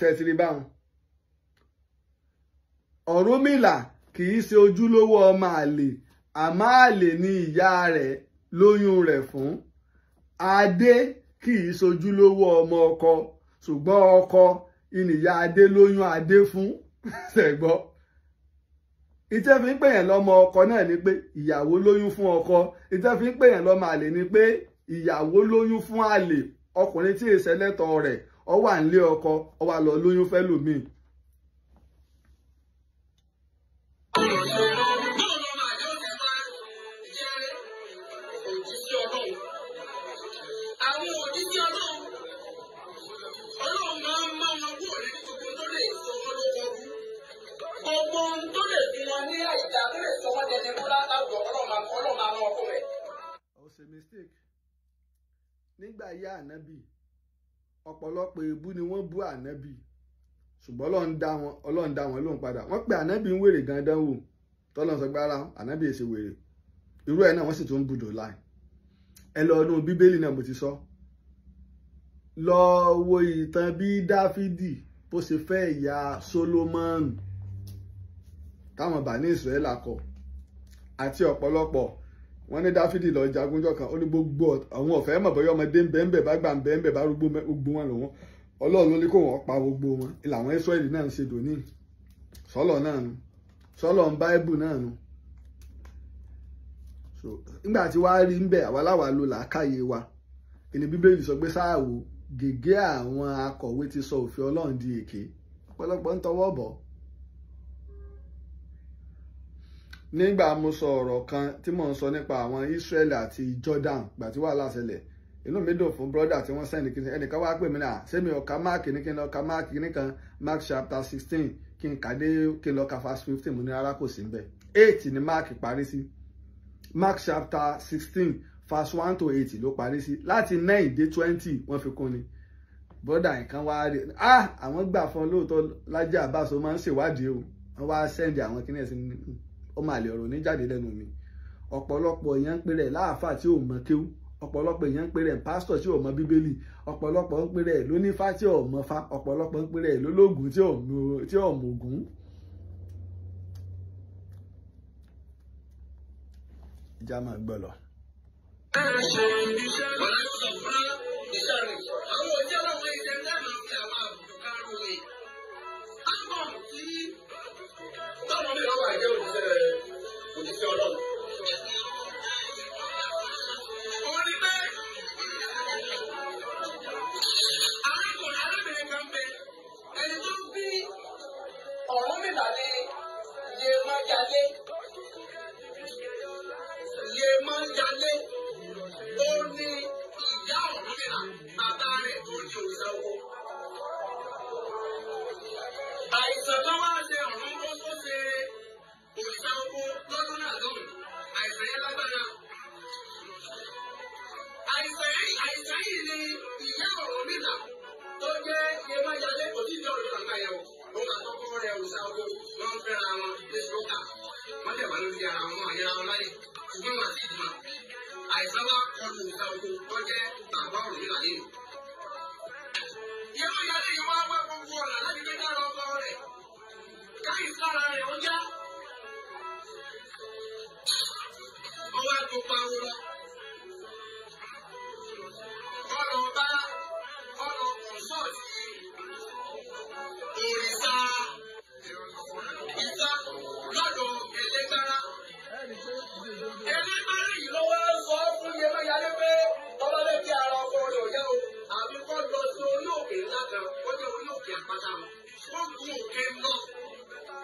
ṣẹ̀tìrì báwọn. Ọ̀rúnmìlà kì í ṣe ojúlówó ọmọ àlè àmọ́ àlè ni ìyá rẹ̀ lóyún rẹ̀ fún. Adé kì í ṣojúlówó ọmọ ọkọ ṣùgbọ́n ọkọ ìnìyá adé lóyún adé fún ṣẹ̀gbọ́n ìtẹ́ fi ń pèyàn lọ́mọ ọkọ náà ni pé ìyàwó lóyún fún ọkọ ìtẹ́ fi ń pèyàn lọ́mọ àlè ni pé ìyàwó lóyún fún àlè ọkùnrin tí ìṣẹlẹtọ rẹ̀ ọ wà nílé ọkọ ọ wà lọ lóyún fẹ́lòmíì. gbogbo ohun tó lè fi wọn ní àyíká tó lè sọ wọn dẹni kó látàgbọ ọlọmọ ọlọmọ àwọn ọkọ rẹ. ó ṣe mistake nígbà yá ànábì ọ̀pọ̀lọpọ̀ èébú ni wọ́n bú ànábì ṣùgbọ́n ọlọ́run dá wọn ọlọ́run dá wọn lóhùn padà wọ́n pe ànábì ń wèrè gan dánwò tọ́lọ́run sọ pé ara ànábì èsè wèrè irú ẹ̀ náà wọ́n sì tún ń budò láì ẹ lọ inú bíbélì náà mo ti sọ lọ wo ìtàn bí dáfídì bó ṣe fẹ́ ìyá solomoni táwọn bà ní ìsírẹ́là kọ àti ọ̀pọ̀lọpọ̀ wọ́n ní dáfídì lọ jagunjọ kan ó ní gbogbo àwọn ọ̀fẹ́ mọ̀ bọ́yọ́ ọmọdé ń bẹ́ẹ̀ bá gbà ń bẹ́ẹ̀ bá rúgbó wọn lòun ọlọ́run ló ní kó wọ́n pa gbogbo wọn náà ń ṣe dòní náà nu ń náà nu nígbà tí wàá rí ń nígbà mo sọ ọ̀rọ̀ kan tí mò ń sọ nípa àwọn Israel àti Jordan gbà tí wàhálà ṣẹlẹ̀ inú mi dùn fún brọ́dà tí wọ́n sẹ́ni kìnìkan ẹnìkan wá pè mí náà sẹ́mi ọ̀ka máàkì ní kí n lọ ka máàkì nìkan mark chapter sixteen kí n kà dé kí n lọ ka verse fifteen mo ní rárá kò sí níbẹ̀ eight ni mark parí sí mark chapter sixteen verse one to eight ló parí sí láti nine dé twenty wọ́n fi kún ni brọ́dà nǹkan wá rí ah àwọn gbà fún lóòótọ́ lájà àbáṣọ máa ń ṣèwádìí o wọ́n wá sẹ́ndì àwọn kìnìkan sí ni ó máa lè ọ̀rọ̀ ní jáde lẹ́nu mi ọ̀pọ̀lọpọ̀ èèyàn ń pè rẹ̀ láàfà tí ò mọ kéwú ọ̀pọ̀lọpọ̀ èèyàn ń pè rẹ̀ pásítọ̀ tí ò mọ bíbélì ọ̀pọ̀lọpọ̀ ń pè rẹ̀ lónífá tí ò mọ fa ọ̀pọ̀lọpọ̀ ń pè rẹ̀ lólógùn tí ò mọ ògùn. ìjà máa gbọ́ lọ. ẹ ṣe iṣẹ́ ìwádìí ọ̀pá iṣẹ́ rẹ̀. àìsàn yìí ni ìyá ọ̀run nígbà tó jẹ́ Yemọ̀jálé kò tí ì jẹ́ òrìṣà yẹn o òun àti ọkọ rẹ̀ òrìṣà owó wọn fẹ́ra wọn ní ṣọ́kà wọ́n dẹ̀ wà lórí ara wọn àyẹ̀ra wọn láyé ṣùgbọ́n wọn àti ìgbà àìsàn wa kọlu òrìṣà owó tó jẹ́ bàbá ọ̀run nígbà yìí. Yemọ̀jálé yìí wọ́n á wá gbogbo ọ̀nà láti fi dára ọkọ rẹ̀ káyì sára rẹ̀ ó já. ọwọ́ àgbò pa owó lọ. òun òkè ń lọ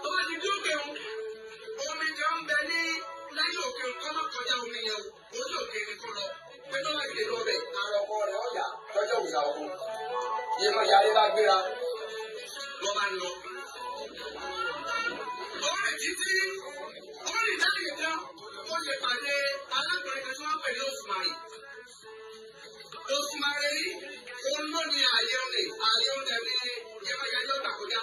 tó bá ti dé òkè ń bẹ ní lẹ́yìn òkè ń kọ́nà kọjá omi yẹn o orí òkè ń kọ́ lọ pé tó bá ti lọ́bẹ̀ ara ọkọ rẹ̀ ọ̀yà lọ́jọ́ òòsà ọkọ yẹn lọ́ọ́ yarí bá gbéra lọ́ bá ń lọ. ọ̀rẹ́ títí ọ̀rẹ́ jáde kan ó lè pàdé alákùnrin kan tí wọ́n pè ní òsùnmáyì. òsùnmáyì yìí ó ń lónìí àyẹ̀wò àyẹ̀wò tẹ̀lé yẹ́mọ̀yẹ́ yóò tàkójá.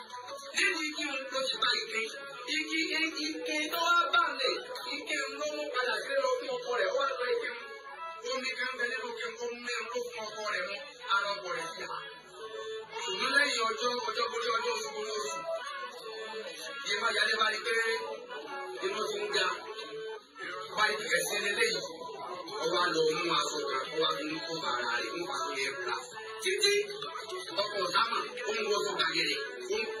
lẹ́yìn igi oko ti ba igi igi igi igi tó wá bà lẹ̀ igi ń ló mú padà sí lọ ọkọ rẹ̀ wá lọ igi mú omi kan bẹ̀rẹ̀ lókè ń kó mẹ́rin ló ọkọ rẹ̀ mú ara ọkọ sí ha. ṣùgbọ́n lẹ́yìn ọjọ́ ọjọ́ bójú ọjọ́ oṣù bójú yìí máa yálé bá rí inú ti ń ga bá rí pé ẹsẹ̀ ọba lọ mú aṣọ kan ọba kó ara rẹ̀ mú pàtó yẹn kúra títí ọkọ̀ sábà ó ń wọ́ṣọ gbàgede ó ń k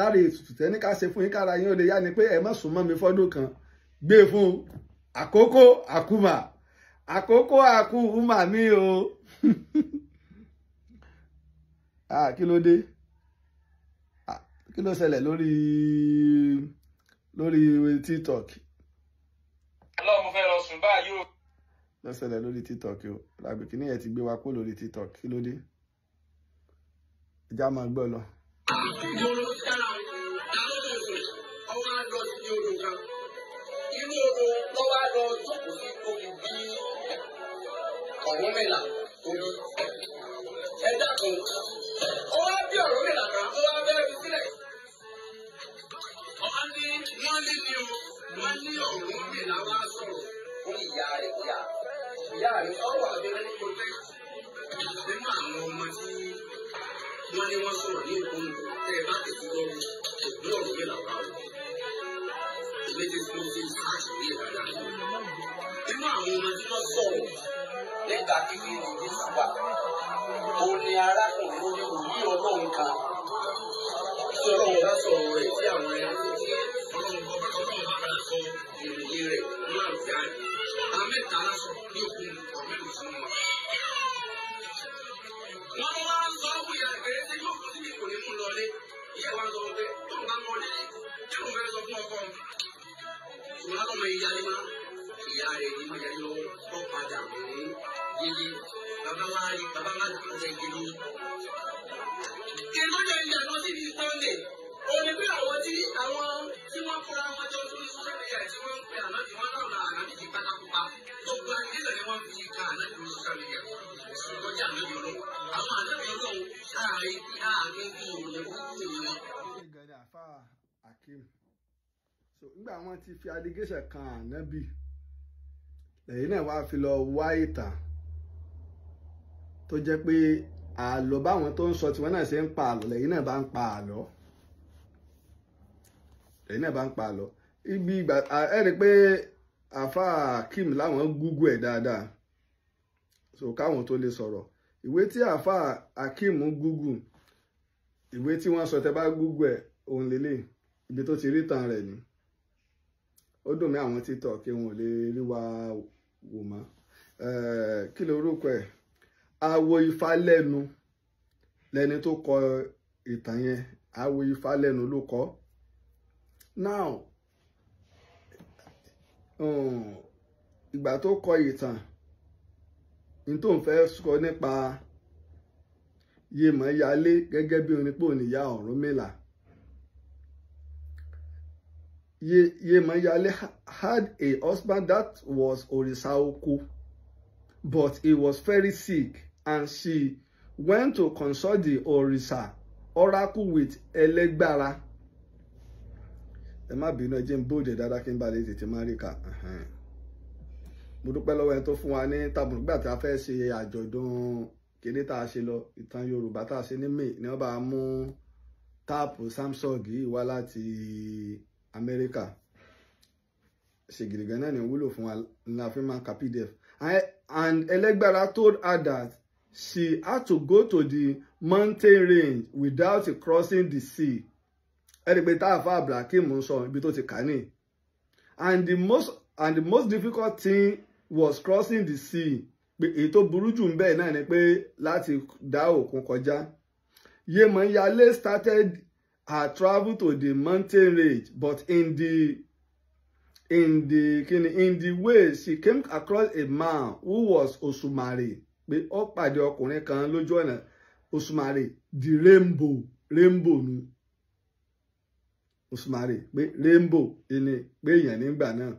lára ètùtù tẹ́ ní ká ṣe fún yín kára yín ó lè yá ni pé ẹ má sùn mọ́ mi fọ́dún kan gbé e fún àkókò àkùmà àkókò àkùmà mi o ah, kí ló dé ah, kí ló ṣẹlẹ̀ lórí lórí tiktok. àlọ́ mo fẹ́ lọ sùn báyìí o. ló ṣẹlẹ̀ lórí tiktok o làbí kí ni ti gbé wa kó lórí tiktok kí ló dé. ìjà máa gbọ́ lọ. ọ̀wọ́n mẹ́la omi. ẹ dákun ó wá bí ọ̀rọ̀ mẹ́la kan ó wá bẹ́ẹ̀ fi sílẹ̀. ọba ní wọ́n ní ni o wọ́n ní ọ̀wọ́n mẹ́la wá sọ̀rọ̀. ó ní ìyá rẹ̀ ìyá ìyá rẹ̀ ọ̀rọ̀ àbẹ̀rẹ̀ ní kòtẹ́ nínú àwọn ọmọ tí wọ́n ní wọ́n sọ̀rọ̀ ní ìkóńdó tẹ́ ẹ bá tẹ̀sí lọ́wọ́ ògbó ọ̀rọ̀ mẹ́la wá rẹ̀. Ilé tí wọ́n nínú àwọn ọmọ tí wọ́n sọ̀rọ̀ lẹ́tà kékeré ní Jésù ó ní arákùnrin lórí òní ọlọ́run kan tí ọlọ́run sọ̀rọ̀ rẹ̀ sí àwọn ẹranko tí ọlọ́run bọ́ bàtà ọlọ́run bá bàtà sọ ìròyìn rẹ̀ ní àwùjá rẹ̀ àwọn mẹ́ta ní òkun ọ̀mẹ́lù wọ́n wá ń sọ ọ́ ìbẹ̀rẹ̀ tí yóò fún mi kò ní mú lọlé ìyá wa sọ pé tóun bá mọ́ ọ́ lẹ́yìn tóun fẹ́ sọ fún ọkọ ni ìyá rẹ̀ ní mọ̀jáde ló tó padà wọ̀ ní yíyí bàbá wa rí bàbá wa nàá jẹ gidi. ìmọ̀jà ìyàtọ̀ sí ibi sunday òní bí àwọn tí àwọn tí wọ́n kóra wọn jọ lórí social media tí wọ́n ń pè àná tí wọ́n náà àná méjì pátákópa tó gba nílẹ̀ ni wọ́n fi ka àná lórí social media tó jẹ́ àná yòrò àwọn àná yòrò lọ́wọ́ ààrẹ ààrẹ bí òòlù kúkú wọn. Akim so nígbà wọn ti fi allegation kan ànábì lẹ́yìn náà wàá fi lọ wá ìtàn tó jẹ́ pé àlọ́ báwọn tó ń sọ tiwọn náà ṣe ń pa àlọ́ lẹ́yìn náà bá ń pa àlọ́ lẹ́yìn náà bá ń pa àlọ́ ibi ìgbà ẹ pé àfa Kim láwọn gúgú ẹ̀ dáadáa so káwọn tó lè sọ̀rọ̀ ìwé tí àfa Akim gúgú ìwé tí wọ́n sọ tẹ́ bá gúgú ẹ̀ òun lélẹ̀ ibi tó ti rí tàn rẹ̀ ni ó dùn mí àwọn títọ̀ kí wọn ò lè rí wa wò mọ́ eh, kí ló rúkọ ẹ̀ awo ifá lẹ́nu lẹni tó kọ ìtàn yẹn awo ifá lẹ́nu ló kọ now oh, ìgbà tó kọ ìtàn ní tó ń fẹ́ sọ nípa Yemọyalé gẹ́gẹ́ bí onípò níyà Ọ̀rúnmìlà Ye, Yemayale had a husband that was Orisaoku, but he was very sick, and she went to consult the Orisa oracle with Elegbara. Ẹ má bínú ẹ jẹ́ ń bóde dáadáa kí n bá lè tètè máa rí ka. Mo tabu. lọ́wọ́ ẹni tó fún wa ní tàbùn nígbà tí a fẹ́ ṣe àjọ̀dún kíní tá a ṣe lọ ìtàn Yorùbá tá a ṣe ní Samsung yìí amẹ́ríkà ṣe gidi gan náà ni wúlò fún wa la fi ka pdf and Elegbara told her that she had to go to the mountain range without crossing the sea ẹni pé táàfà abdulhakeem ń sọ ibi tó ti kà ní and the most and the most difficult thing was crossing the sea pé èyí tó burú jù ń bẹ́ẹ̀ náà ni pé láti dá òkun kọjá Yemọyalé started had traveled to the mountain range, but in the in the in the way she came across a man who was Osumari pé ó pàdé ọkùnrin kan lójú ọ̀nà Osumari the rainbow rainbow nu Osumari pé rainbow ni pé èèyàn nígbà náà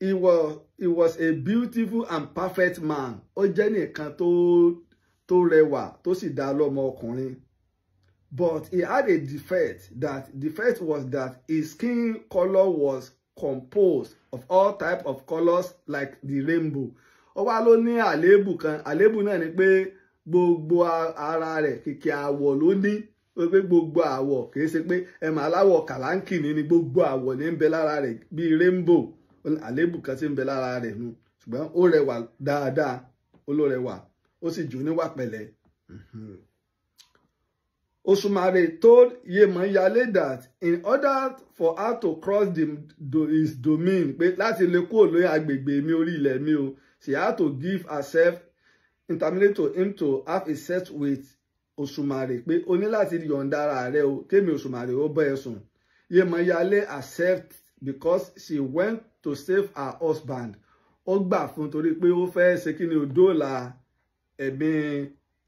he was he was a beautiful and perfect man ó jẹ́ to tó tó rẹwà tó sì dá lọ́mọ But he had a defect that defect was that his skin color was composed of all type of colors like the rainbow. Ó wá ló ní àléébù kan, àléébù náà ni pé gbogbo ara rẹ̀ kìkì àwọ̀ ló ní pé gbogbo àwọ̀ kìí ṣe pé ẹ̀mà aláwọ̀ kàláńkìní ni gbogbo awo ní ń bẹ lára rẹ̀ rainbow àléébù kan tí ń bẹ lára rẹ̀ nu ṣùgbọ́n ó rẹwà dáadáa ó ló rẹwà ó sì jó níwà pẹ̀lẹ́. mm Osumare told Yemayale that in order for her to cross the, do, his domain, pé láti lè kúrò lórí agbègbè mi orí ilẹ̀ mi o, she had to give herself intermediate to him to have a set with Osumare pé o ní láti yọ̀ǹda ara rẹ o, kémi Osumare ó bá ẹ Yemayale accept because she went to save her husband. Ó gbà fún torí pé ó fẹ́ ṣe kí ni ó dóòlà ẹ̀mí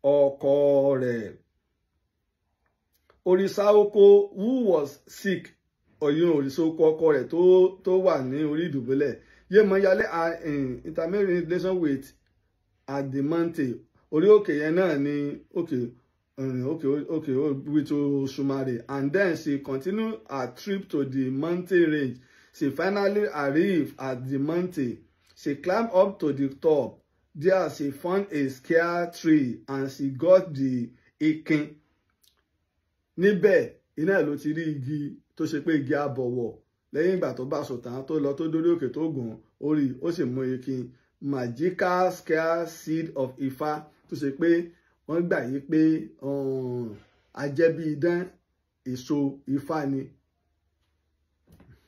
ọkọ rẹ̀. Orisaoko who was sick ọ̀yìn Orisaoko ọkọ rẹ̀ tó wà ní orí ìdùbúlẹ̀ Yémọyálé are in intermarriage relation with Adamante orí òkè yẹn náà ni òkè òkè òkè with Olsumare and then she continue her trip to the mountain range she finally arrive at the mountain she climb up to the top there she found a scare tree and she got the ikin níbẹ̀ iná ẹ̀ ló ti rí igi tó ṣe pé igi abọ̀wọ̀ lẹ́yìn ìgbà tó bá sọ̀tàn tó lọ tó dórí òkè tó gùn orí ó sì mú ikin magical scare seed of ifa. tó ṣe pé wọ́n gbà yí pé um, ajẹ́bí idán èso Ifá ni.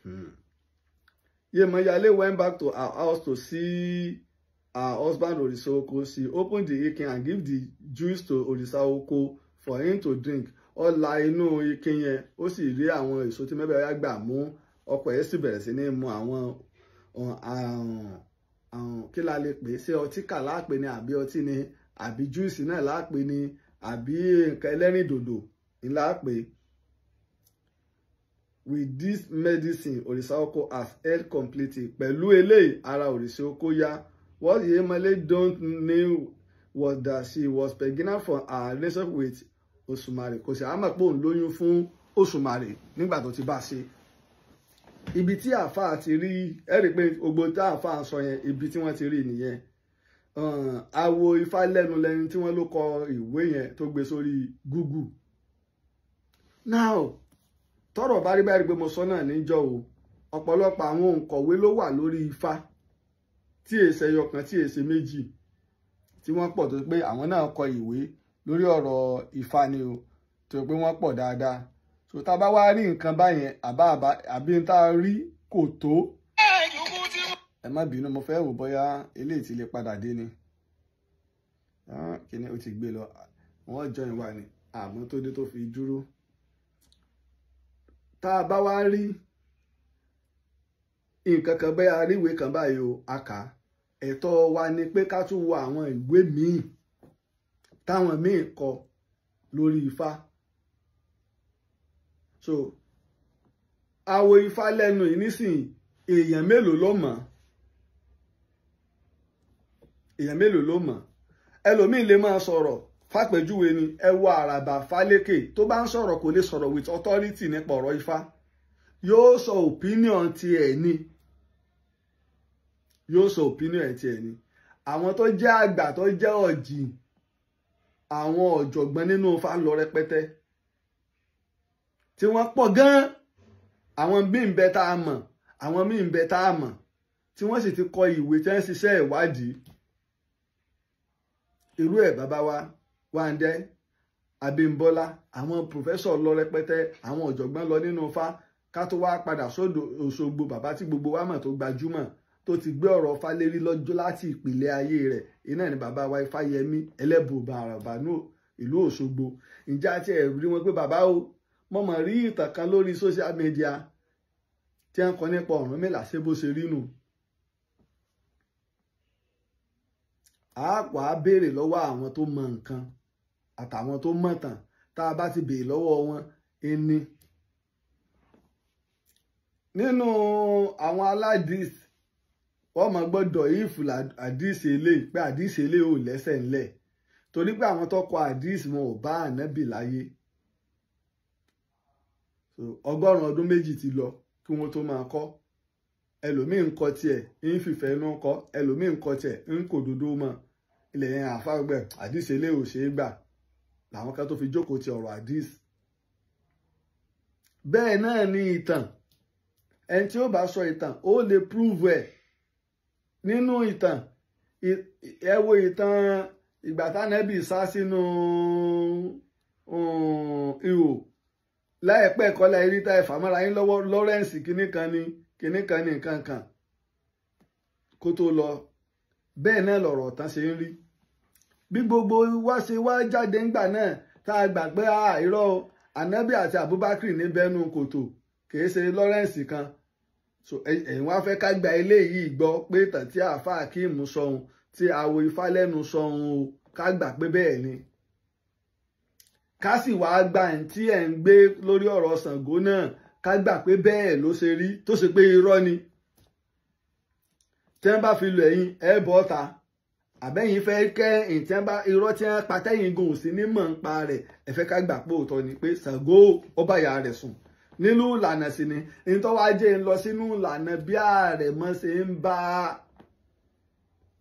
Hmm. Yemayale went back to her house to see her husband Orisa Oko. She opened the ikin and gave the juice to Orisa Oko for him to drink ó la inú ike yẹn ó sì rí àwọn èso tí mẹ́bẹ̀ẹ́ yá gbà mú ọkọ̀ ẹ̀ sì bẹ̀rẹ̀ sí ní mu àwọn kí la lè pè ṣé ọtí kà láàpè ni àbí ọtí ni àbí júùsì náà láàpè ni àbí nǹkan ẹlẹ́rìn dòdò láàpè. with this medicine òrìṣà oko has held completely pẹ̀lú eléyìí ara òrìṣà oko yá what Yemele don't know was that she was pregnant from her relationship with Òṣùmàrè kò sì àmọ̀ pé òun lóyún fún Òṣùmàrè nígbà tó ti bá ṣe ibi tí àáfàá ti rí ẹ̀rí pé gbogbo tá àáfàá sọ yẹn ibi tí wọ́n ti rí nìyẹn awo ifá lẹ́nu lẹ́ni tí wọ́n ló kọ ìwé yẹn tó gbé sórí Google now tọrọ bá rí báyìí pé mo sọ náà níjọ o ọ̀pọ̀lọpọ̀ àwọn òǹkọ̀wé ló wà lórí ifá tí èsè ẹyọkan tí èsè méjì tí wọ́n pọ̀ tó pé àwọn náà kọ ìwé lórí ọ̀rọ̀ Ifá ni o pé wọ́n pọ̀ dáadáa so tá a bá wá rí nǹkan báyẹn àbá àbí tá a rí kò tó ẹ má bínú mo fẹ́ wò bóyá eléyìí ti lè padà dé ni kíní ó ti gbé lọ wọ́n jọ ìwà ni àmọ́ tó dé tó fi dúró tá a bá wá rí nǹkan kan bẹ́ẹ̀ aríwé kan báyìí o a kà á ẹ̀tọ́ wa ni pé ká tún wo àwọn ìwé míì táwọn míì kọ lórí ifá so awo ifá lẹ́nu yìí nísìnyí èèyàn mélòó ló mọ̀ èèyàn mélòó ló mọ̀ ẹlòmíín lè máa sọ̀rọ̀ fàpèjúwe ni ẹ wo àràbà fálékè tó bá ń sọ̀rọ̀ kò lè sọ̀rọ̀ with authority nípa ọ̀rọ̀ ifá yóò sọ opinion ti ẹ̀ ni yóò sọ opinion ti ẹ̀ ni àwọn tó jẹ́ àgbà tó jẹ́ ọ̀jìn àwọn ọ̀jọ̀gbọ́n nínú Ifá lọ rẹpẹtẹ tí wọ́n pọ̀ gan-an àwọn míì ń bẹ tá a mọ̀ àwọn míì ń bẹ tá a mọ̀ tí wọ́n sì ti kọ ìwé tí wọ́n ń ṣiṣẹ́ ìwádìí irú ẹ̀ bàbá wa Wándé Abímbọ́lá àwọn pòfẹ́sọ̀ lọ rẹpẹtẹ àwọn ọ̀jọ̀gbọ́n lọ nínú Ifá ká tó wá padà sódò Òṣogbo bàbá tí gbogbo wa mọ̀ tó gbajúmọ̀ tó ti gbé ọ̀rọ̀ Fálérí lọ́jọ́ láti ìpìlẹ̀ ayé rẹ̀ iná ní bàbá wa Ifáyẹmí ẹlẹ́bùbà àràbánú ìlú Òṣogbo ǹjẹ́ àti ẹ̀rí wọn pé bàbá o mo mọ̀ rí ìtàn kan lórí social media tí wọ́n kọ nípa Ọ̀rúnmìlà ṣé bó ṣe rí nù. a wàá béèrè lọ́wọ́ àwọn tó mọ nǹkan àtàwọn tó mọ̀tàn tá a bá ti béèrè lọ́wọ́ wọn ẹni. nínú àwọn aládìs wọ́n máa gbọ́dọ̀ if àdìsí eléyìí pé àdìsí eléyìí ò lẹ́sẹ̀ ńlẹ̀ torí pé àwọn tó kọ àdìsí wọn ò bá ànábì láyé ọgọ́rùn-ún ọdún méjì ti lọ kí wọ́n tó máa kọ́ ẹlòmíín kọ tiẹ̀ ń fìfẹ́ inú kọ́ ẹlòmíín kọ tiẹ̀ ń kò dodo mọ́ ilẹ̀ yẹn àfàgbẹ̀ àdìsí eléyìí ò ṣeé gbà làwọn kan tó fi jókòó ti ọ̀rọ̀ àdìsí bẹ́ẹ̀ náà ni ìtàn ẹni tí ó bá sọ ìtàn ó lè prove ẹ̀ nínú ìtàn ẹ wo ìtàn ìgbà tánẹ́bì sá sínú um, ihò láìpẹ́ kọ́lá eríta ìfàmọ́ra yín lọ́wọ́ Lawrence kìíní kan ni kìíní kan ni nǹkan kan kó tó lọ bẹ́ẹ̀ náà lọ̀rọ̀ ọ̀tán ṣe ń rí bí gbogbo wa ṣe wá jáde ńgbà náà tá a gbàgbé àìrọ́ ànábì àti Abubakar ní bẹ́nu kòtò kìí ṣe Lawrence kan so ẹ̀yin wá fẹ́ ká gba eléyìí gbọ́ pé tàn tí àáfà akíìmù sọhun tí awo ifá lẹ́nu sọhun o ká gbà pé bẹ́ẹ̀ ni ká sì wá gba ẹ̀ tí ẹ̀ ń gbé lórí ọ̀rọ̀ Ṣàngó náà ká gbà pé bẹ́ẹ̀ ló ṣe rí tó ṣe pé irọ́ ni tẹ́ ń bá fi lọ ẹ̀yin ẹ̀ bọ́ ta àbẹ́yìn fẹ́ kẹ́ ìtẹ́ bá irọ́ tí wọ́n pa tẹ́yìn gùn sí ní mọ̀ ń pa rẹ̀ ẹ fẹ́ ká gbà pé òótọ́ ni pé Ṣàngó ọba rẹ̀ sùn nínú ìlànà sí ni nítọ́wájẹ́ ń lọ sínú ìlànà bí ààrẹ mọ́ ṣe ń bá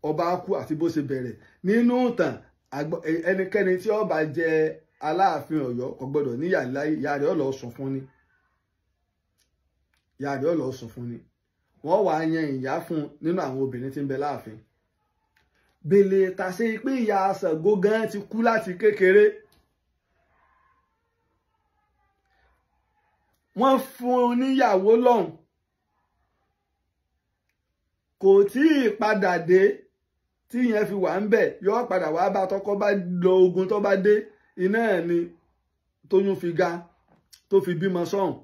ọba kú àti bó ṣe bẹ̀rẹ̀ nínú ìtàn ẹnikẹ́ni tí ọba jẹ aláàfin Ọ̀yọ́ ọgbọ́dọ̀ ní yàrá rẹ̀ ọlọ fún ni yàrá rẹ̀ ọlọ fún ni wọ́n wá yan ìyá fún nínú àwọn obìnrin tí ń bẹ láàfin bèlè tàṣe pé ìyá Ṣàngó gan ti kú láti kékeré. wọ́n fún un níyàwó lọ́hùn kò tí ì padà dé tí yẹn fi wà ń bẹ̀ yọ padà wá bá tọkọ bá lọ ogun tó bá dé iná ẹ̀ ni tóyún fi ga tó fi bímọ sọ́hùn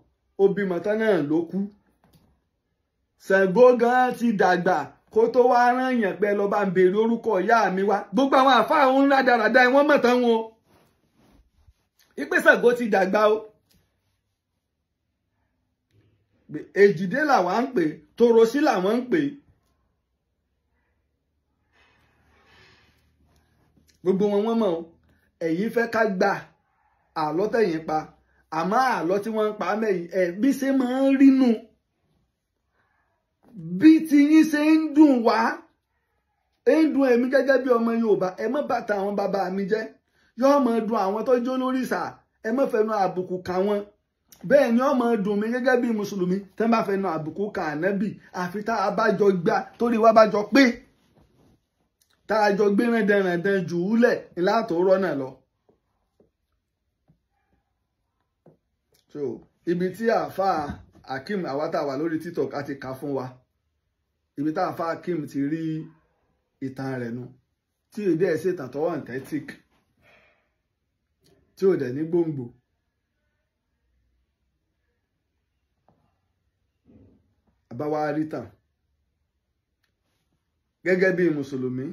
ó bímọ tán náà ló kú Ṣàngó gan ti dàgbà kó tó wá rán yàn pé lọ bá ń béèrè orúkọ ìyá mi wá gbogbo àwọn àfáà ń rádaràda wọn mọ̀ tán wọn ìpè Ṣàngó ti dàgbà o èjìdé làwa ń pè torosí làwọn ń pè gbogbo wọn wọ́n mọ̀ ẹ̀yin fẹ́ ká gba àlọ́ tẹ̀yìn pa àmọ́ àlọ́ tí wọ́n ń pa mẹ́yìn ẹ̀ bí ṣe máa ń rínú bí tiyín ṣe ń dùn wá ń dùn èmi gẹ́gẹ́ bí ọmọ Yorùbá ẹ má bàtà àwọn bàbá mi jẹ́ yóò máa dùn àwọn tó jó lórí ìsà ẹ má fẹnu àbùkù kà wọ́n bẹ́ẹ̀ ni ọmọ dùn mí gẹ́gẹ́ bí mùsùlùmí tẹ́ bá fẹ́ na àbùkù ka ànábì àfi tá a bá jọ gbà torí wá bá jọ pé tá a jọ gbé rẹ̀ndẹ̀rẹ̀ndẹ̀ jù ú lẹ̀ látòórọ́ náà lọ. so ibi tí àáfàá akim àwátà wà lórí tiktok a ti kà fún wa ibi tá àáfàá akim ti rí ìtàn rẹ̀ nu tí èdè ẹ̀ ṣètàn tọ́wọ́ ǹtẹ́tík tí ò dẹ̀ ní gbòǹgbò. bá wá rí tàn gẹ́gẹ́ bí mùsùlùmí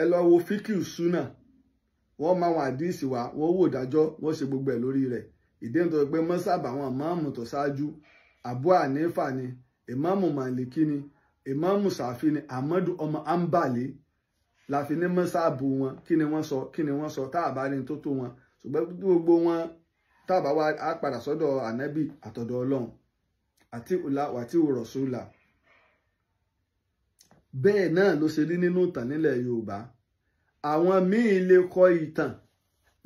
ẹ lọ wo fíkìú súnà wọ́n máa wọn àdíìsì wá wọ́n wò dájọ́ wọ́n ṣe gbogbo ẹ̀ lórí rẹ̀ ìdíyẹn tó pé mọ́sáàbà àwọn ìmáàmù tó ṣáájú Abu Hanifa ni ìmáàmù Màlìkí ni ìmáàmù Ṣàfi ni Ahmadu ọmọ Ambali la fi ní mọ́sáàbù wọn kí ni wọ́n sọ kí ni wọ́n sọ tá a bá rí wọn ṣùgbọ́n gbogbo wọn tá a bá wá padà sọ́dọ̀ ànábì àtọ̀dọ̀ Ọlọ́run àti ìlà àti ìrọ̀sùlà bẹ́ẹ̀ náà ló ṣe rí nínú ìtàn nílẹ̀ yorùbá àwọn míì lè kọ ìtàn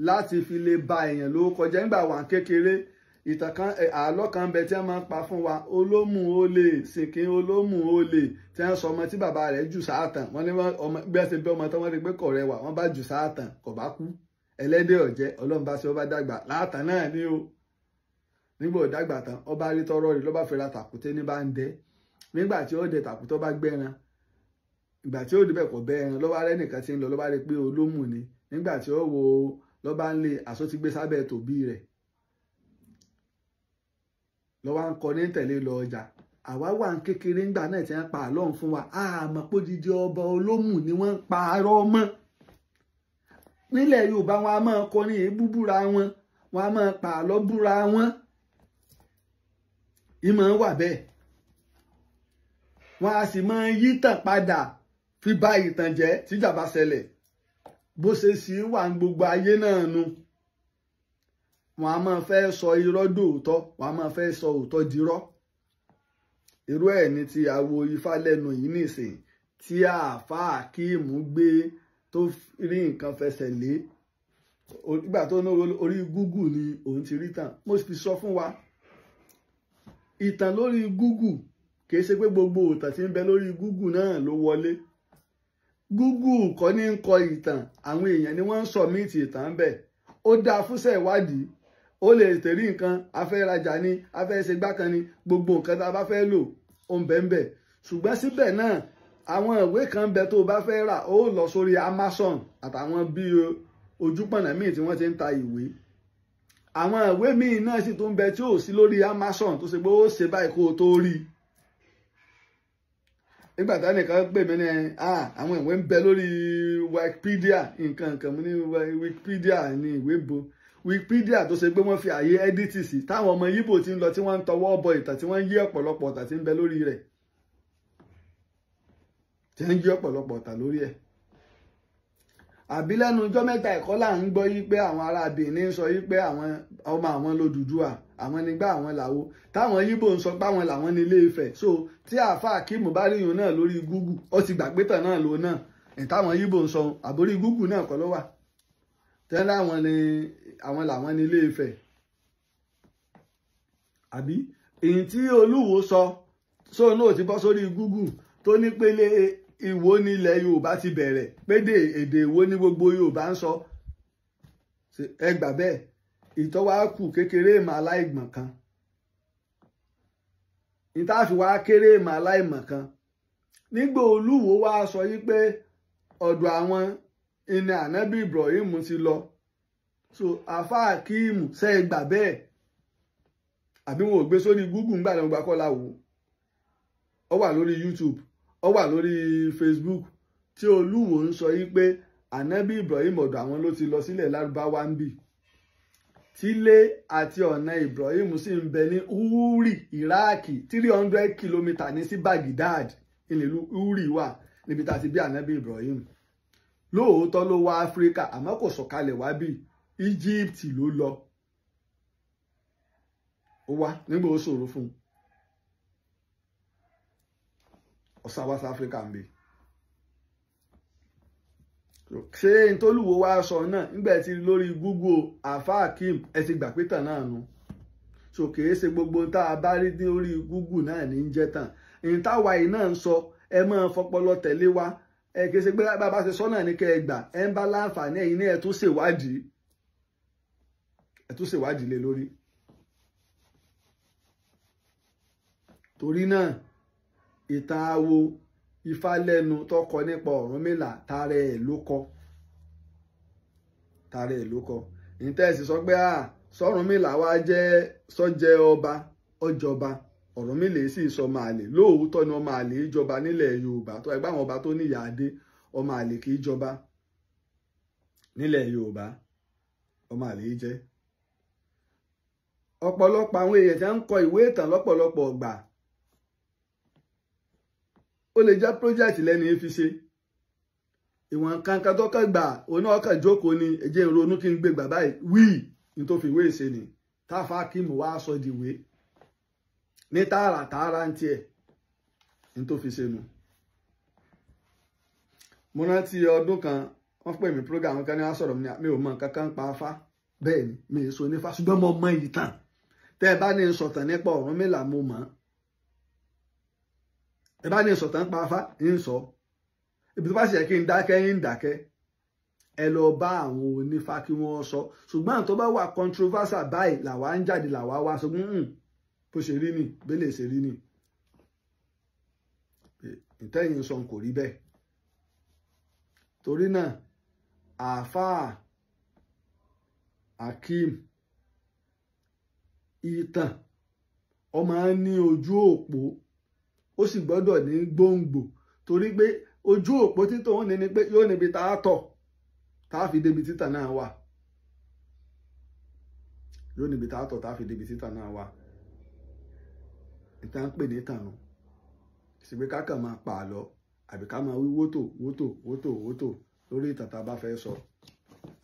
láti fi lè ba èèyàn ló kọjá nígbà wà kékeré ìtàn kan àlọ́ kan bẹ tí wọ́n máa ń pa fún wa olómù olè sìnkín olómù olè tí wọ́n sọ ọmọ tí bàbá rẹ̀ jù sáàtàn wọ́n ní bí wọ́n ṣe bí ọmọ tán wọ́n rí pé kọ̀ rẹwà wọ́n bá jù sáàtàn kọ̀ bá kú ẹlẹ́dẹ̀ ọlọ́run bá ṣe ọ bá dàgbà láàtàn náà ni o. nígbà o tán ọba rí tọrọ rí ló bá fẹ́ ra tàkúté ní bá ń dẹ nígbà tí ó dẹ tàkútọ́ bá gbẹ́ran ìgbà tí ó débẹ̀ nìkan ń lọ lọba rí pé olómù ni wo ló ń lé ti gbé sábẹ́ tòbí re ló ń kọ ní lọ ọjà àwa wà ń kékeré wa àmọ́ ọba olómù ni wọ́n ń mọ́ nílẹ̀ Yorùbá wọn a máa èébú búra wọn wọn a wọn ìmọ̀ ń wà bẹ́ẹ̀ wọn a sì máa ń yítàn padà fi ba ìtàn jẹ́ tíjà ṣẹlẹ̀ bó ṣe sì wà ní gbogbo ayé náà nu wọn a máa fẹ́ sọ irọ́ dòótọ́ wọn a máa fẹ́ sọ òótọ́ dirọ́ irú ẹ̀ ni ti àwo ifá lẹ́nu yìí nìsín tí àáfàá kíìmù gbé tó rí nǹkan fẹsẹ̀ lé nígbà tó ní orí Google ni òun ti rí tàn mo sì sọ fún wa ìtàn lórí Google kìí ṣe pé gbogbo ìtàn tí ń bẹ lórí Google náà ló wọlé Google kọ́ ní ń kọ ìtàn àwọn èèyàn ni wọ́n ń sọ̀míìtì ìtàn ń bẹ̀ ó dáa fúnṣẹ́ ìwádìí ó lè tẹ̀rí nǹkan afẹ́ rajà ni afẹ́ ṣe gbákan ni gbogbo nǹkan tá a bá fẹ́ lò ó ń bẹ ń bẹ ṣùgbọ́n síbẹ̀ náà àwọn ìwé kan bẹ tó o bá fẹ́ rà ó lọ sórí Amazon àtàwọn bíi ojúpọ̀nà míì tí wọ́n ti ń ta ìwé àwọn ìwé míì náà sì tó ń bẹ tí ò sí lórí Amazon tó ṣe pé ó ṣe báyìí kó o tó rí nígbà tá nìkan pè mí ní àwọn ìwé ń bẹ lórí Wikipedia nǹkan nǹkan mo ní Wikipedia ní ìwé bo Wikipedia tó ṣe pé wọ́n fi àyè ẹ́dítì sí táwọn ọmọ Yíbò ti ń lọ tí wọ́n ń tọwọ́ bọ ìtàn tí wọ́n ń yí ọ̀pọ̀lọpọ̀ ọ̀tà tí ń bẹ lórí rẹ̀ tí wọ́n ń yí ọ̀pọ̀lọpọ̀ ọ̀tà lórí ẹ̀ àbí lẹ́nu ọjọ́ mẹ́ta ẹ̀kọ́ là ń gbọ́ yí pé àwọn ará Benin sọ yí pé àwọn ọmọ àwọn l'Odùduwà àwọn nígbà àwọn làwo táwọn Yíbò ń sọ pé àwọn làwọn ní Ilé so tí àáfàá Akeem bá rí yun náà lórí Google ó ti gbàgbé tàn náà lò náà ìtàwọn Yíbò ń sọ àbórí Google náà kọ́ ló wà tẹ́lẹ̀ àwọn ni àwọn làwọn ní Ilé Ifẹ̀ àbí èyí tí Olúwo sọ sóun náà ti bọ́ sórí Google tó ní pélé ìwó ní ilẹ̀ yorùbá ti bẹ̀rẹ̀ pédè èdè ìwó ní gbogbo yorùbá ń sọ ẹ gbà bẹ́ẹ̀ ìtọ́wá kù kékeré ìmọ̀ aláìgbọ̀n kan ìtàfi wá kéré ìmọ̀ aláìmọ̀ kan nígbà olúwo wá sọ yí pé ọ̀dọ̀ àwọn ìní ànábì ibrahim ti lọ so àfáà kíìmù ṣe é gbà bẹ́ẹ̀ àbí wọn ò gbé sórí google ńgbà lọ́gbà kọ́lá wò ó wà lórí youtube ó wà lórí Facebook tí olúwo ń sọ yí pé ànábì Ibrahim ọ̀dọ̀ àwọn ló ti lọ sílẹ̀ lárúbáwá ń bì tílé àti ọ̀nà Ibrahim sì ń bẹ ní Uri Iraki three hundred kilometre ní sí Baghdad ìlú Uri wà níbi tá a ti bí ànábì Ibrahim lóòótọ́ ló wá Áfíríkà àmọ́ kò sọ̀kalẹ̀ wá bí Egypt ló lọ ó wá nígbà ó ṣòro fún un ọ̀sán west africa ń ṣé n wá so náà nígbà lórí google afa akim ẹ ti gbà náà nu so kìí se gbogbo tá a bá lórí google náà ní í jẹ́ tàn náà ń fọpọlọ tẹ̀lé wa ẹ bàbá ṣe sọ náà ní kẹ́ bá láǹfààní lé lórí torí náà. ìtàn awo ifálẹ́nu lẹnu kọ nípa Ọ̀rúnmìlà tààrẹ ẹ̀ ló kọ tààrẹ ẹ̀ ló sọ pé à sọ́rúnmìlà wa jẹ́ sọ́jẹ́ ọba ọjọba Ọ̀rúnmìlà sì sọ màálè lóòótọ́ ni ọmọ àlè ìjọba nílẹ̀ Yorùbá tó ẹgbẹ́ àwọn ọba tó adé ọmọ àlè kì í jọba nílẹ̀ Yorùbá ọmọ àlè jẹ́ ọ̀pọ̀lọpọ̀ àwọn èèyàn tí wọ́n ń kọ ó lè jẹ́ project lẹ́ni fi ṣe ìwọ̀n kankan tó kàn gbà oní ọkàn jókòó ni ẹjẹ́ ìrònú kí n gbé gbà báyìí wí ní tó fi ìwé ìṣe ni táfa kíìmù wá sọ di ìwé ní tààrà tààrà ń tiẹ̀ ní tó fi ṣe nu. mo rántí ọdún kan wọ́n pè mí program kan ní wọ́n sọ̀rọ̀ mi ò mọ nǹkan kan pa afá bẹ́ẹ̀ ni mi ì so nífa ṣùgbọ́n mo mọ ìtàn tẹ́ ẹ bá ní sọ̀tàn nípa ọ̀rọ̀ mi là mo mọ̀ ọ́ ẹ bá ní ìsọ̀tàn pa afá ń sọ ibi tó bá sì yẹ kí n dákẹ́ ń dákẹ́ ẹ lọ bá àwọn onífá kí wọ́n sọ ṣùgbọ́n tó bá wà controversial báyìí làwa ń jáde làwa wá sọ hmm, hmm, bó ṣe rí ni bẹ́lẹ̀ ṣe rí ni ìtẹ́yìn sọ kò rí bẹ́ẹ̀ torí náà àáfàá akeem ìtàn ọmọ ní ojú òpó ó sì gbọ́dọ̀ ní gbòǹgbò torí pé ojú òpó títò òun ní ni pé yóò níbi tá a tọ̀ tá a fi débi títà náà wà yóò níbi tá a tọ̀ tá a fi débi títà náà wà ìtàn pè ní tànù síbi ká kàn máa pa àlọ́ àbí ká máa wí wótò wótò wótò wótò lórí ìtàn tá a bá fẹ́ sọ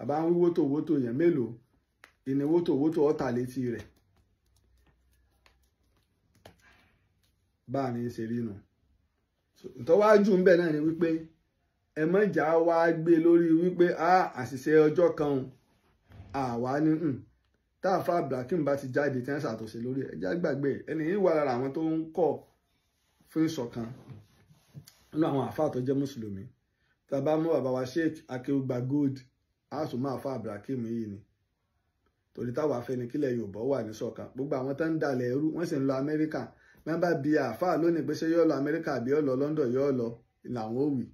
àbá ń wí wótò wótò yẹn mélòó ìní wótò wótò ọ̀tà létí rẹ̀ bá a ní í ṣe rí nu ìtọ́wájú ń bẹ náà ni wípé ẹ mọ̀jà wá gbé lórí wípé a àṣìṣe ọjọ́ kan àwa ní táàfà Abdulhakeem bá ti jáde tí wọ́n ṣàtúnṣe lórí ẹ̀já gbàgbé ẹni yìí wà lára àwọn tó ń kọ̀ fún ìṣọ̀kan nínú àwọn àfáà tó jẹ́ mùsùlùmí tàbá mú bàbá wa Sheikh Akeugba Gold àásùn máa fa Abdulhakeem yìí ni torí táwa fẹ́ ni kílẹ̀ Yorùbá wà ní gbogbo àwọn tó ń dalẹ̀ ẹrú wọ́n sì ń lọ Amẹ́ríkà wọ́n bá bi àáfàá lónìí pé ṣé yóò lọ amẹ́ríkà àbí yóò london yóò lọ làwọn ò wí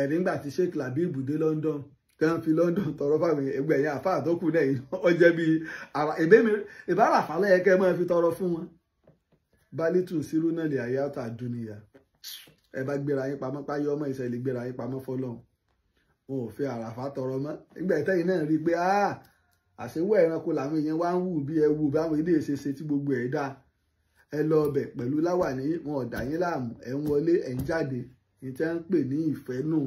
ẹ̀rí ńgbà tí sheik labib dé london tí wọ́n fi london tọrọ fáwọn ẹgbẹ́ yẹn àáfàá tó kù náà ó jẹ́ bí ìbára àfàlẹ́ yẹn kẹ́ máa fi tọrọ fún wọn. balitu siru náà lè ayé àtà dúnìyà ẹ bá gbéra yín pamọ́ páyé ọmọ ìṣẹ̀lẹ̀ gbéra yín pamọ́ fọlọ́run wọn ò fi àràfà tọrọ mọ́ i pé àṣewọ́ ẹranko làwọn èèyàn wá ń wù bí ẹ wù báwọn ilé ìṣeṣe tí ẹ lọ ọbẹ̀ pẹ̀lú láwàní wọn ò dà yín láàmú ẹ̀ ń wọlé ẹ̀ ń jáde ní tẹ́ ń pè ní ìfẹ́ nù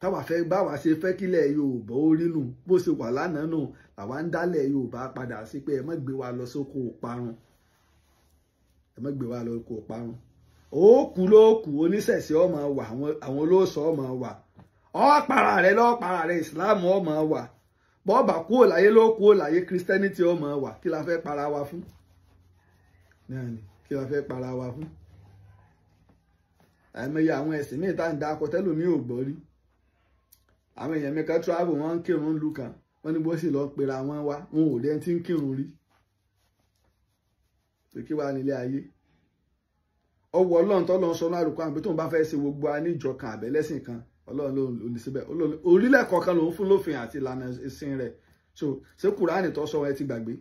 táwa fẹ́ báwa ṣe fẹ́ kílẹ̀ Yorùbá ó rí nù bó ṣe wà lánàá nù làwa ń dálẹ̀ Yorùbá padà sí pé ẹ má gbé wa lọ sóko parun ẹ má gbé wa lọ sóko parun òkú ló kù oníṣẹ̀ṣe ọmọ wà àwọn olóòṣọ ọmọ wà ọ̀para rẹ lọ́para rẹ ìsìláàmù ọmọ wà bọ́ọ̀bà kúò láyé ló kúò láyé kírísítẹ́nìtì ọmọ wà kí la fẹ́ para wa fún náà ni kí la fẹ́ para wa fún àìmọye àwọn ẹ̀sìn míì tá à ń da akọ tẹ́lòmíì ò gbọ́ rí àwọn èèyàn mẹ́ka travel wọ́n ń kírun ń lu kan wọ́n ní bó sì lọ pera wọn wá wọn ò dẹ́n tí ń kírun rí pé kí wàá nílé ayé ọwọ́ ọlọ́run tó lọ́n sọ ní àrùkọ àbí tóun bá fẹ́ ṣe gbogbo aníjọ kan àbẹ́lẹ́sìn kan ọlọ́run ló ní síbẹ̀ orílẹ̀ kọ̀ọ̀kan lòun fún lófin àti ìlànà ìsìn rẹ̀ so ṣé kùránì tó sọ ẹ ti gbàgbé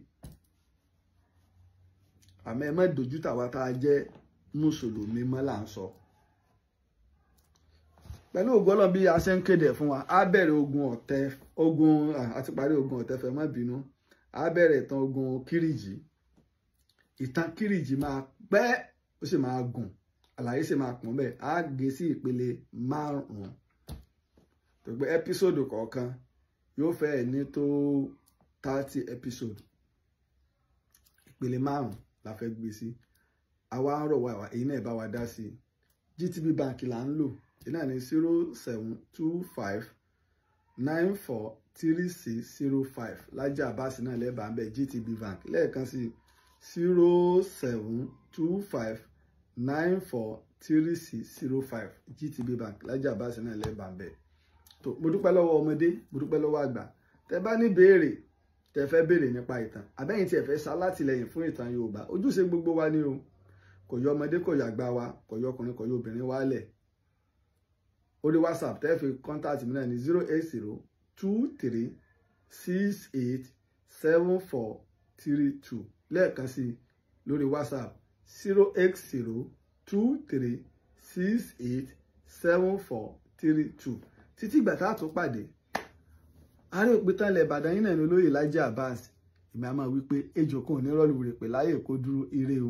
àmọ́ ẹ má dojú tàwa tá a jẹ́ mùsùlùmí mọ́ là ń sọ pẹ̀lú ògùn ọlọ́run bí a ṣe ń kéde fún wa á bẹ̀rẹ̀ ogun ọ̀tẹ̀ ogun àti parí ogun ọ̀tẹ̀ fẹ́ má bínú á bẹ̀rẹ̀ ìtàn ogun kírìjì ìtàn kírìjì máa pẹ́ ó sì máa gùn àlàyé sì máa pọ̀n bẹ́ẹ̀ á gé sí ìpele márùn-ún tó gbé ẹ́písòdù kọ̀ọ̀kan yóò fẹ́ ní tó thirty episode ìpele márùn-ún la fẹ́ gbé sí àwa ń rọ̀ wá èyí náà ẹ bá wa dá sí GTB bank là ń lò èyí náà ní zero seven two five nine four three six zero five lájà àbáṣe náà lẹ́bàá ń bẹ̀ GTB bank lẹ́ẹ̀kan sí zero seven two five nine four three six zero five GTB bank lájà àbáṣe náà lẹ́bàá ń bẹ̀ tó mo dúpẹ́ lọ́wọ́ ọmọdé mo dúpẹ́ lọ́wọ́ àgbà tẹ́ bá ní béèrè tẹ́ fẹ́ béèrè nípa ìtàn àbẹ́yìn tí ẹ fẹ́ ṣalátìlẹ́yìn fún ìtàn Yorùbá ojúṣe gbogbo wa ni o kò yọ ọmọdé kò yọ àgbà wa kò yọ ọkùnrin kò yọ obìnrin wa lẹ̀ orí WhatsApp tẹ́ fi kọ́ńtàtì mi náà ní zero eight zero two three six eight seven four three two lẹ́ẹ̀kan sí lórí WhatsApp zero eight zero two three six eight seven four three two títí ìgbà tá a tún pàdé àárín òpìtàn ilẹ̀ ìbàdàn yín náà ni olóyè Laji Abbas èmi a máa wí pé ejò kan ò ní rọ́ọ̀lù rèpè láyè kó dúró ire o.